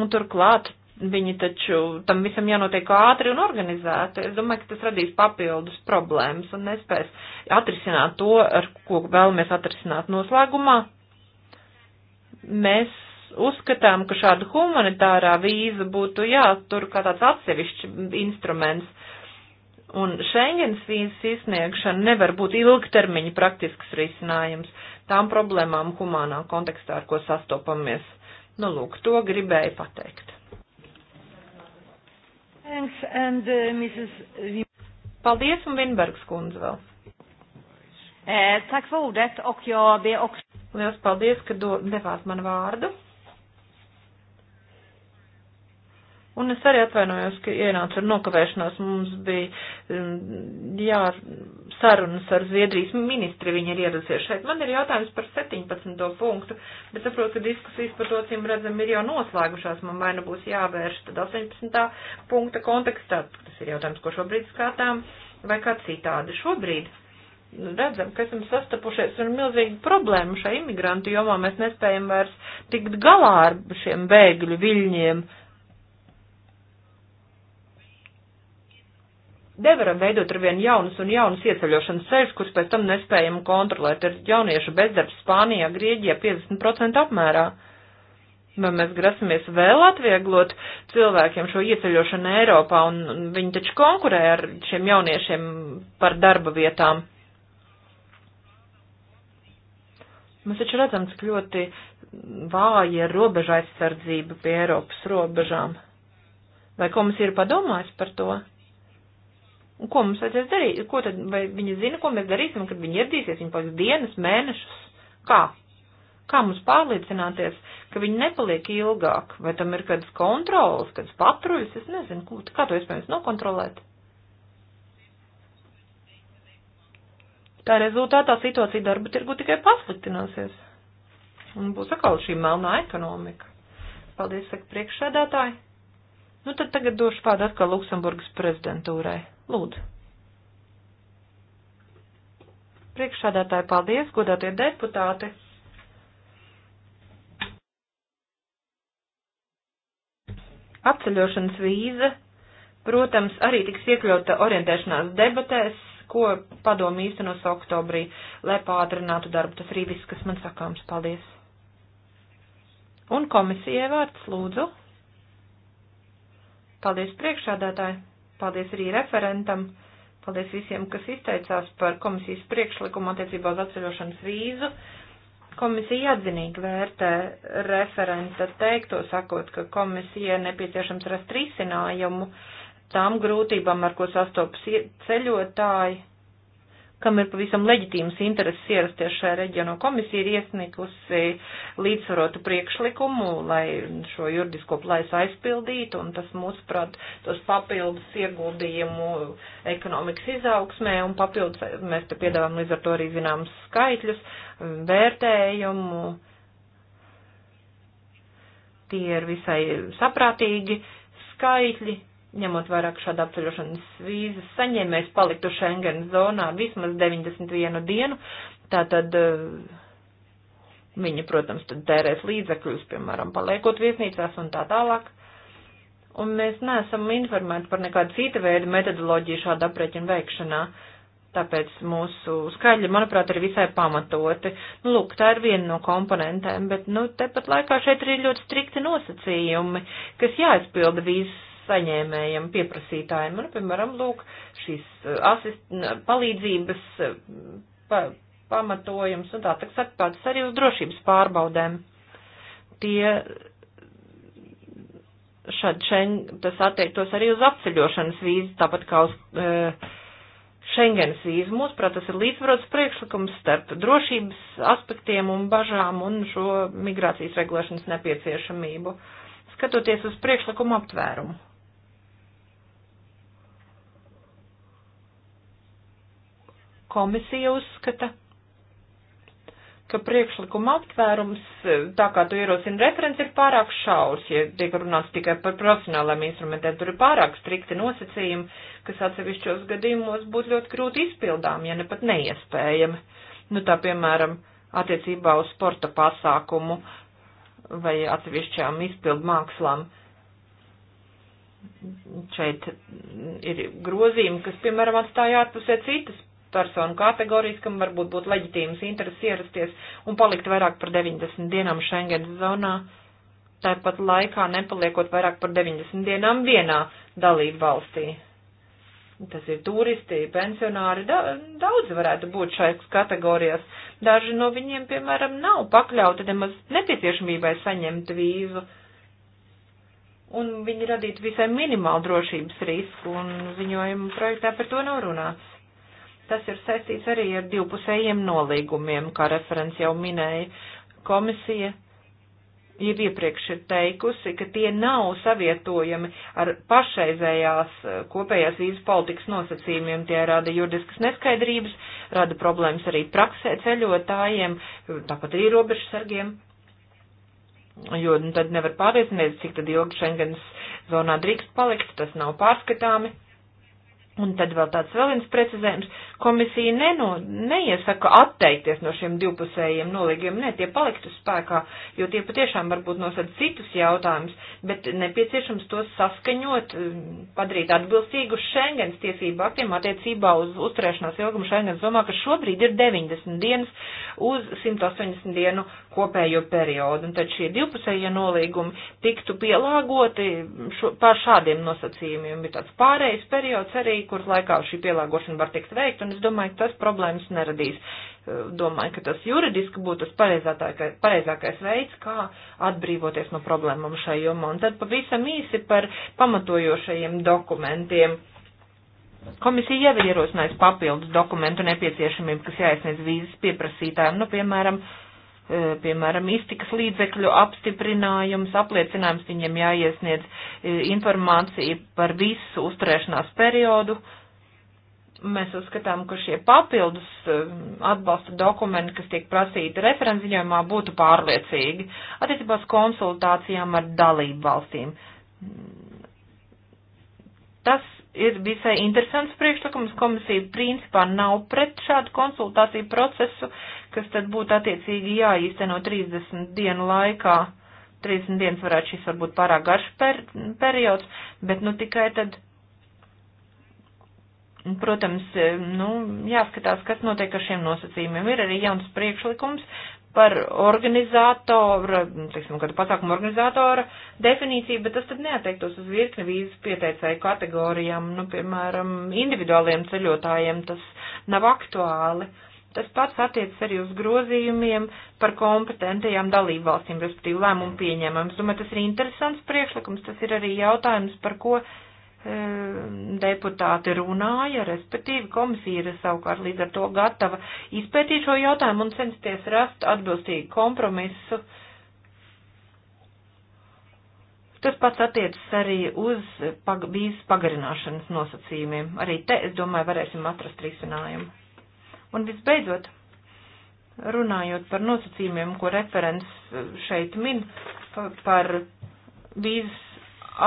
Un turklāt viņi taču tam visam jānotiek ātri un organizēti. Es domāju, ka tas radīs papildus problēmas un nespēs atrisināt to, ar ko vēlamies atrisināt noslēgumā. Mēs uzskatām, ka šāda humanitārā vīza būtu jātur kā tāds atsevišķs instruments. Un Schengens vīzas izsniegšana nevar būt ilgtermiņa praktisks risinājums tām problēmām humānā kontekstā, ar ko sastopamies. Nu, lūk, to gribēju pateikt. Thanks, and, uh, Mrs. Paldies, un Vinbergs kundze vēl. Eh, tak för ordet, och jag ber också... Liels paldies, ka do, devāt man vārdu. Un es arī atvainojos, ka ienācu ar nokavēšanos. Mums bija um, jā, sarunas ar Zviedrijas ministri, viņi ir ieradusies šeit. Man ir jautājums par 17. punktu, bet saprotu, ka diskusijas par to, cīm redzam, ir jau noslēgušās. Man vai nu būs jāvērš tad 18. punkta kontekstā, tas ir jautājums, ko šobrīd skatām, vai kā citādi šobrīd nu, redzam, ka esam sastapušies ar milzīgu problēmu šai imigrantu jomā. Mēs nespējam vairs tikt galā ar šiem bēgļu viļņiem, Nevaram veidot ar vien jaunus un jaunus ieceļošanas ceļus, kurus pēc tam nespējam kontrolēt. Ir jauniešu bezdarbs Spānijā, Grieģijā 50% apmērā. Vai mēs grasamies vēl atvieglot cilvēkiem šo ieceļošanu Eiropā, un viņi taču konkurē ar šiem jauniešiem par darba vietām. Mēs taču redzam, cik ļoti vāja ir robeža aizsardzība pie Eiropas robežām. Vai komisija ir padomājusi par to? Un ko mums vajadzēs darīt? Ko tad, vai viņi zina, ko mēs darīsim, kad viņi ieradīsies? Viņi paliks dienas, mēnešus. Kā? Kā mums pārliecināties, ka viņi nepaliek ilgāk? Vai tam ir kādas kontrolas, kādas patruļas? Es nezinu, kā to iespējams nokontrolēt. Tā rezultātā situācija darba tirgu tikai pasliktināsies. Un būs atkal šī melnā ekonomika. Paldies, saka priekšsēdētāji. Nu tad tagad došu vārdu atkal Luksemburgas prezidentūrai. Lūdzu. Priekšsādātāji, paldies, godātie deputāti. Apceļošanas vīze, protams, arī tiks iekļauta orientēšanās debatēs, ko padomu īstenos oktobrī, lai pātrinātu darbu. Tas arī viss, kas man sakāms. Paldies. Un komisijai vārds, lūdzu. Paldies priekšādātāji. Paldies arī referentam. Paldies visiem, kas izteicās par komisijas priekšlikumu attiecībā uz atceļošanas vīzu. Komisija atzinīgi vērtē referenta teikto, sakot, ka komisija nepieciešams rast risinājumu tām grūtībām, ar ko sastopas ceļotāji kam ir pavisam leģitīmas intereses ierasties šajā reģionā. Komisija ir iesniegusi līdzsvarotu priekšlikumu, lai šo juridisko plaisu aizpildītu, un tas mūsuprāt tos papildus ieguldījumu ekonomikas izaugsmē, un papildus mēs te piedāvājam līdz ar to arī zināmas skaitļus, vērtējumu. Tie ir visai saprātīgi skaitļi, ņemot vairāk šādu apceļošanas vīzas saņēmējs paliktu Schengen zonā vismaz 91 dienu, tātad eh, viņi, protams, tad tērēs līdzekļus, piemēram, paliekot viesnīcās un tā tālāk. Un mēs neesam informēti par nekādu citu veidu metodoloģiju šādu aprēķinu veikšanā. Tāpēc mūsu skaļi, manuprāt, ir visai pamatoti. Nu, lūk, tā ir viena no komponentēm, bet, nu, tepat laikā šeit ir ļoti strikti nosacījumi, kas jāizpilda vīzas saņēmējiem, pieprasītājiem. Man, piemēram, lūk, šīs eh, asist, palīdzības eh, pa, pamatojums un tā, tas atpāds arī uz drošības pārbaudēm. Tie šad šen, tas attiektos arī uz apceļošanas vīzu, tāpat kā uz e, Schengens vīzu. Mūsuprāt, tas ir līdzsvarots priekšlikums starp drošības aspektiem un bažām un šo migrācijas regulēšanas nepieciešamību, skatoties uz priekšlikumu aptvērumu. Komisija uzskata, ka priekšlikuma aptvērums, e, tā kā tu ierosini referents, ir pārāk šaurs, ja tiek runāts tikai par profesionālajiem instrumentiem. Tur ir pārāk strikti nosacījumi, kas atsevišķos gadījumos būtu ļoti grūti izpildām, ja ne pat neiespējami. Nu, tā piemēram, attiecībā uz sporta pasākumu vai atsevišķām izpildu mākslām. Šeit ir grozījumi, kas, piemēram, atstāja ārpusē citas personu kategorijas, kam varbūt būtu leģitīmas intereses ierasties un palikt vairāk par 90 dienām Schengen zonā, tāpat laikā nepaliekot vairāk par 90 dienām vienā dalību valstī. Tas ir turisti, pensionāri, da, daudz varētu būt šais kategorijās. Daži no viņiem, piemēram, nav pakļauti nemaz nepieciešamībai saņemt vīzu un viņi radītu visai minimālu drošības risku, un viņojuma projektā par to nav runāts. Tas ir saistīts arī ar divpusējiem nolīgumiem, kā referents jau minēja. Komisija ir iepriekš ir teikusi, ka tie nav savietojami ar pašreizējās eh, kopējās vīzu politikas nosacījumiem. Tie rada juridiskas neskaidrības, rada problēmas arī praksē ceļotājiem, tāpat arī robežsargiem. Jo nu, tad nevar pārliecināties, cik tad ilgi Schengens zonā drīkst palikt, tas nav pārskatāmi. Un tad vēl tāds vēl viens precizējums. Komisija neno, neiesaka atteikties no šiem divpusējiem nolīgiem. Nē, tie paliktu spēkā, jo tie patiešām varbūt nosad citus jautājumus, bet nepieciešams tos saskaņot, um, padarīt atbilstīgu Schengens tiesību aktiem attiecībā uz uzturēšanās ilgumu Schengens domā, ka šobrīd ir 90 dienas uz 180 dienu kopējo periodu. Un tad šie divpusējie nolīgumi tiktu pielāgoti šo, pār šādiem nosacījumiem. Ir tāds pārējais periods arī kuras laikā šī pielāgošana var tikt veikt, un es domāju, ka tas problēmas neradīs. Eh, domāju, ka tas juridiski būtu tas pareizākais, pareizākais veids, kā atbrīvoties no problēmām šai jomā. Un tad pavisam īsi par pamatojošajiem dokumentiem. Komisija jau ir ierosinājusi papildus dokumentu nepieciešamību, kas jāiesniedz vīzas pieprasītājiem, nu, piemēram, uh, E, piemēram, iztikas līdzekļu apstiprinājums, apliecinājums viņiem jāiesniedz e, informācija par visu uzturēšanās periodu. Mēs uzskatām, ka šie papildus e, atbalsta dokumenti, kas tiek prasīti referenziņojumā, būtu pārliecīgi attiecībās konsultācijām ar dalību valstīm. Tas ir visai interesants priekšlikums. Komisija principā nav pret šādu konsultāciju procesu, uh, kas tad būtu attiecīgi jāīsteno 30 dienu laikā. 30 dienas varētu šis varbūt pārāk garš per, periods, bet nu tikai tad, protams, nu, jāskatās, kas notiek ar šiem nosacījumiem. Ir arī jauns priekšlikums par organizātora, teiksim, kādu pasākumu organizātora definīciju, bet tas tad neatteiktos uz virkni vīzas pieteicēju kategorijām, nu, piemēram, individuāliem ceļotājiem tas nav aktuāli. Uh, Tas pats attiecas arī uz grozījumiem par kompetentajām dalībvalstīm, respektīvi lēmumu pieņēmumiem. Es domāju, tas ir interesants priekšlikums, tas ir arī jautājums, par ko e, deputāti runāja, respektīvi komisija ir savukārt līdz ar to gatava izpētīt šo jautājumu un censties rast atbilstīgu kompromisu. Tas pats attiecas arī uz pag vīzes pagarināšanas nosacījumiem. Arī te, es domāju, varēsim atrast risinājumu. Un visbeidzot, runājot par nosacījumiem, ko referents eh, šeit min, par vīzas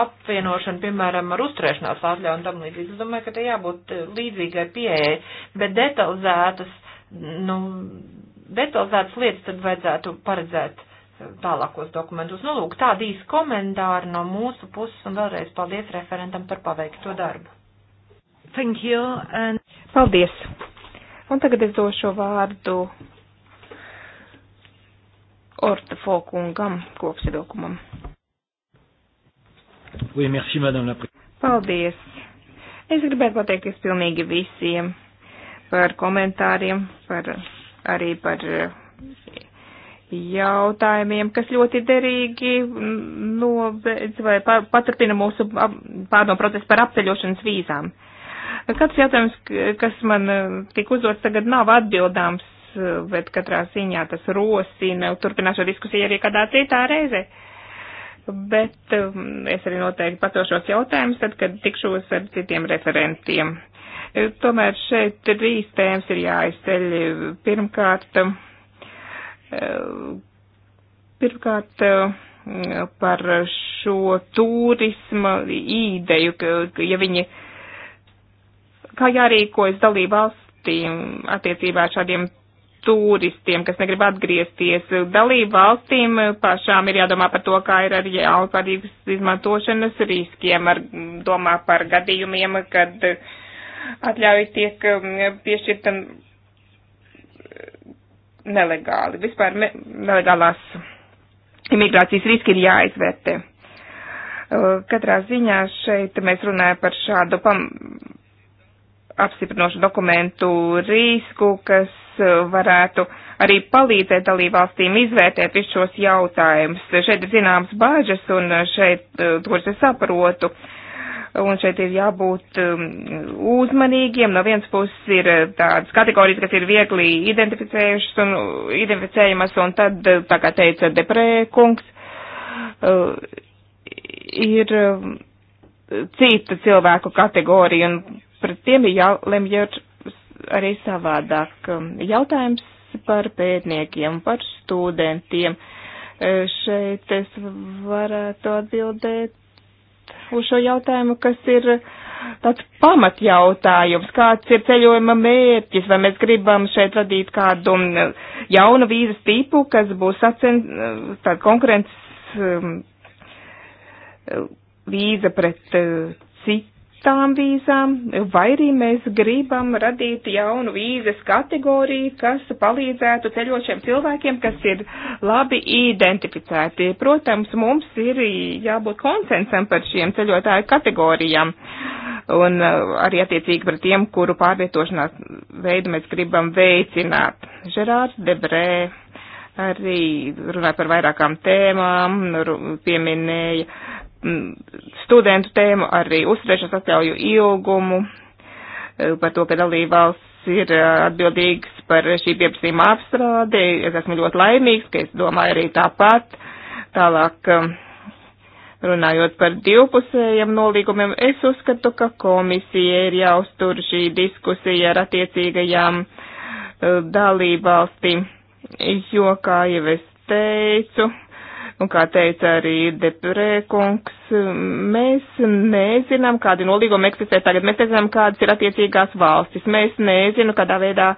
apvienošanu, piemēram, ar uzturēšanās atļauju un tam līdzīgi. Es domāju, ka te jābūt eh, līdzīgai pieejai, bet detalizētas, nu, detalizētas lietas tad vajadzētu paredzēt eh, tālākos dokumentus. Nu, lūk, tādi īsi komentāri no mūsu puses un vēlreiz paldies referentam par paveikto darbu. Thank you and paldies. Un tagad es došu vārdu Ortafokungam kopsadokumam. Oui, merci, madame la Paldies! Es gribētu pateikties pilnīgi visiem par komentāriem, par, arī par eh, jautājumiem, kas ļoti derīgi mm, novedz vai paturpina mūsu pārdomu procesu par apceļošanas vīzām. Uh, Kāds jautājums, kas man eh, tika uzdots tagad nav atbildāms, eh, bet katrā ziņā tas rosina, turpināšu diskusiju arī kādā citā reizē. Bet eh, es arī noteikti patošos jautājumus, tad, kad tikšos ar citiem referentiem. Tomēr šeit trīs tēmas ir jāizceļ. Pirmkārt, pirmkārt par šo turisma īdeju, ka, ja viņi kā jārīkojas dalībvalstīm attiecībā ar šādiem turistiem, kas negrib atgriezties. Dalību valstīm pašām ir jādomā par to, kā ir ar ļaunprātīgas izmantošanas riskiem, ar domā par gadījumiem, kad atļauj tiek um, piešķirta nelegāli. Vispār me, nelegālās imigrācijas riski ir jāizvērtē. Uh, katrā ziņā šeit mēs runājam par šādu pam apstiprinošu dokumentu risku, kas uh, varētu arī palīdzēt dalībvalstīm izvērtēt visus šos jautājumus. Šeit ir zināmas bāžas un šeit, uh, kuras es saprotu, un šeit ir jābūt um, uzmanīgiem. No vienas puses ir uh, tādas kategorijas, kas ir viegli identificējušas un identificējamas, un tad, tā kā teica deprēkungs, ir um, cita cilvēku kategorija, un pret tiem ir jālemj arī savādāk. Um, jautājums par pētniekiem, par studentiem. E, šeit es varētu atbildēt uz šo jautājumu, kas ir tāds pamatjautājums, kāds ir ceļojuma mērķis, vai mēs gribam šeit radīt kādu um, jaunu vīzas tipu, kas būs sacen, tāda konkurences um, vīza pret uh, citu citām vīzām, vai arī mēs gribam radīt jaunu vīzes kategoriju, kas palīdzētu ceļošiem cilvēkiem, kas ir labi identificēti. Protams, mums ir jābūt konsensam par šiem ceļotāju kategorijām un uh, arī attiecīgi par tiem, kuru pārvietošanās veidu mēs gribam veicināt. Žerārs Debrē arī runāja par vairākām tēmām, pieminēja Mm, studentu tēmu, arī uzturēšanas atļauju ilgumu, e, par to, ka dalībvalsts ir e, atbildīgs par šī pieprasījuma apstrādi. Es esmu ļoti laimīgs, ka es domāju arī tāpat. Tālāk, e, runājot par divpusējiem nolīgumiem, es uzskatu, ka komisija ir jāuztur šī diskusija ar attiecīgajām dalībvalstīm, jo, kā jau es teicu, Un kā teica arī Deprēkungs, mēs nezinām, kādi nolīgumi eksistē tagad, mēs nezinām, kādas ir attiecīgās valstis, mēs nezinām, kādā veidā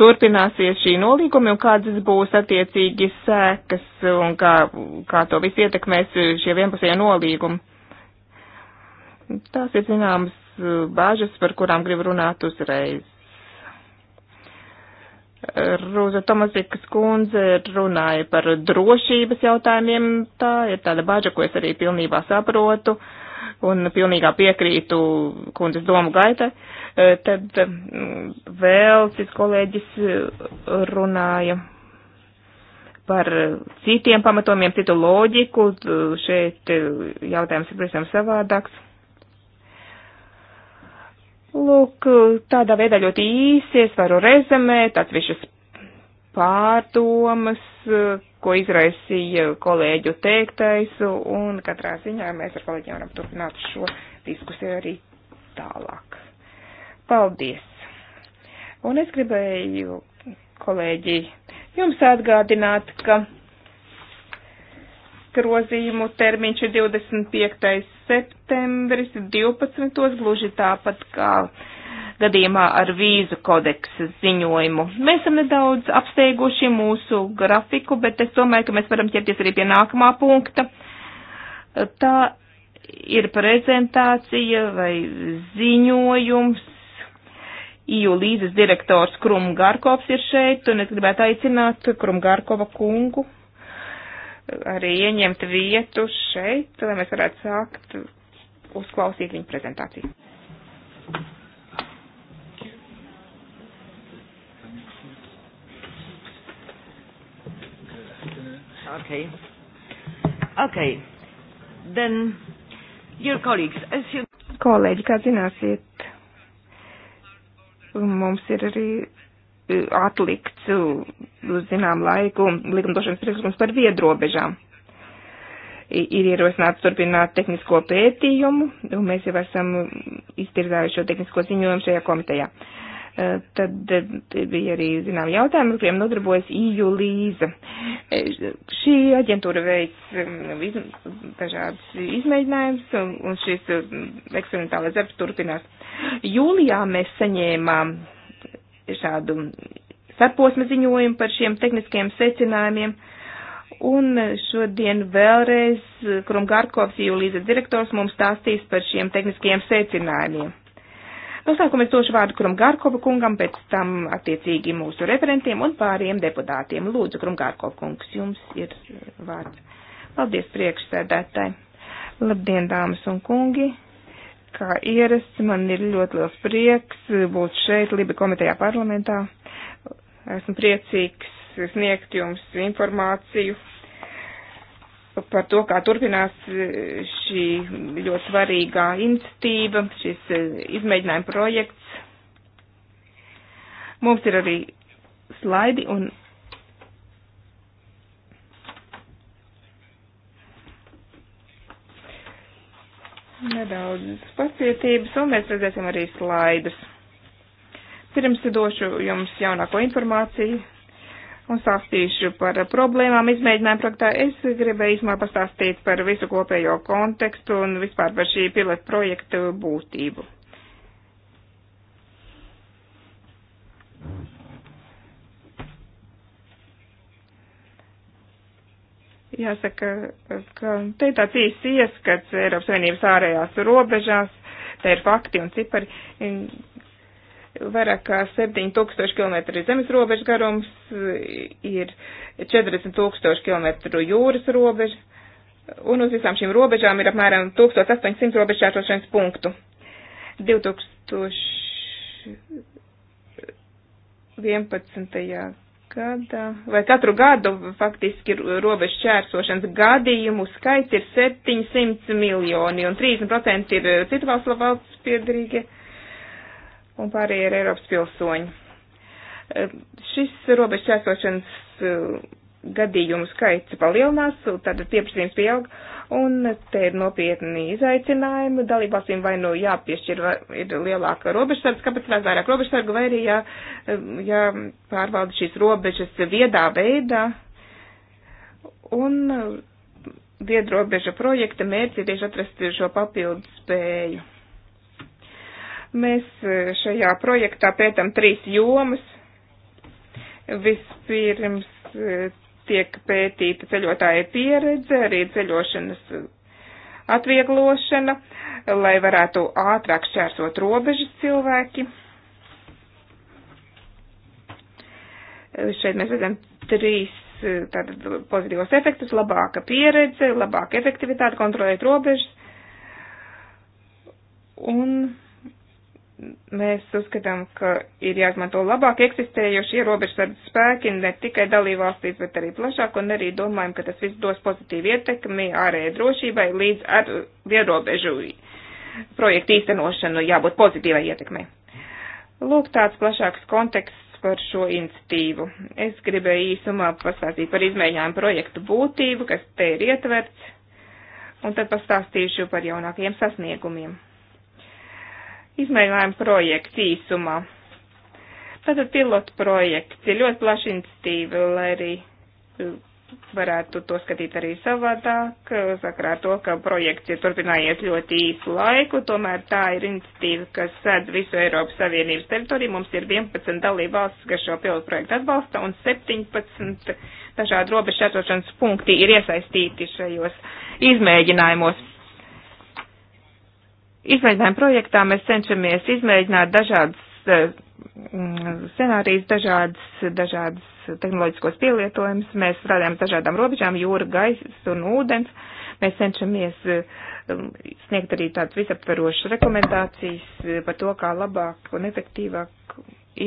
turpināsies šī nolīgumi un kādas būs attiecīgi sekas un kā, kā to viss ietekmēs šie vienpusējie nolīgumi. Tās ir zināmas bāžas, par kurām gribu runāt uzreiz. Rūza Tomazikas kundze runāja par drošības jautājumiem. Tā ir tāda baža, ko es arī pilnībā saprotu un pilnīgā piekrītu kundzes domu gaita. E, tad vēl cits kolēģis e, runāja par citiem pamatojumiem, citu loģiku. Šeit e, jautājums ir, protams, savādāks. Lūk, tādā veidā ļoti īsi es varu rezumēt atsevišķas pārdomas, ko izraisīja kolēģu teiktais, un katrā ziņā mēs ar kolēģiem varam turpināt šo diskusiju arī tālāk. Paldies! Un es gribēju, kolēģi, jums atgādināt, ka grozījumu termiņš ir 25. septembris 12. gluži tāpat kā gadījumā ar vīzu kodeksu ziņojumu. Mēs esam nedaudz apsteiguši mūsu grafiku, bet es domāju, ka mēs varam ķerties arī pie nākamā punkta. Tā ir prezentācija vai ziņojums. Iju līdzes direktors Krum Garkovs ir šeit, un es gribētu aicināt Krum Garkova kungu arī ieņemt vietu šeit, lai mēs varētu sākt uzklausīt viņu prezentāciju. Okay. Okay. Then, dear colleagues, as you... Kolēģi, kā zināsiet, mums ir arī atlikts uz zinām laiku likumdošanas priekšlikums par viedrobežām. Ir ierosināts turpināt tehnisko pētījumu, un mēs jau esam iztirzājuši šo tehnisko ziņojumu šajā komitejā. E, tad e, bija arī, zinām, jautājumi, ar kuriem nodarbojas EU Līza. E, šī aģentūra veids dažādas izmēģinājumus, un šis eksperimentālais darbs turpinās. Jūlijā mēs saņēmām šādu starposma ziņojumu par šiem tehniskiem secinājumiem. Un šodien vēlreiz Krumgārkovs Jūlīza direktors mums stāstīs par šiem tehniskiem secinājumiem. Noslēgumā es došu vārdu Krumgārkova kungam, pēc tam attiecīgi mūsu referentiem un pāriem deputātiem. Lūdzu, Krumgārkova kungs, jums ir vārds. Paldies priekšsēdētāji. Labdien, dāmas un kungi! kā ierasts. Man ir ļoti liels prieks būt šeit, Libi komitejā parlamentā. Esmu priecīgs sniegt jums informāciju par to, kā turpinās šī ļoti svarīgā iniciatīva, šis eh, izmēģinājuma projekts. Mums ir arī slaidi un nedaudz pacietības, un mēs redzēsim arī slaidus. Pirms došu jums jaunāko informāciju un stāstīšu par problēmām izmēģinājumu projektā. Es gribēju īsumā pastāstīt par visu kopējo kontekstu un vispār par šī pilota projektu būtību. Jāsaka, ka te ir tāds īsts ieskats Eiropas Savienības ārējās robežās, te ir fakti un cipari. Vairāk kā 7000 km zemes robežas garums, ir 40 tūkstoši km jūras robeža, un uz visām šīm robežām ir apmēram 1800 robežšķērsošanas punktu. 2011 gadā, vai katru gadu faktiski robežu čērsošanas gadījumu skaits ir 700 miljoni, un 30% ir citu valstu valsts piedarīgi, un pārējie ir Eiropas pilsoņi. Šis robežu čērsošanas gadījumu skaits palielinās, tad pieprasījums pieaug, un te ir nopietni izaicinājumi. Dalībvalstīm vai nu jāpiešķir ir lielāka robežsardze kapacitāte, vairāk robežsargu, vai arī jā, jāpārvalda šīs robežas viedā veidā. Un viedrobeža projekta mērķi ir tieši atrast šo papildu spēju. Mēs šajā projektā pētam trīs jomas. Vispirms tiek pētīta ceļotāja pieredze, arī ceļošanas atvieglošana, lai varētu ātrāk šķērsot robežas cilvēki. Šeit mēs redzam trīs eh, tātad, pozitīvos efektus - labāka pieredze, labāka efektivitāte, kontrolēt robežas. Un Mēs uzskatām, ka ir jāizmanto labāk eksistējošie robežsardze spēki ne tikai dalībvalstīs, bet arī plašāk, un arī domājam, ka tas viss dos pozitīvu ietekmi ārējai drošībai līdz ar vierobežu projektu īstenošanu jābūt pozitīvai ietekmei. Lūk, tāds plašāks konteksts par šo institīvu. Es gribēju īsumā pastāstīt par izmēģinājumu projektu būtību, kas te ir ietverts, un tad pastāstīšu par jaunākajiem sasniegumiem. Izmēģinājumu projekts īsumā. Tātad pilotu projekts ir ļoti plaša institīva, lai arī eh, varētu to skatīt arī savādāk, eh, sakrā ar to, ka projekts ir turpinājies ļoti īsu laiku, tomēr tā ir iniciatīva, kas sēdz visu Eiropas Savienības teritoriju. Mums ir 11 dalība valsts, kas šo pilotu projektu atbalsta, un 17 dažādi robežu šķērsošanas punkti ir iesaistīti šajos izmēģinājumos. Izmēģinājuma projektā mēs cenšamies izmēģināt dažādas eh, mm, scenārijas, dažādas, dažādas tehnoloģiskos pielietojumus. Mēs strādājam dažādām robežām - jūra, gaisa un ūdens. Mēs cenšamies eh, sniegt arī tādas visaptverošas rekomendācijas eh, par to, kā labāk un efektīvāk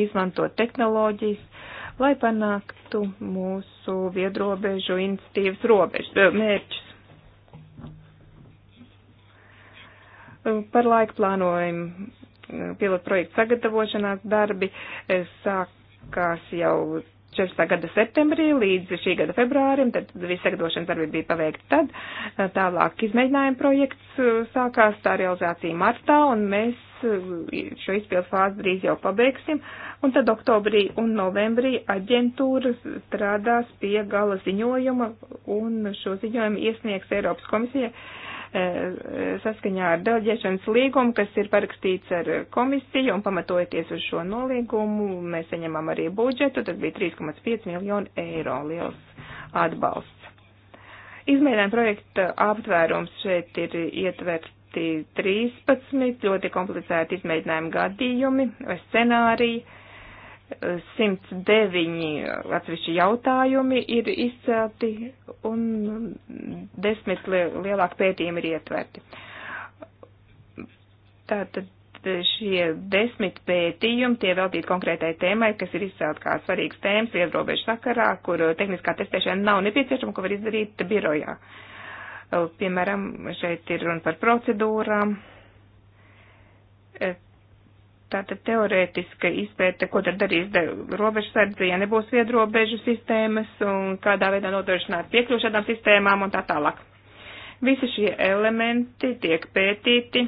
izmantot tehnoloģijas, lai panāktu mūsu viedrobežu iniciatīvas robežu mērķus. Par laika plānojumu eh, pilotu projektu sagatavošanās darbi eh, sākās jau 14. gada septembrī līdz šī gada februārim, tad visi sagatavošanas darbi bija paveikti tad. Eh, tālāk izmēģinājuma projekts sākās, tā realizācija martā, un mēs šo izpildu fāzi drīz jau pabeigsim, un tad oktobrī un novembrī aģentūra strādās pie gala ziņojuma, un šo ziņojumu iesniegs Eiropas komisija E, saskaņā ar deleģēšanas līgumu, kas ir parakstīts ar komisiju un pamatojoties uz šo nolīgumu, mēs saņemam arī budžetu, tas bija 3,5 miljonu eiro liels atbalsts. Izmēģinājuma projekta aptvērums šeit ir ietverts ļoti 13 ļoti komplicēti izmēģinājumi gadījumi vai scenāriji. 109 atsevišķi jautājumi ir izcelti un desmit lielāki pētījumi ir ietverti. Tātad šie desmit pētījumi, tie veltīti konkrētai tēmai, kas ir izcelt kā svarīgs tēmas viedrobežu sakarā, kur tehniskā testēšana nav nepieciešama, ko var izdarīt birojā. Piemēram, šeit ir runa par procedūrām, Tātad teorētiska izpēta, ko tad darīs robežsardze, ja nebūs viedrobežu sistēmas un kādā veidā nodrošināt piekļuvu šādām sistēmām un tā tālāk. Visi šie elementi tiek pētīti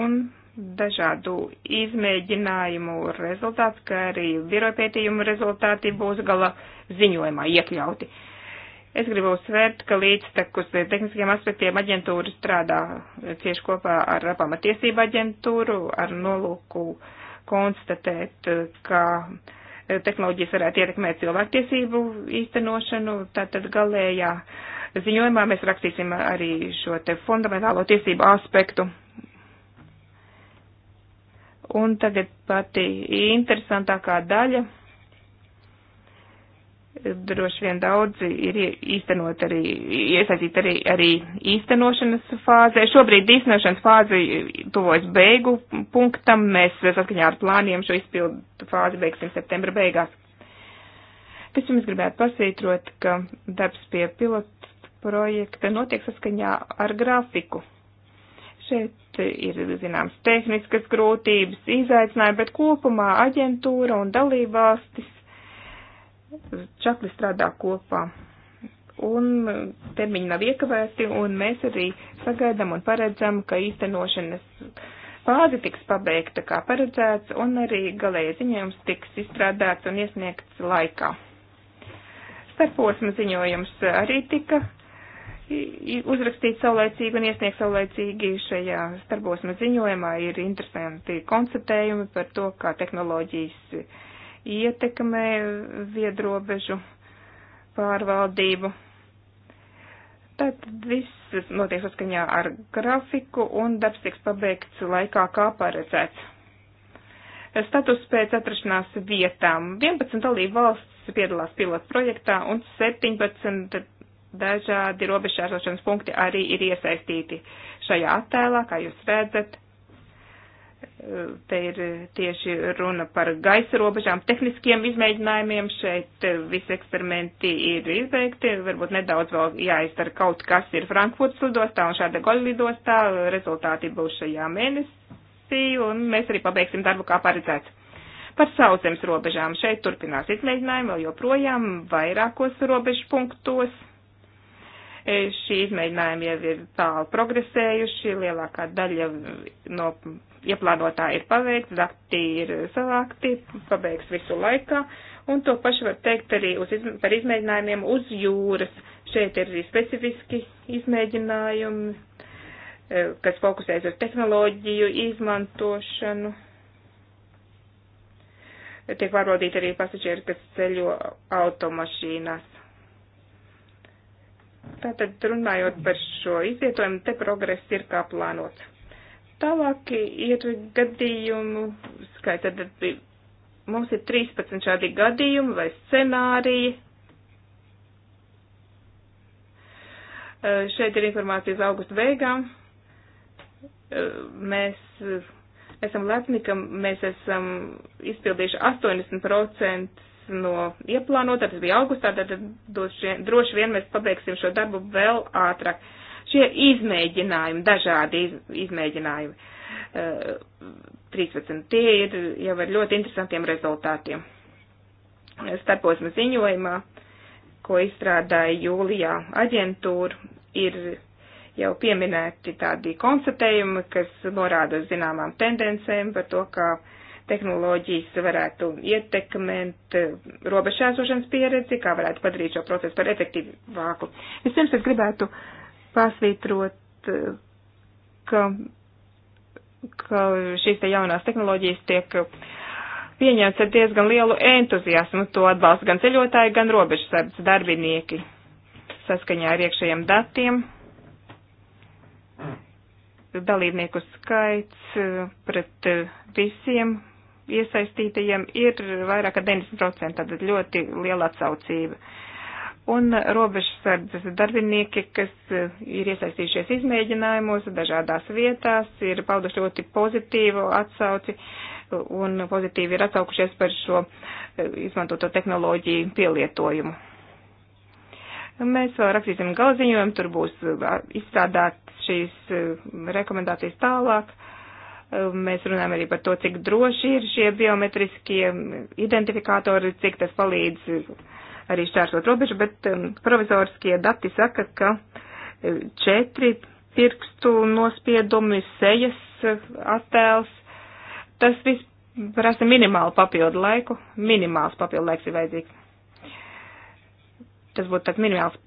un dažādu izmēģinājumu rezultāts, kā arī biroja pētījumu rezultāti būs gala ziņojumā iekļauti. Uh, Es gribu uzsvērt, ka līdztekus tehniskiem aspektiem aģentūra strādā cieši kopā ar pamatiesību aģentūru, ar nolūku konstatēt, ka tehnoloģijas varētu ietekmēt cilvēktiesību īstenošanu, tātad galējā ziņojumā mēs rakstīsim arī šo te fundamentālo tiesību aspektu. Un tagad pati interesantākā daļa droši vien daudzi ir īstenot arī, iesaistīt arī, arī īstenošanas fāzē. Šobrīd īstenošanas fāze tuvojas beigu punktam. Mēs saskaņā ar plāniem šo izpildu fāzi beigsim septembra beigās. Es jums gribētu pasvītrot, ka darbs pie pilotu projekta notiek saskaņā ar grafiku. Šeit ir zināms tehniskas grūtības, izaicinājumi, bet kopumā aģentūra un dalībvalstis čakli strādā kopā. Un termiņi nav iekavēti, un mēs arī sagaidām un paredzam, ka īstenošanas fāze tiks pabeigta kā paredzēts, un arī galēji ziņojums tiks izstrādāts un iesniegts laikā. Starposma ziņojums arī tika uzrakstīt saulēcīgi un iesniegt saulēcīgi šajā starposma ziņojumā ir interesanti konstatējumi par to, kā tehnoloģijas ietekmē viedrobežu pārvaldību. Tātad viss notiek saskaņā ar grafiku un darbs tiks pabeigts laikā, kā paredzēts. Status pēc atrašanās vietām. 11 dalību valsts piedalās pilotu projektā un 17 dažādi robežšķērsošanas punkti arī ir iesaistīti šajā attēlā, kā jūs redzat. Te ir tieši runa par gaisa robežām, tehniskiem izmēģinājumiem. Šeit visi eksperimenti ir izbeigti. Varbūt nedaudz vēl jāizdara kaut kas ir Frankfurtas lidostā un šāda goļa lidostā. Rezultāti būs šajā mēnesī un mēs arī pabeigsim darbu kā paredzēts. Par sauszemes robežām šeit turpinās izmēģinājumi vēl joprojām vairākos robežu punktos E, šī izmēģinājuma jau ir tālu progresējuši, lielākā daļa no ieplānotā ir paveikts, dati ir savākti, pabeigts visu laikā, un to pašu var teikt arī uz, par izmēģinājumiem uz jūras. Šeit ir arī specifiski izmēģinājumi, e, kas fokusēs uz tehnoloģiju izmantošanu. Tiek pārbaudīti arī pasažieri, kas ceļo automašīnās. Tātad runājot par šo izvietojumu, te progress ir kā plānots. Tālāk ir gadījumu skaits, tad mums ir 13 šādi gadījumi vai scenāriji. E, šeit ir informācija uz augustu beigām. E, mēs esam lepni, ka mēs esam izpildījuši 80% no ieplānota, tas bija augustā, tad droši vien mēs pabeigsim šo darbu vēl ātrāk. Šie izmēģinājumi, dažādi iz, izmēģinājumi, uh, eh, 13, tie ir jau ar ļoti interesantiem rezultātiem. Starposma ziņojumā, ko izstrādāja jūlijā aģentūra, ir jau pieminēti tādi konstatējumi, kas norāda zināmām tendencēm par to, kā uh, tehnoloģijas varētu ietekmēt eh, robežšēsošanas pieredzi, kā varētu padarīt šo procesu par efektīvāku. Vispirms es gribētu pasvītrot, eh, ka, ka šīs te jaunās tehnoloģijas tiek pieņemts ar diezgan lielu entuziasmu. To atbalsta gan ceļotāji, gan robežsardz darbinieki saskaņā ar iekšējiem datiem. Dalībnieku skaits eh, pret visiem iesaistītajiem ir vairāk kā 90%, tātad ļoti liela atsaucība. Un robežsardzes darbinieki, kas e, ir iesaistījušies izmēģinājumos dažādās vietās, ir pauduši ļoti pozitīvu atsauci un pozitīvi ir atsaukušies par šo e, izmantoto tehnoloģiju pielietojumu. Mēs vēl rakstīsim galziņojumu, tur būs e, izstrādāt šīs rekomendācijas tālāk. Uh, Mēs runājam arī par to, cik droši ir šie biometriskie identifikātori, cik tas palīdz arī šķērsot robežu, bet um, provizoriskie dati saka, ka uh, četri pirkstu nospiedumi, sejas uh, attēls, tas viss prasa minimālu papildu laiku, minimāls papildu laiks ir vajadzīgs. Tas būtu tāds minimāls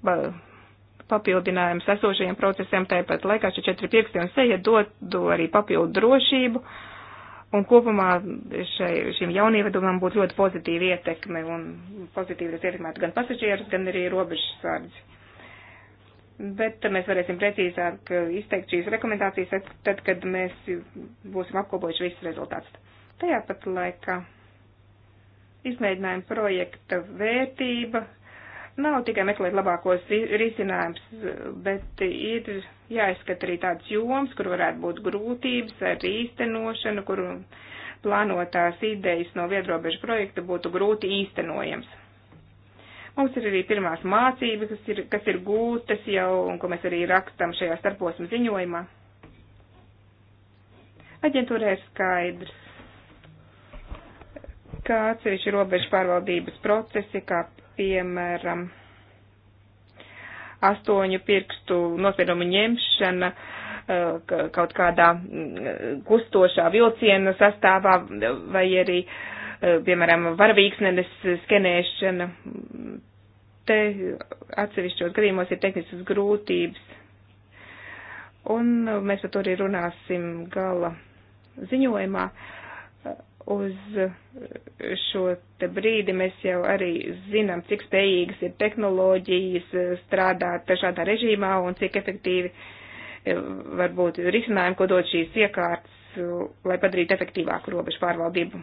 papildinājums esošajiem procesiem, tāpat laikā šie 4, 5 un 6 dotu arī papildu drošību. Un kopumā šai, šim jaunievedumam būtu ļoti pozitīva ietekme un pozitīvi tas ietekmētu gan pasažierus, gan arī robežas sārdzi. Bet mēs varēsim precīzāk izteikt šīs rekomendācijas, tad, kad mēs būsim apkopojuši visus rezultātus. Tajā pat laikā izmēģinājuma projekta vērtība Nav tikai meklēt labākos risinājums, bet ir jāizskata arī tāds joms, kur varētu būt grūtības ar īstenošanu, kur plānotās idejas no viedrobežu projekta būtu grūti īstenojams. Mums ir arī pirmās mācības, kas ir, kas ir gūtas jau un ko mēs arī rakstam šajā starposma ziņojumā. Aģentūrē ir skaidrs, kā atsevišķi robežu pārvaldības procesi, kā piemēram, astoņu pirkstu nospiedumu ņemšana eh, kaut kādā mm, kustošā vilciena sastāvā vai arī, eh, piemēram, varavīksnenes skenēšana. Te atsevišķos gadījumos ir tehniskas grūtības. Un mēs par to arī runāsim gala ziņojumā. Uh, uz šo te brīdi mēs jau arī zinām, cik spējīgas ir tehnoloģijas strādāt šādā režīmā un cik efektīvi eh, var būt risinājumi, ko dod šīs iekārtas, lai padarītu efektīvāku robežu pārvaldību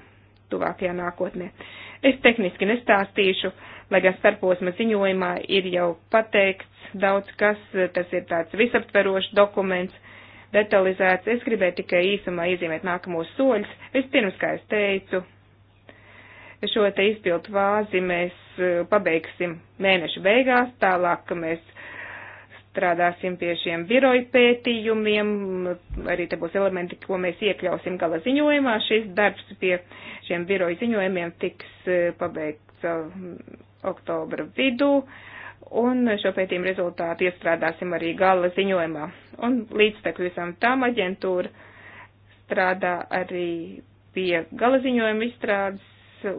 tuvākajā nākotnē. Es tehniski nestāstīšu, lai gan starposma ziņojumā ir jau pateikts daudz kas, tas ir tāds visaptverošs dokuments, detalizēts. Es gribēju tikai īsumā iezīmēt nākamos soļus. Vispirms, kā es teicu, šo te izpildu vāzi mēs eh, pabeigsim mēneša beigās, tālāk mēs strādāsim pie šiem biroju pētījumiem, arī te būs elementi, ko mēs iekļausim gala ziņojumā. Šis darbs pie šiem biroju ziņojumiem tiks eh, pabeigts eh, oktobra vidū. Uh, Un šo pētījumu rezultātu iestrādāsim arī gala ziņojumā. Un līdztek visam tam aģentūra strādā arī pie gala ziņojuma izstrādes,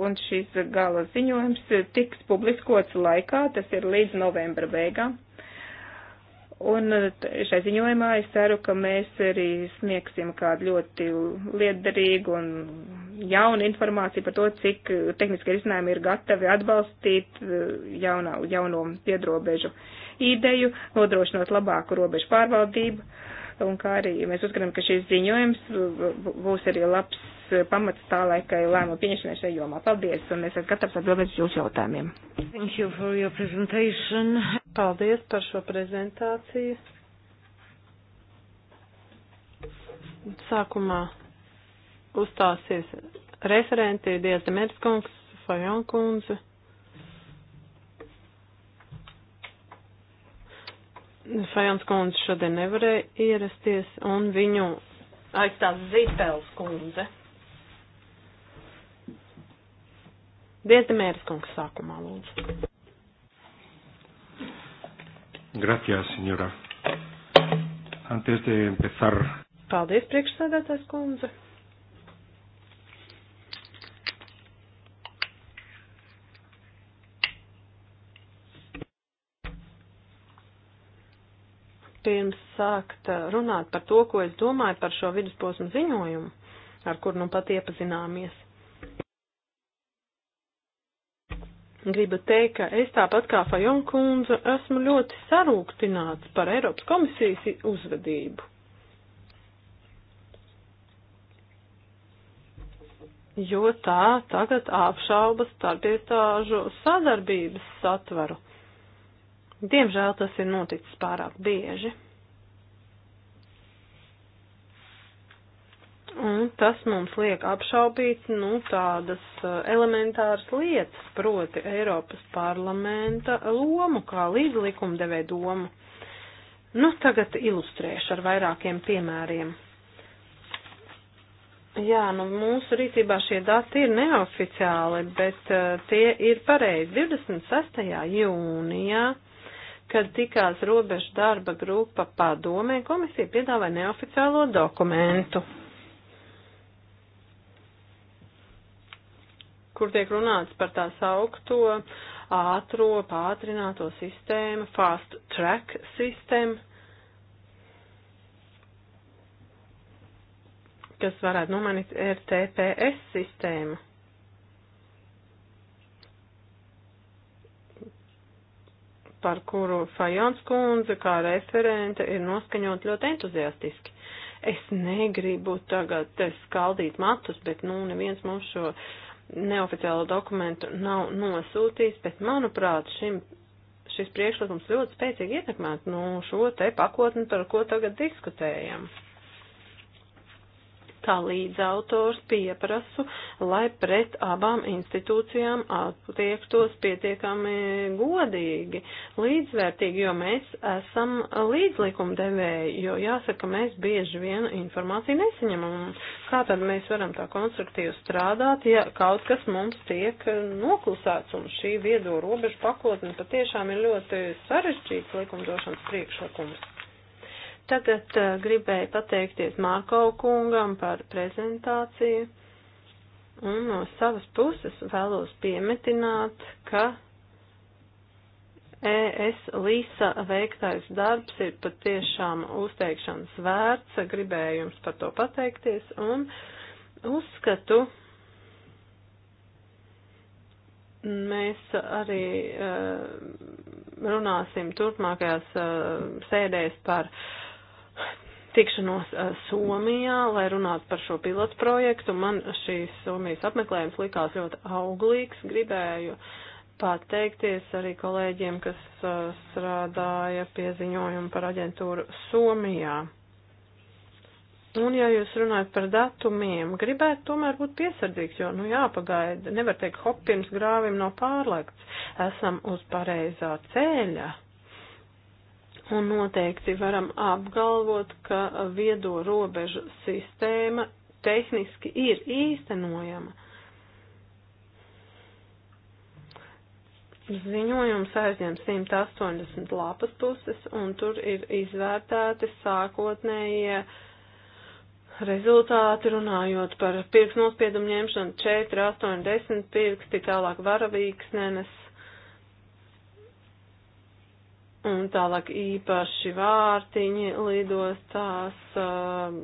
un šis gala ziņojums tiks publiskots laikā, tas ir līdz novembra beigām. Un eh, šai ziņojumā es ceru, ka mēs arī sniegsim kādu ļoti liederīgu un jaunu informāciju par to, cik eh, tehniski risinājumi ir gatavi atbalstīt eh, jaunā, jauno piedrobežu ideju, nodrošinot labāku robežu pārvaldību. Un kā arī mēs uzskatām, ka šis ziņojums būs arī labs Eh, pamats tālākai lēmu pieņemšanai šajā jomā. Paldies, un mēs katrs atbildēs jūsu jautājumiem. Thank you for your presentation. Paldies par šo prezentāciju. Sākumā uzstāsies referenti Dievs Demerskungs, Fajonkundze. Fajons kundze šodien nevarēja ierasties, un viņu aizstās Zīpels kundze. Diezdemēras kungs sākumā lūdzu. Gracias, señora. Antes de empezar. Paldies, priekšsēdētājs kundze. Pirms sākt uh, runāt par to, ko es domāju par šo vidusposmu ziņojumu, ar kur nu pat iepazināmies. gribu teikt, ka es tāpat kā Fajon kundze esmu ļoti sarūktināts par Eiropas komisijas uzvedību. Jo tā tagad apšauba starpiestāžu sadarbības satvaru. Diemžēl tas ir noticis pārāk bieži. Un tas mums liek apšaubīt, nu, tādas uh, elementāras lietas, proti Eiropas parlamenta lomu, kā līdzlikumdevē domu. Nu, tagad ilustrēšu ar vairākiem piemēriem. Jā, nu mūsu rīcībā šie dati ir neoficiāli, bet uh, tie ir pareizi. 26. jūnijā, kad tikās robežu darba grupa padomē, komisija piedāvāja neoficiālo dokumentu. kur tiek runāts par tā saukto ātro pātrināto sistēmu, fast track sistēmu, kas varētu nomainīt RTPS sistēmu. par kuru Fajons kundze kā referente ir noskaņot ļoti entuziastiski. Es negribu tagad skaldīt matus, bet nu neviens mums šo uh, neoficiālo dokumentu nav nosūtījis, bet manuprāt šim, šis priekšlikums ļoti spēcīgi ietekmētu nu, šo te pakotni, par ko tagad diskutējam kā līdzautors pieprasu, lai pret abām institūcijām attiektos pietiekami godīgi, līdzvērtīgi, jo mēs esam līdzlikumdevēji, jo jāsaka, mēs bieži vien informāciju nesaņemam. Kā tad mēs varam tā konstruktīvi strādāt, ja kaut kas mums tiek noklusēts un šī viedo robežu pakotne patiešām ir ļoti sarežģīts likumdošanas priekšlikums? Tagad uh, gribēju pateikties Mārko kungam par prezentāciju. Un no savas puses vēlos piemetināt, ka ES Līsa veiktais darbs ir patiešām uzteikšanas vērts, gribēju jums par to pateikties un uzskatu, mēs arī uh, runāsim turpmākajās uh, sēdēs par uh, tikšanos eh, Somijā, lai runātu par šo pilotu projektu. Man šīs Somijas apmeklējums likās ļoti auglīgs. Gribēju pateikties arī kolēģiem, kas eh, strādāja pie ziņojuma par aģentūru Somijā. Un, ja jūs runājat par datumiem, gribētu tomēr būt piesardzīgs, jo, nu, jāpagaida, nevar teikt, hop, pirms grāvim nav no pārlekts, esam uz pareizā ceļa. Un noteikti varam apgalvot, ka viedo robežu sistēma tehniski ir īstenojama. Ziņojums aizņem 180 lapas puses, un tur ir izvērtēti sākotnējie uh, rezultāti runājot par pirkstu nospiedumu ņemšanu 4, 8, 10 pirksti, tālāk varavīksnenes, Un tālāk īpaši vārtiņi lidostās, um,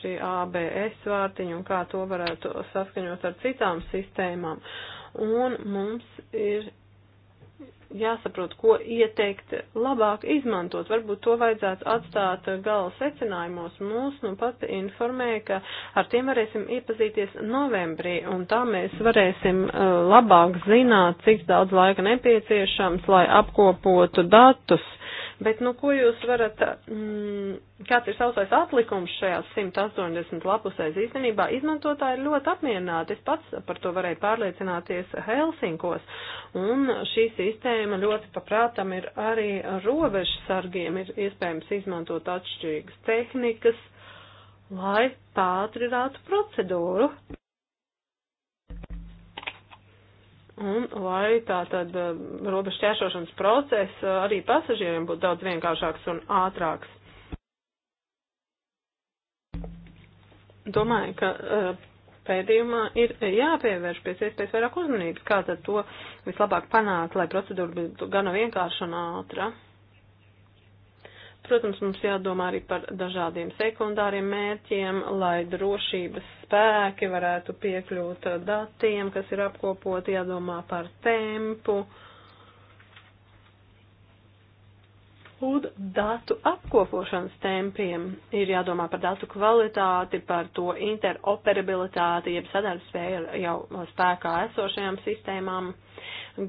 šī ABS vārtiņa un kā to varētu saskaņot ar citām sistēmām. Un mums ir jāsaprot, ko ieteikt labāk izmantot. Varbūt to vajadzētu atstāt gala secinājumos. Mūs nu pat informēja, ka ar tiem varēsim iepazīties novembrī, un tā mēs varēsim eh, labāk zināt, cik daudz laika nepieciešams, lai apkopotu datus Bet, nu, ko jūs varat, mm, kāds ir sausais atlikums šajās 180 lapusēs? Īstenībā izmantotāji ir ļoti apmierināti. Es pats par to varēju pārliecināties Helsinkos. Un šī sistēma ļoti paprātam ir arī robežsargiem. Ir iespējams izmantot atšķirīgas tehnikas, lai pātrinātu procedūru. Un lai tā tad eh, robežu šķēršošanas process eh, arī pasažieriem būtu daudz vienkāršāks un ātrāks. Domāju, ka eh, pēdījumā ir jāpievērš pēc iespējas vairāk uzmanības, kā tad to vislabāk panākt, lai procedūra būtu gana vienkārša un ātra. Protams, mums jādomā arī par dažādiem sekundāriem mērķiem, lai drošības spēki varētu piekļūt datiem, kas ir apkopoti, jādomā par tempu un datu apkopošanas tempiem. Ir jādomā par datu kvalitāti, par to interoperabilitāti, jeb sadarbspēju ar jau spēkā esošajām sistēmām.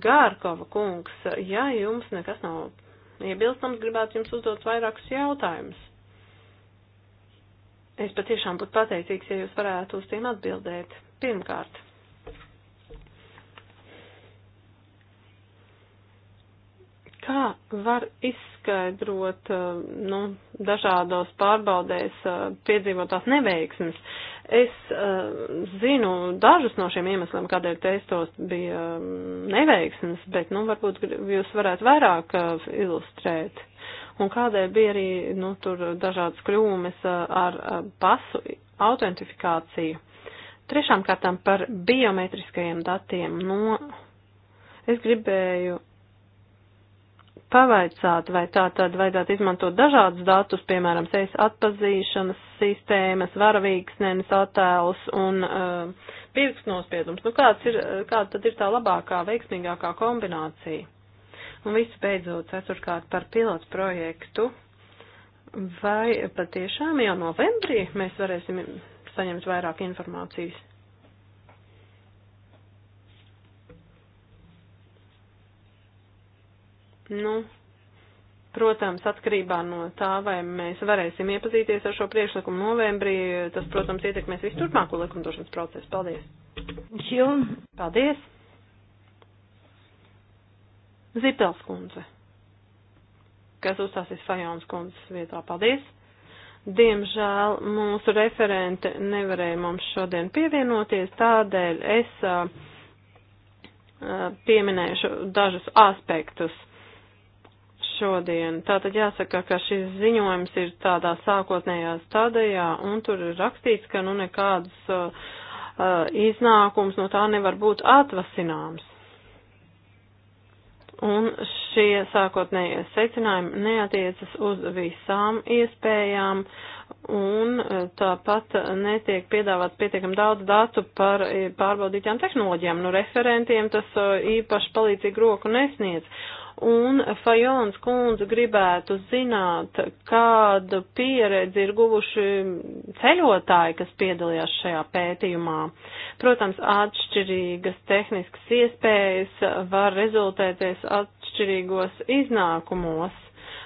Gārkova kungs, ja jums nekas nav iebilstams, gribētu jums uzdot vairākus jautājumus. Es patiešām būtu pateicīgs, ja jūs varētu uz tiem atbildēt. Pirmkārt, kā var izskaidrot eh, nu, dažādos pārbaudēs eh, piedzīvotās neveiksmes? Es uh, zinu dažus no šiem iemesliem, kādēļ testos bija mm, neveiksmes, bet, nu, varbūt jūs varētu vairāk uh, ilustrēt. Un kādēļ bija arī, nu, tur dažādas kļūmes uh, ar uh, pasu autentifikāciju. Trešām kārtām par biometriskajiem datiem. Nu, es gribēju pavaicāt, vai tā tad vajadzētu izmantot dažādus datus, piemēram, sejas atpazīšanas sistēmas, varavīksnenes attēlus un uh, pirkstnospiedums. Nu, kāds ir, kāda tad ir tā labākā, veiksmīgākā kombinācija? Un viss beidzot, ceturkārt, par pilotu projektu. Vai patiešām jau novembrī mēs varēsim saņemt vairāk informācijas? Nu, protams, atkarībā no tā, vai mēs varēsim iepazīties ar šo priekšlikumu novembrī, tas, protams, ietekmēs visu turpmāko likumdošanas procesu. Paldies! Čiln. Paldies! Zipels kundze, kas uzstāsies Fajons kundzes vietā. Paldies! Diemžēl mūsu referente nevarēja mums šodien pievienoties, tādēļ es uh, pieminēšu dažus aspektus šodien. Tātad jāsaka, ka šis ziņojums ir tādā sākotnējā stadijā, un tur ir rakstīts, ka nu nekādas uh, uh iznākums no tā nevar būt atvasināms. Un šie sākotnējie secinājumi neatiecas uz visām iespējām, un uh, tāpat netiek piedāvāts pietiekam daudz datu par uh, pārbaudītām tehnoloģijām. Nu, referentiem tas īpaši palīdzīgi roku nesniedz. Un Fajons kundze gribētu zināt, kādu pieredzi ir guvuši ceļotāji, kas piedalījās šajā pētījumā. Protams, atšķirīgas tehniskas iespējas var rezultēties atšķirīgos iznākumos.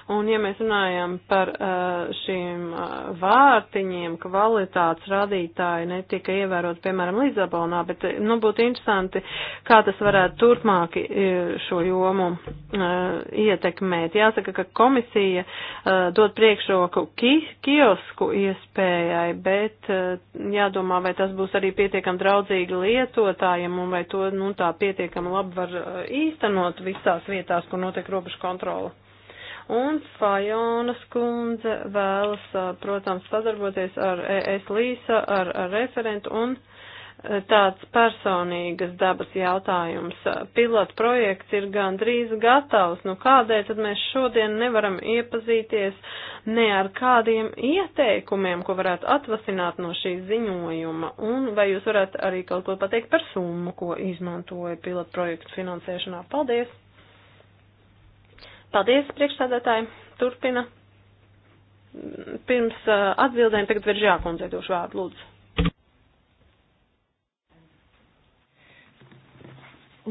Un ja mēs runājam par uh, šiem uh, vārtiņiem, kvalitātes radītāji netika ievērot, piemēram, Lizabonā, bet, eh, nu, būtu interesanti, kā tas varētu turpmāk eh, šo jomu eh, ietekmēt. Jāsaka, ka komisija dod priekšroku ki kiosku iespējai, bet jādomā, vai tas būs arī pietiekam draudzīgi lietotājiem un vai to, nu, tā pietiekam labi var īstenot visās vietās, kur notiek robežu kontrola. Un Fajonas kundze vēlas, protams, sadarboties ar ES Līsa, ar, ar referentu un tāds personīgas dabas jautājums. Pilot projekts ir gandrīz gatavs, nu kādēļ tad mēs šodien nevaram iepazīties ne ar kādiem ieteikumiem, ko varētu atvasināt no šī ziņojuma, un vai jūs varētu arī kaut ko pateikt par summu, ko izmantoja pilot projektu finansēšanā? Paldies! Paldies, priekšsādātāji. Turpina. Pirms uh, atbildēm tagad Veržjā kundze došu vārdu, lūdzu.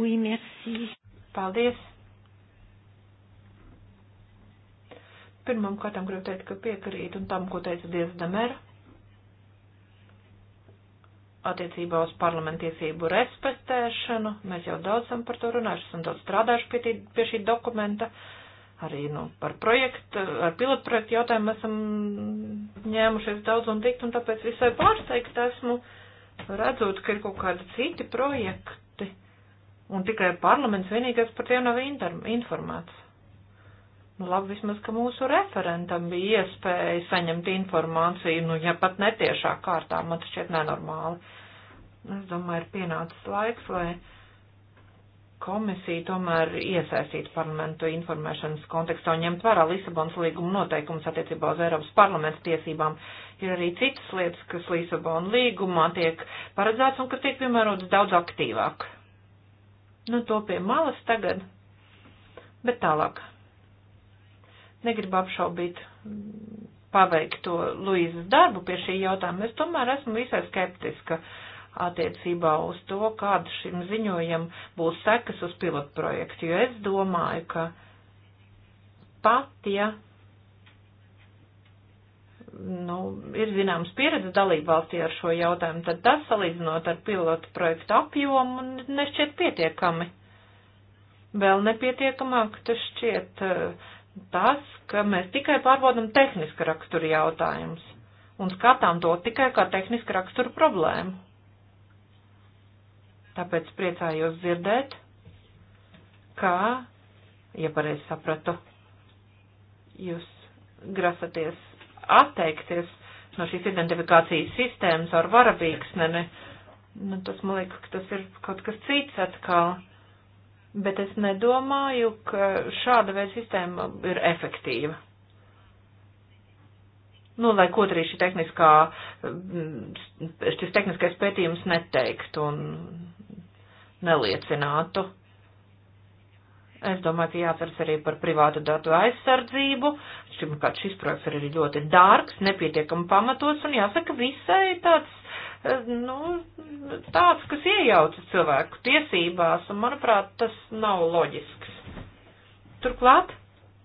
Oui, merci. Paldies. Pirmam kārtam gribu teikt, ka piekrīt un tam, ko teica Dievs Damera attiecībā uz parlamentiesību respektēšanu. Mēs jau daudz esam par to runājuši, esam daudz strādājuši pie, tī, pie šī dokumenta. Uh, arī nu, par projektu, ar pilotprojektu jautājumu esam ņēmušies daudz un tikt, un tāpēc visai pārsteigt esmu redzot, ka ir kaut kādi citi projekti, un tikai parlaments vienīgais par tiem nav informēts. Nu, labi, vismaz, ka mūsu referentam bija iespēja saņemt informāciju, nu, ja pat netiešā kārtā, man tas šķiet nenormāli. Es domāju, ir pienācis laiks, lai komisija tomēr iesaistīt parlamentu informēšanas kontekstā un ņemt vērā Lisabonas līguma noteikumus attiecībā uz Eiropas parlamentu tiesībām. Ir arī citas lietas, kas Lisabona līgumā tiek paredzēts un kas tiek piemērotas daudz aktīvāk. Nu, to pie malas tagad, bet tālāk. Negribu apšaubīt mm, paveikto Luīzes darbu pie šī jautājuma, es tomēr esmu visai skeptiska. Uh, attiecībā uz to, kāda šim ziņojam būs sekas uz pilotprojektu, jo es domāju, ka pat, ja nu, ir zināms pieredze dalībvalstī ar šo jautājumu, tad tas salīdzinot ar pilotu projektu apjomu nešķiet pietiekami. Vēl nepietiekamāk tas šķiet eh, tas, ka mēs tikai pārbaudam tehniska rakstura jautājumus un skatām to tikai kā tehniska rakstura problēmu. Tāpēc priecājos dzirdēt, kā, ja pareizi sapratu, jūs grasaties atteikties no šīs identifikācijas sistēmas ar varavīksneni. Nu, tas man liekas, ka tas ir kaut kas cits atkal. Bet es nedomāju, ka šāda veida sistēma ir efektīva nu, lai ko arī šī tehniskā, šis tehniskais pētījums neteiktu, un neliecinātu. Es domāju, ka jāceras arī par privātu datu aizsardzību. Šimkārt šis projekts arī ļoti dārgs, nepietiekami pamatos un jāsaka visai tāds, eh, nu, tāds, kas iejaucas cilvēku tiesībās un, manuprāt, tas nav loģisks. Turklāt,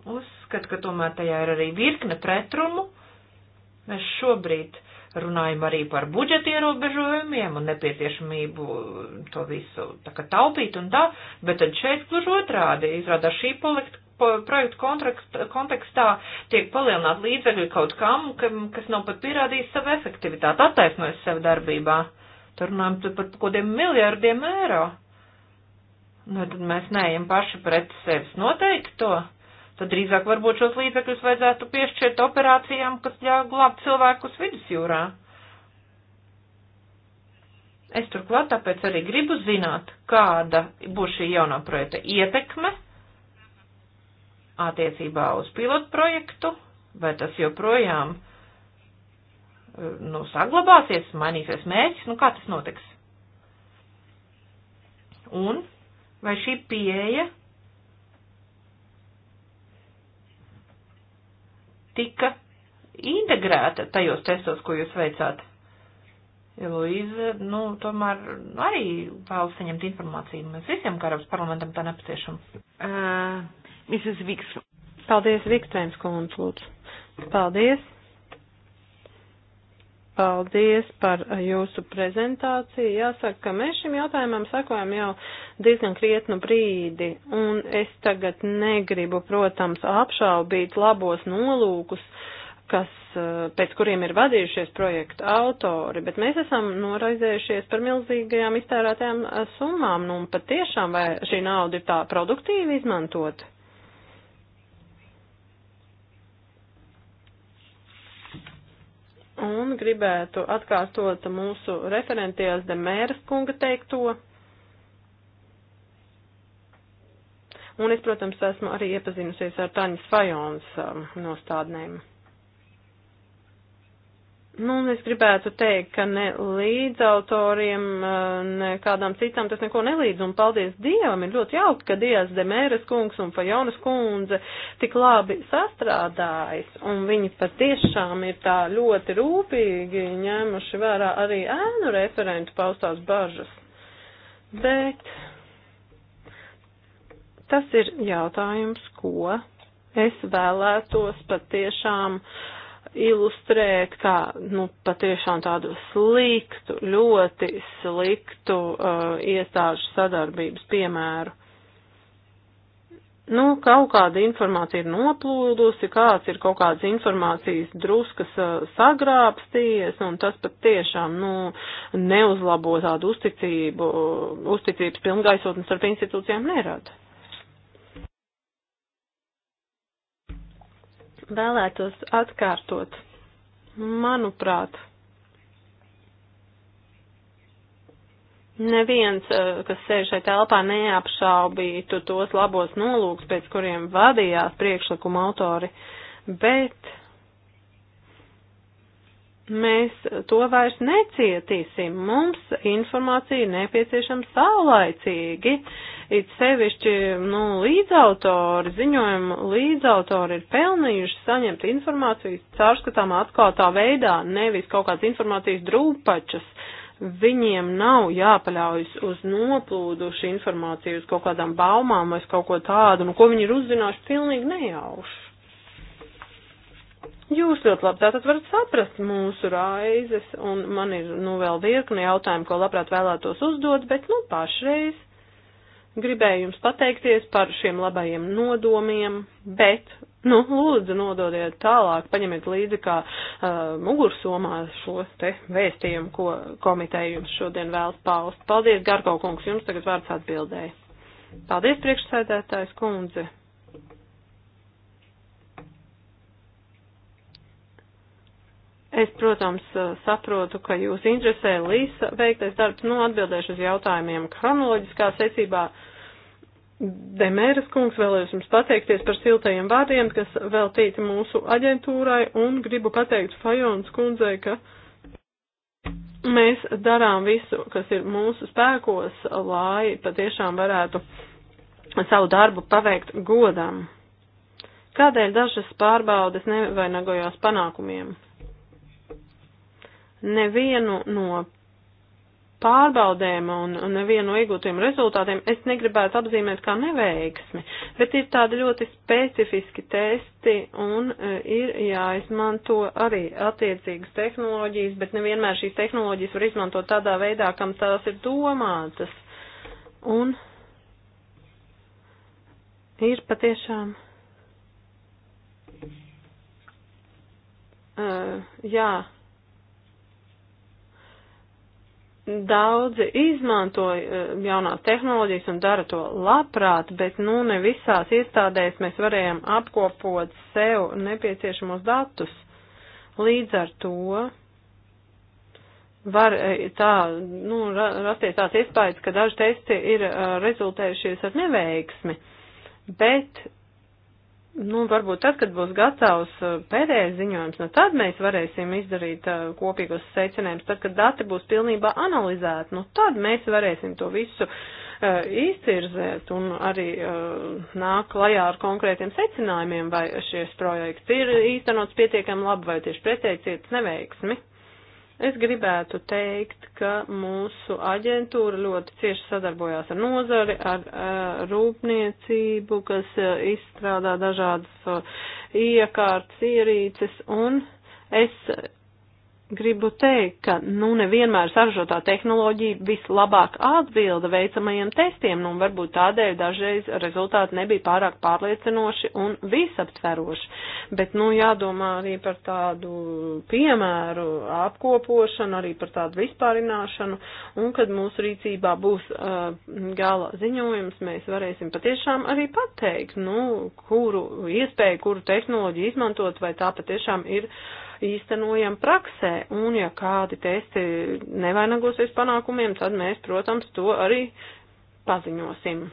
uzskat, ka tomēr tajā ir arī virkne pretrumu. Mēs šobrīd runājam arī par budžeta ierobežojumiem un nepieciešamību to visu tā kā taupīt un tā, bet tad šeit gluži otrādi izrādās šī polekt, projektu kontrakt, kontekstā tiek palielināt līdzekļi kaut kam, kam, kas nav pat pierādījis savu efektivitāti, attaisnojis sev darbībā. Tur runājam par kaut kādiem miljardiem eiro. Nu, tad mēs neejam paši pret sevis noteikto. to tad drīzāk varbūt šos līdzekļus vajadzētu piešķirt operācijām, kas ļauj glābt cilvēkus vidusjūrā. Es turklāt tāpēc arī gribu zināt, kāda būs šī jaunā projekta ietekme attiecībā uz pilotu projektu, vai tas joprojām nu, saglabāsies, mainīsies mērķis, nu kā tas notiks. Un vai šī pieeja tika integrēta tajos testos, ko jūs veicāt? Luīza, nu, tomēr arī vēl saņemt informāciju. Mēs visiem Karabas parlamentam tā nepieciešam. Uh, Mrs. Viks. Paldies, Vikstrēms kundze, lūdzu. Paldies paldies par jūsu prezentāciju. Jāsaka, ka mēs šim jautājumam sakojam jau diezgan krietnu brīdi, un es tagad negribu, protams, apšaubīt labos nolūkus, kas, eh, pēc kuriem ir vadījušies projekta autori, bet mēs esam noraizējušies par milzīgajām iztērētajām eh, summām, nu un patiešām vai šī nauda ir tā produktīvi izmantota? un gribētu atkārtot mūsu referentijas Demēras kunga teikto. Un es, protams, esmu arī iepazinusies ar Taņas Fajonas um, nostādnēm. Nu, es gribētu teikt, ka ne līdz autoriem, eh, ne kādām citām tas neko nelīdz, un paldies Dievam, ir ļoti jauki, ka Dijas Demēras kungs un Fajonas kundze tik labi sastrādājas, un viņi patiešām ir tā ļoti rūpīgi ņēmuši vērā arī ēnu referentu paustās bažas. Bet tas ir jautājums, ko es vēlētos patiešām. Uh, ilustrē kā, nu, patiešām tādu sliktu, ļoti sliktu uh, iestāžu sadarbības piemēru. Nu, kaut kāda informācija ir noplūdusi, kāds ir kaut kādas informācijas druskas uh, sagrābstījies, un tas pat tiešām, nu, neuzlabo tādu uzticību, uzticības pilngaisotnes starp institūcijām nerada. vēlētos atkārtot. Manuprāt, neviens, eh, kas sēž šeit telpā, neapšaubītu tos labos nolūks, pēc kuriem vadījās priekšlikuma autori, bet mēs to vairs necietīsim. Mums informācija nepieciešama saulaicīgi. It sevišķi, nu, līdzautori, ziņojumu līdzautori ir pelnījuši saņemt informāciju caurskatāmā atklātā veidā, nevis kaut kādas informācijas drūpačas. Viņiem nav jāpaļaujas uz noplūdušu informāciju, uz kaut kādām baumām vai kaut ko tādu, nu, ko viņi ir uzzinājuši pilnīgi nejauši. Jūs ļoti labi tātad varat saprast mūsu raizes, un man ir, nu, vēl virkni jautājumi, ko labprāt vēlētos uzdot, bet, nu, pašreiz gribēju jums pateikties par šiem labajiem nodomiem, bet, nu, lūdzu, nododiet tālāk, paņemiet līdzi kā uh, mugursomā šo te vēstījumu, ko komiteja jums šodien vēlas paust. Paldies, Garko kungs, jums tagad vārds atbildēja. Paldies, priekšsēdētājs kundze. Es, protams, eh, saprotu, ka jūs interesē Līsa veiktais darbs, nu atbildēšu uz jautājumiem chronoloģiskā secībā. Demēras kungs vēlējos jums pateikties par siltajiem vārdiem, kas veltīti mūsu aģentūrai, un gribu pateikt Fajons kundzei, ka mēs darām visu, kas ir mūsu spēkos, lai patiešām varētu savu darbu paveikt godam. Kādēļ dažas pārbaudes nevainagojās panākumiem? nevienu no pārbaudēm un, un nevienu no iegūtiem rezultātiem es negribētu apzīmēt kā neveiksmi, bet ir tādi ļoti specifiski testi un uh, ir jāizmanto arī attiecīgas tehnoloģijas, bet nevienmēr šīs tehnoloģijas var izmantot tādā veidā, kam tās ir domātas. Un ir patiešām. Uh, jā. Daudzi izmanto eh, jaunās tehnoloģijas un dara to labprāt, bet nu ne visās iestādēs mēs varējām apkopot sev nepieciešamos datus. Līdz ar to var eh, tā, nu, rasties tāds iespējas, ka daži testi ir eh, rezultējušies ar neveiksmi, bet Nu, varbūt tad, kad būs gatavs uh, pēdējais ziņojums, nu tad mēs varēsim izdarīt uh, kopīgos secinājumus. Tad, kad dati būs pilnībā analizēti, nu tad mēs varēsim to visu uh, izcirzēt un arī uh, nāk klajā ar konkrētiem secinājumiem, vai šis projekts ir īstenots pietiekami labi, vai tieši pretēji ciets neveiksmi. Es gribētu teikt, ka mūsu aģentūra ļoti cieši sadarbojās ar nozari, ar, ar rūpniecību, kas eh, izstrādā dažādas eh, iekārtas, ierīces, un es gribu teikt, ka nu nevienmēr saražotā tehnoloģija vislabāk atbilda veicamajiem testiem, nu varbūt tādēļ dažreiz rezultāti nebija pārāk pārliecinoši un visaptveroši. Bet nu jādomā arī par tādu piemēru apkopošanu, arī par tādu vispārināšanu, un kad mūsu rīcībā būs uh, gala ziņojums, mēs varēsim patiešām arī pateikt, nu, kuru iespēju, kuru tehnoloģiju izmantot, vai tā patiešām ir uh, īstenojam praksē, un ja kādi testi nevainagosies panākumiem, tad mēs, protams, to arī paziņosim.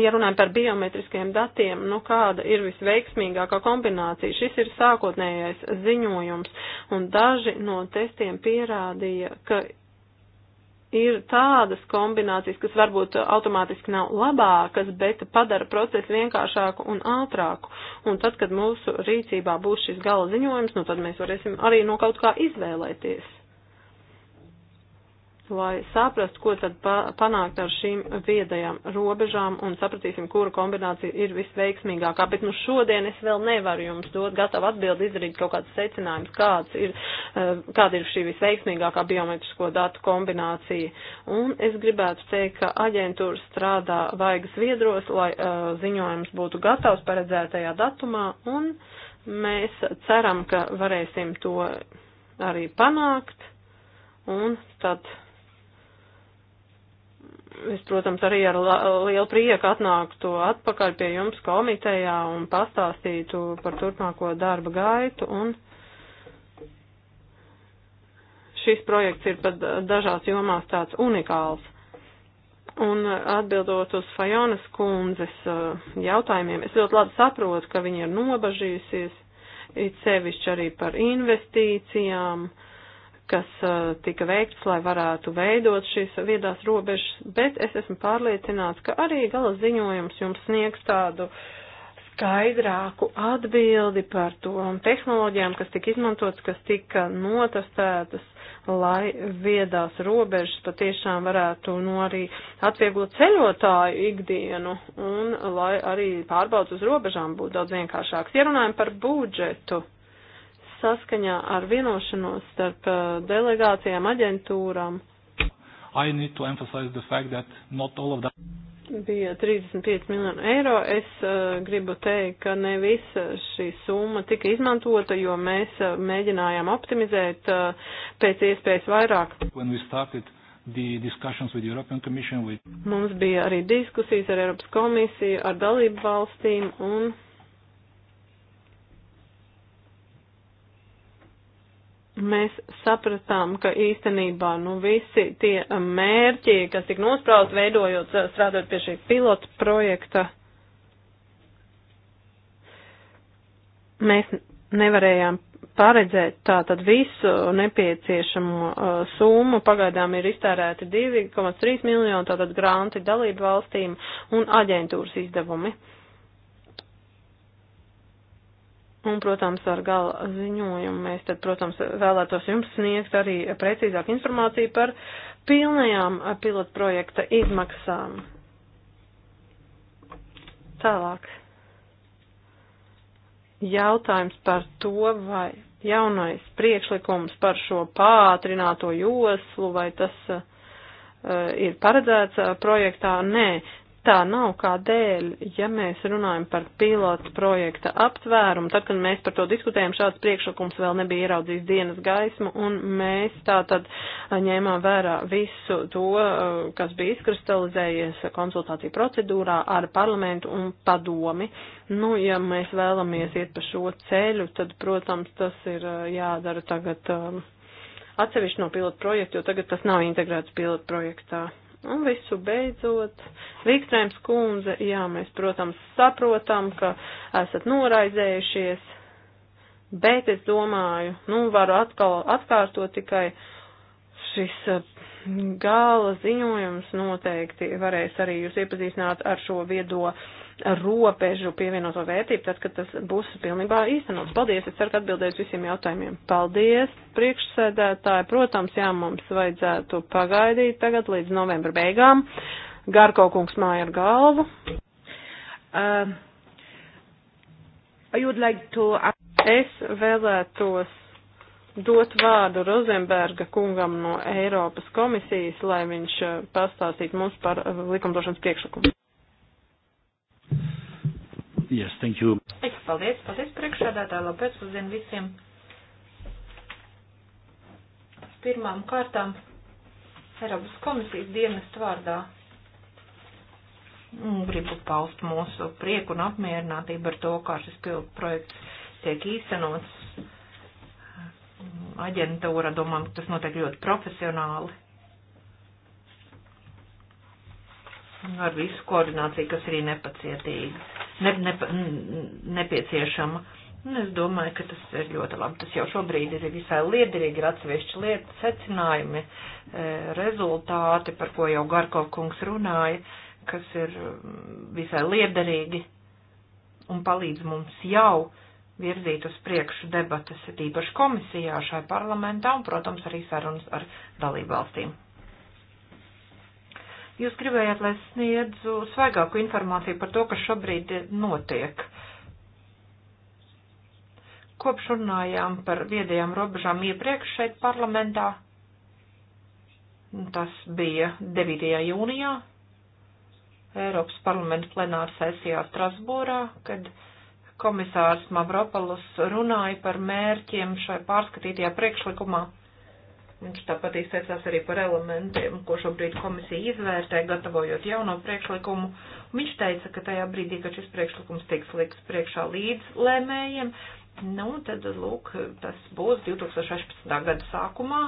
Ja runājam par biometriskiem datiem, nu kāda ir visveiksmīgākā kombinācija? Šis ir sākotnējais ziņojums, un daži no testiem pierādīja, ka ir tādas kombinācijas, kas varbūt automātiski nav labākas, bet padara procesu vienkāršāku un ātrāku. Un tad, kad mūsu rīcībā būs šis gala ziņojums, nu tad mēs varēsim arī no kaut kā izvēlēties lai saprastu, ko tad pa, panākt ar šīm viedajām robežām un sapratīsim, kura kombinācija ir visveiksmīgākā. Bet nu šodien es vēl nevaru jums dot gatavu atbildi, izdarīt kaut kādus secinājumus, kāds ir, eh, kāda ir šī visveiksmīgākā biometrisko datu kombinācija. Un es gribētu teikt, ka aģentūra strādā vaigas viedros, lai uh, ziņojums būtu gatavs paredzētajā datumā un mēs ceram, ka varēsim to arī panākt. Un tad Es, protams, arī ar lielu prieku atnāktu atpakaļ pie jums komitejā un pastāstītu par turpmāko darba gaitu. Un šis projekts ir pat dažās jomās tāds unikāls. Un atbildot uz Fajonas kundzes uh, jautājumiem, es ļoti labi saprotu, ka viņa ir nobažījusies, it sevišķi arī par investīcijām. Uh, kas uh, tika veikts, lai varētu veidot šīs viedās robežas, bet es esmu pārliecināts, ka arī gala ziņojums jums sniegs tādu skaidrāku atbildi par to tehnoloģijām, kas tika izmantotas, kas tika notestētas, lai viedās robežas patiešām varētu no nu, arī atvieglot ceļotāju ikdienu un lai arī pārbaudas uz robežām būtu daudz vienkāršāks. Ja runājam par budžetu, saskaņā ar vienošanos starp uh, delegācijām, aģentūrām. I need to emphasize the fact that not all of that bija 35 miljoni eiro. Es uh, gribu teikt, ka ne visa šī summa tika izmantota, jo mēs uh, mēģinājām optimizēt uh, pēc iespējas vairāk. With... Mums bija arī diskusijas ar Eiropas komisiju, ar dalību valstīm un. mēs sapratām, ka īstenībā nu, visi tie mērķi, kas tik nospraust, veidojot, strādājot pie šī pilota projekta, mēs nevarējām paredzēt tātad visu nepieciešamo uh, summu. Pagaidām ir iztērēti 2,3 miljoni tātad granti dalību valstīm un aģentūras izdevumi. Uh, Un, protams, ar gala ziņojumu mēs tad, protams, vēlētos jums sniegt arī precīzāk informāciju par pilnajām pilotprojekta izmaksām. Tālāk. Jautājums par to, vai jaunais priekšlikums par šo pātrināto joslu, vai tas uh, ir paredzēts eh, projektā? Nē, tā nav kādēļ, ja mēs runājam par pilotu projekta aptvērumu, tad, kad mēs par to diskutējam, šāds priekšlikums vēl nebija ieraudzījis dienas gaismu, un mēs tā tad ņēmām vērā visu to, kas bija izkristalizējies konsultāciju procedūrā ar parlamentu un padomi. Nu, ja mēs vēlamies iet pa šo ceļu, tad, protams, tas ir jādara tagad atsevišķi no pilotu projekta, jo tagad tas nav integrēts pilotu projektā. Un visu beidzot, Vikstrēms kundze, jā, mēs, protams, saprotam, ka esat noraizējušies, bet es domāju, nu, varu atkal atkārtot tikai šis eh, gala ziņojums noteikti varēs arī jūs iepazīstināt ar šo viedo robežu pievienoto vērtību, tad, kad tas būs pilnībā īstenots. Paldies, es ceru, ka atbildēju visiem jautājumiem. Paldies, priekšsēdētāji. Protams, jā, mums vajadzētu pagaidīt tagad līdz novembra beigām. Garko kungs māja ar galvu. Um, uh, like to... Es vēlētos dot vārdu Rozenberga kungam no Eiropas komisijas, lai viņš uh, pastāstītu mums par uh, likumdošanas priekšlikumu. Yes, thank you. Ek, paldies, paldies priekšādātā, labi pēcpusdien visiem. Pirmām kārtām Eiropas komisijas dienestu vārdā gribu paust mūsu prieku un apmierinātību ar to, kā šis pildu projekts tiek īstenots. Aģentūra, domājam, ka tas notiek ļoti profesionāli. Ar visu koordināciju, kas arī nepacietīga ne, ne, nepieciešama. Un es domāju, ka tas ir ļoti labi. Tas jau šobrīd ir visai liederīgi, ir atsevišķi lietas, secinājumi, e, rezultāti, par ko jau Garkov kungs runāja, kas ir mm, visai liederīgi un palīdz mums jau virzīt uz priekšu debatas, tīpaši komisijā, šai parlamentā un, protams, arī sarunas ar dalībvalstīm. Jūs gribējāt, lai sniedzu svaigāku informāciju par to, kas šobrīd notiek. Kopš runājām par viedajām robežām iepriekš šeit parlamentā, tas bija 9. jūnijā, Eiropas parlamenta plenāra sesijā Strasbūrā, kad komisārs Mavropalus runāja par mērķiem šai pārskatītajā priekšlikumā Viņš tāpat izteicās arī par elementiem, ko šobrīd komisija izvērtē, gatavojot jauno priekšlikumu. Viņš teica, ka tajā brīdī, kad šis priekšlikums tiks liks priekšā līdz lēmējiem, nu, tad, lūk, tas būs 2016. gada sākumā.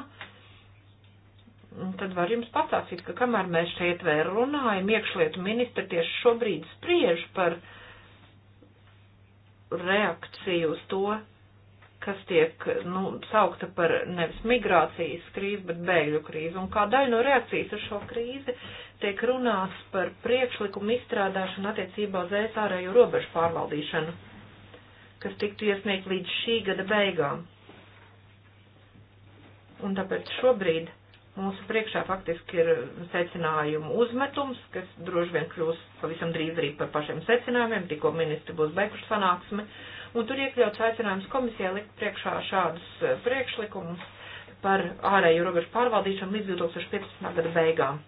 Tad var jums pastāstīt, ka kamēr mēs šeit vēl runājam, iekšlietu ministra tieši šobrīd spriež par reakciju uz to, kas tiek nu, saukta par nevis migrācijas krīzi, bet bēgļu krīzi. Un kā daļa no reakcijas uz šo krīzi tiek runāts par priekšlikumu izstrādāšanu attiecībā uz ES ārējo robežu pārvaldīšanu, kas tiktu iesniegt līdz šī gada beigām. Un tāpēc šobrīd mūsu priekšā faktiski ir secinājumu uzmetums, kas droši vien kļūs pavisam drīz arī par pašiem secinājumiem, tikko ministri būs beiguši sanāksmi. Uh, un tur iekļauts aicinājums komisijai likt priekšā šādus e, priekšlikumus par ārēju robežu pārvaldīšanu līdz 2015. gada beigām.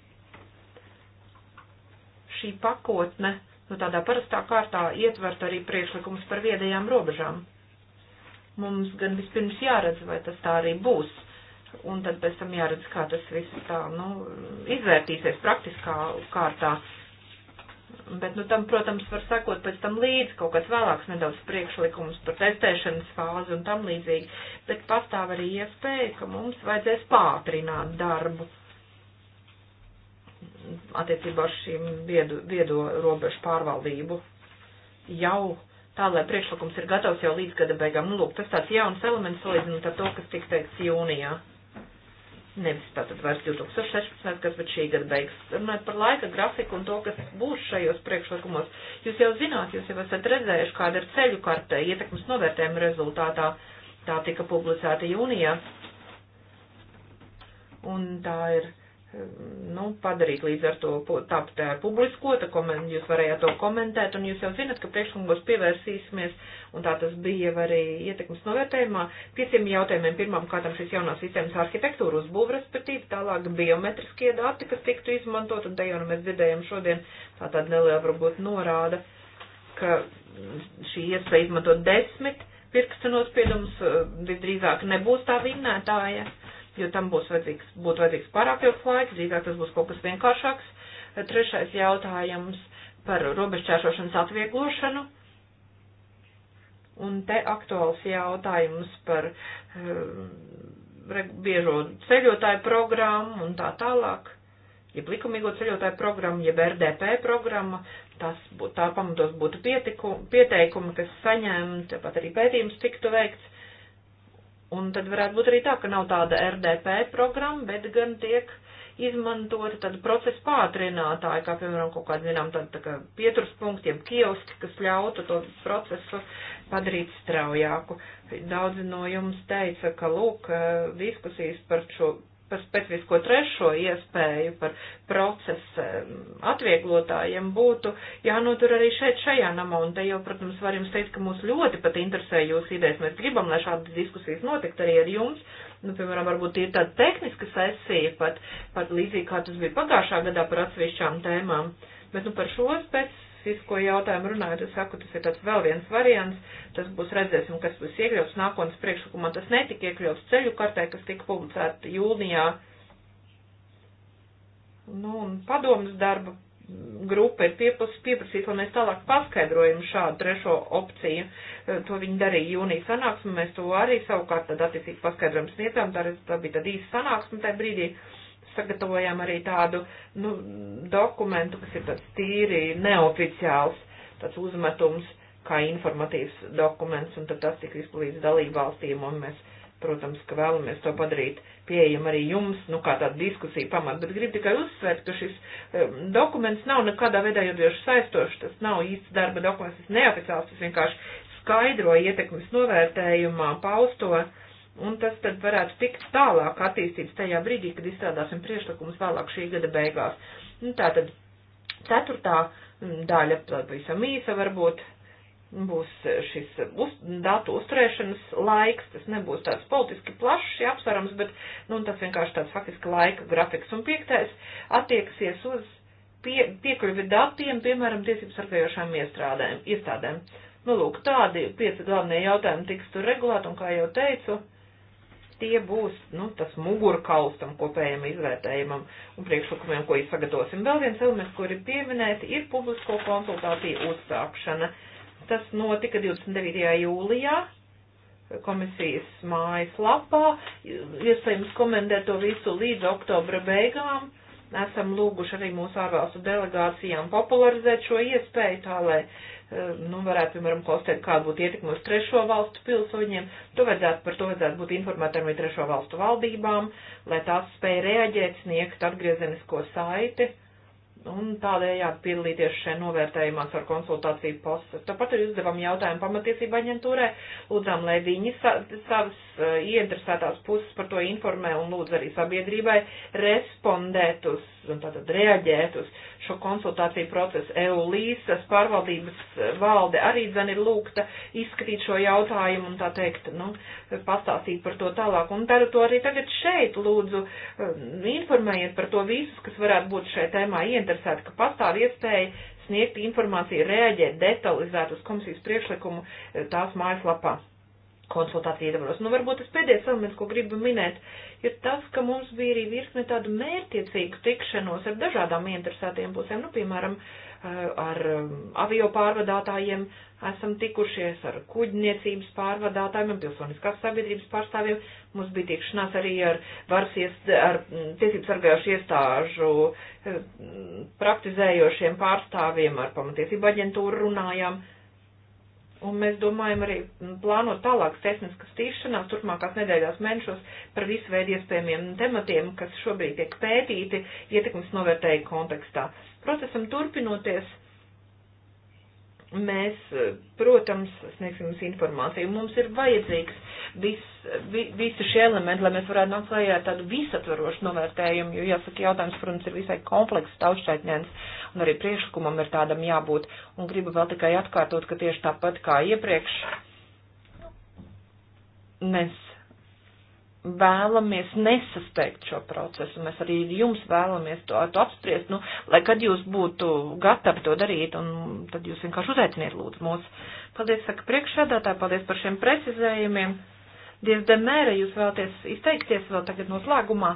Šī pakotne, nu tādā parastā kārtā, ietvert arī priekšlikumus par viedajām robežām. Mums gan vispirms jāredz, vai tas tā arī būs, un tad pēc tam jāredz, kā tas viss tā, nu, izvērtīsies praktiskā kārtā. Uh, Bet, nu, tam, protams, var sakot pēc tam līdz kaut kas vēlāks nedaudz priekšlikums par testēšanas fāzi un tam līdzīgi. Bet pastāv arī iespēja, ka mums vajadzēs pātrināt darbu attiecībā uz šīm viedo, viedo robežu pārvaldību jau tā, lai priekšlikums ir gatavs jau līdz gada beigām. Nu, lūk, tas tāds jauns elements salīdzinot ar to, kas tiks teikts jūnijā nevis tātad vairs 2016. gads, bet šī gada beigas. Runājot par laika grafiku un to, kas būs šajos priekšlikumos, jūs jau zināt, jūs jau esat redzējuši, kāda ir ceļu karta ietekmes novērtējuma rezultātā. Tā tika publicēta jūnijā. Un tā ir nu, padarīt līdz ar to tāpat tā publiskota, komen, jūs varējāt to komentēt, un jūs jau zinat, ka priekšlikumos pievērsīsimies, un tā tas bija arī ietekmes novērtējumā, pieciem jautājumiem pirmām kārtām šīs jaunās sistēmas arhitektūra uzbūva, respektīvi tālāk biometriskie dati, kas tiktu izmantot, un te jau nu mēs dzirdējam šodien, tā tāda neliela varbūt norāda, ka šī iespēja izmantot desmit pirkstu nospiedumus eh, drīzāk nebūs tā vinnētāja. Ja? jo tam būs vajadzīgs, būtu vajadzīgs pārāk ilgs laiks, drīzāk tas būs kaut kas vienkāršāks. Trešais jautājums par robežķēršošanas atvieglošanu. Un te aktuāls jautājums par um, biežo ceļotāju programmu un tā tālāk. Ja likumīgo ceļotāju programmu, jeb RDP programma, tas būtu tā pamatos būtu pietiku, pieteikumi, kas saņemti, pat arī pētījums tiktu veikts. Un tad varētu būt arī tā, ka nav tāda RDP programma, bet gan tiek izmantota tāda procesa pātrinātāja, kā piemēram kaut kāda, zinām, tāda tā kā pieturas punktiem kioski, kas ļautu to procesu padarīt straujāku. Daudzi no jums teica, ka, lūk, eh, diskusijas par šo par specifisko trešo iespēju, par procesa atvieglotājiem būtu jānotur arī šeit, šajā namā. Un te jau, protams, var jums teikt, ka mūs ļoti pat interesē jūsu idejas. Mēs gribam, lai šādas diskusijas notikt arī ar jums. Nu, piemēram, varbūt ir tāda tehniska sesija, pat, pat līdzīgi kā tas bija pagājušā gadā par atsevišķām tēmām. Bet nu, par šo spēc, fisko jautājumu runājot, es saku, tas ir tāds vēl viens variants, tas būs redzēsim, kas būs iekļauts nākotnes priekšlikumā, tas netika iekļauts ceļu kartē, kas tika publicēta jūnijā. Nu, un padomas darba grupa ir pieprasīta, lai mēs tālāk paskaidrojam šādu trešo opciju. Eh, to viņi darīja jūnija sanāksmē, mēs to arī savukārt tad attiecīgi paskaidrojumu sniedzām, tā, tā bija tad īsa sanāksme tajā brīdī. Uh, sagatavojām arī tādu nu, dokumentu, kas ir tāds tīri neoficiāls, tāds uzmetums, kā informatīvs dokuments, un tad tas tika izplīts dalību valstīm, un mēs, protams, ka vēlamies to padarīt pieejam arī jums, nu, kā tāda diskusija pamat, bet gribu tikai uzsvērt, ka šis um, dokuments nav nekādā veidā jodieši saistošs, tas nav īsts darba dokuments, tas neoficiāls, tas vienkārši skaidro ietekmes novērtējumā pausto. Pa Un tas tad varētu tikt tālāk attīstīts tajā brīdī, kad izstrādāsim priešlikumus vēlāk šī gada beigās. Nu, tā tad ceturtā mm, daļa, pavisam īsa varbūt, būs šis uz, datu uzturēšanas laiks, tas nebūs tāds politiski plašs apsvarams, bet, nu, tas vienkārši tāds faktiski laika grafiks. Un piektais attieksies uz pie, piekļuvi datiem, piemēram, tiesības sargājošām iestādēm. Nu, lūk, tādi pieci galvenie jautājumi tiks tur regulēti, un, kā jau teicu, tie būs nu, tas mugurkauls tam kopējam izvērtējumam un priekšlikumiem, ko izsagatavosim. Vēl viens elements, kur ir pieminēts, ir publisko konsultāciju uzsākšana. Tas notika 29. jūlijā komisijas mājas lapā. Iespējams komentēt to visu līdz oktobra beigām. Esam lūguši arī mūsu ārvalstu delegācijām popularizēt šo iespēju tā, lai uh, Eh, nu, varētu, piemēram, konstatēt, kāda būtu ietekme uz trešo valstu pilsoņiem. To vajadzētu, par to vajadzētu būt informētām arī trešo valstu valdībām, lai tās spēja reaģēt, sniegt atgriezenisko saiti un tādējādi piedalīties šajā novērtējumā ar konsultāciju postu. Tāpat arī uzdevām jautājumu pamatiesība aģentūrē, lūdzām, lai viņi sa savas uh, ieinteresētās puses par to informē un lūdz arī sabiedrībai respondēt uz, un tātad reaģēt uz šo konsultāciju procesu. EULīsas pārvaldības valde arī dzen ir lūgta izskatīt šo jautājumu un tā teikt, nu, pastāstīt par to tālāk. Un daru to arī tagad šeit, lūdzu, um, informējiet par to visus, kas varētu būt šai tēmā ieinteresēti, ka pastāv iespēja sniegt informāciju, reaģēt detalizēt uz komisijas priekšlikumu eh, tās mājaslapā konsultāciju ietvaros. Nu, varbūt tas pēdējais elements, ko gribu minēt, ir tas, ka mums bija arī virkne tādu mērķiecīgu tikšanos ar dažādām interesētiem pusēm, nu, piemēram, uh, Eh, ar um, avio pārvadātājiem esam tikušies, ar kuģniecības pārvadātājiem un pilsoniskās sabiedrības pārstāvjiem. Mums bija tikšanās arī ar varas iest, ar mm, tiesības sargājušu iestāžu eh, praktizējošiem pārstāvjiem, ar pamatiesību aģentūru runājām. Un mēs domājam arī mm, plānot tālākas tehniskas tīšanās turpmākās nedēļās mēnešos par visu veidu iespējamiem tematiem, kas šobrīd tiek pētīti ietekmes novērtēju kontekstā. Uh, Procesam turpinoties, mēs, eh, protams, sniegsim jums informāciju. Mums ir vajadzīgs vis, vi, visi šie elementi, lai mēs varētu nākt klajā ar tādu visatvarošu novērtējumu, jo, jāsaka, jautājums, protams, ir visai komplekss, taušķaitņēns, un arī priekšlikumam ir tādam jābūt. Un gribu vēl tikai atkārtot, ka tieši tāpat kā iepriekš mēs vēlamies nesasteigt šo procesu. Mēs arī jums vēlamies to, to apspriest, nu, lai kad jūs būtu gatavi to darīt, un tad jūs vienkārši uzaiciniet lūdzu mūs. Paldies, saka priekšsēdētā, paldies par šiem precizējumiem. Dievs demēra, jūs vēlaties izteikties vēl tagad noslēgumā.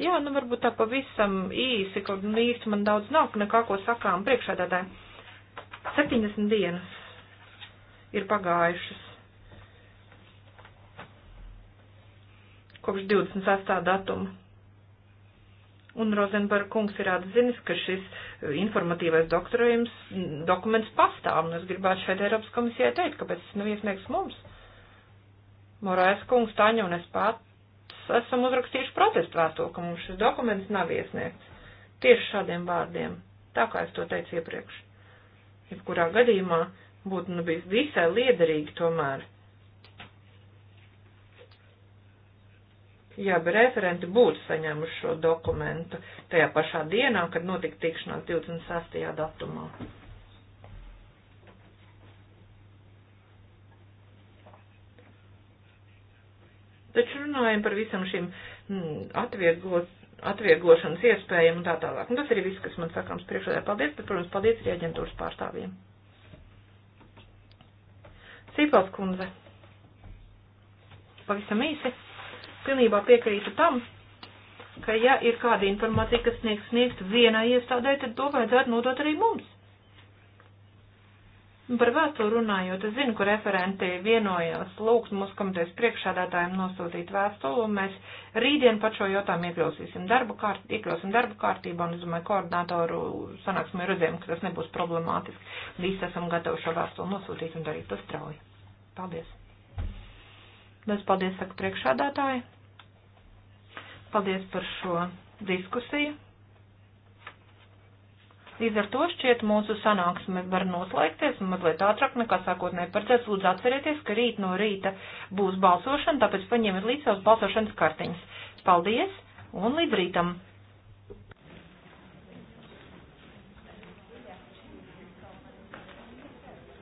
Jā, nu varbūt tā pavisam īsi, kaut nu īsti man daudz nav, nekā ko sakām priekšsēdētāji. 70 dienas ir pagājušas kopš 28. datuma. Un Rozenberg kungs ir atzinis, ka šis eh, informatīvais doktorējums dokuments pastāv, un es gribētu šeit Eiropas komisijai teikt, kāpēc tas nav iesniegts mums. Morais kungs, Taņa un es pats esam uzrakstījuši protestu vēstuli, ka mums šis dokuments nav iesniegts. Tieši šādiem vārdiem, tā kā es to teicu iepriekš. Jebkurā gadījumā būtu nu bijis visai liederīgi tomēr ja referenti būtu saņēmuši šo dokumentu tajā pašā dienā, kad notika tikšanās 26. datumā. Taču runājam par visam šim mm, atvieglot, atvieglošanas iespējām un tā tālāk. Un tas arī viss, kas man sakāms priekšādā. Paldies, bet, protams, paldies arī aģentūras pārstāvjiem. Sīpals kundze. Pavisam īsi pilnībā piekrītu tam, ka ja ir kāda informācija, kas sniegs sniegt vienai iestādē, tad to vajadzētu nodot arī mums. Par vēstuli runājot, es zinu, ka referenti vienojās lūgt mūsu komitejas priekšādātājiem nosūtīt vēstuli, un mēs rītdien pat šo jautājumu iekļausīsim darba, kārt, iekļausim darba kārtībā, un es domāju, koordinātoru sanāksmē redzējām, ka tas nebūs problemātiski. Visi esam gatavi šo vēstuli nosūtīt un darīt to strauji. Paldies! Mēs paldies, saka priekšādātāji. Paldies par šo diskusiju. Līdz ar to šķiet mūsu sanāksme var noslēgties un mazliet ātrāk nekā sākotnēji paredzēts. Lūdzu atcerieties, ka rīt no rīta būs balsošana, tāpēc paņemiet līdz savas balsošanas kartiņas. Paldies un līdz rītam!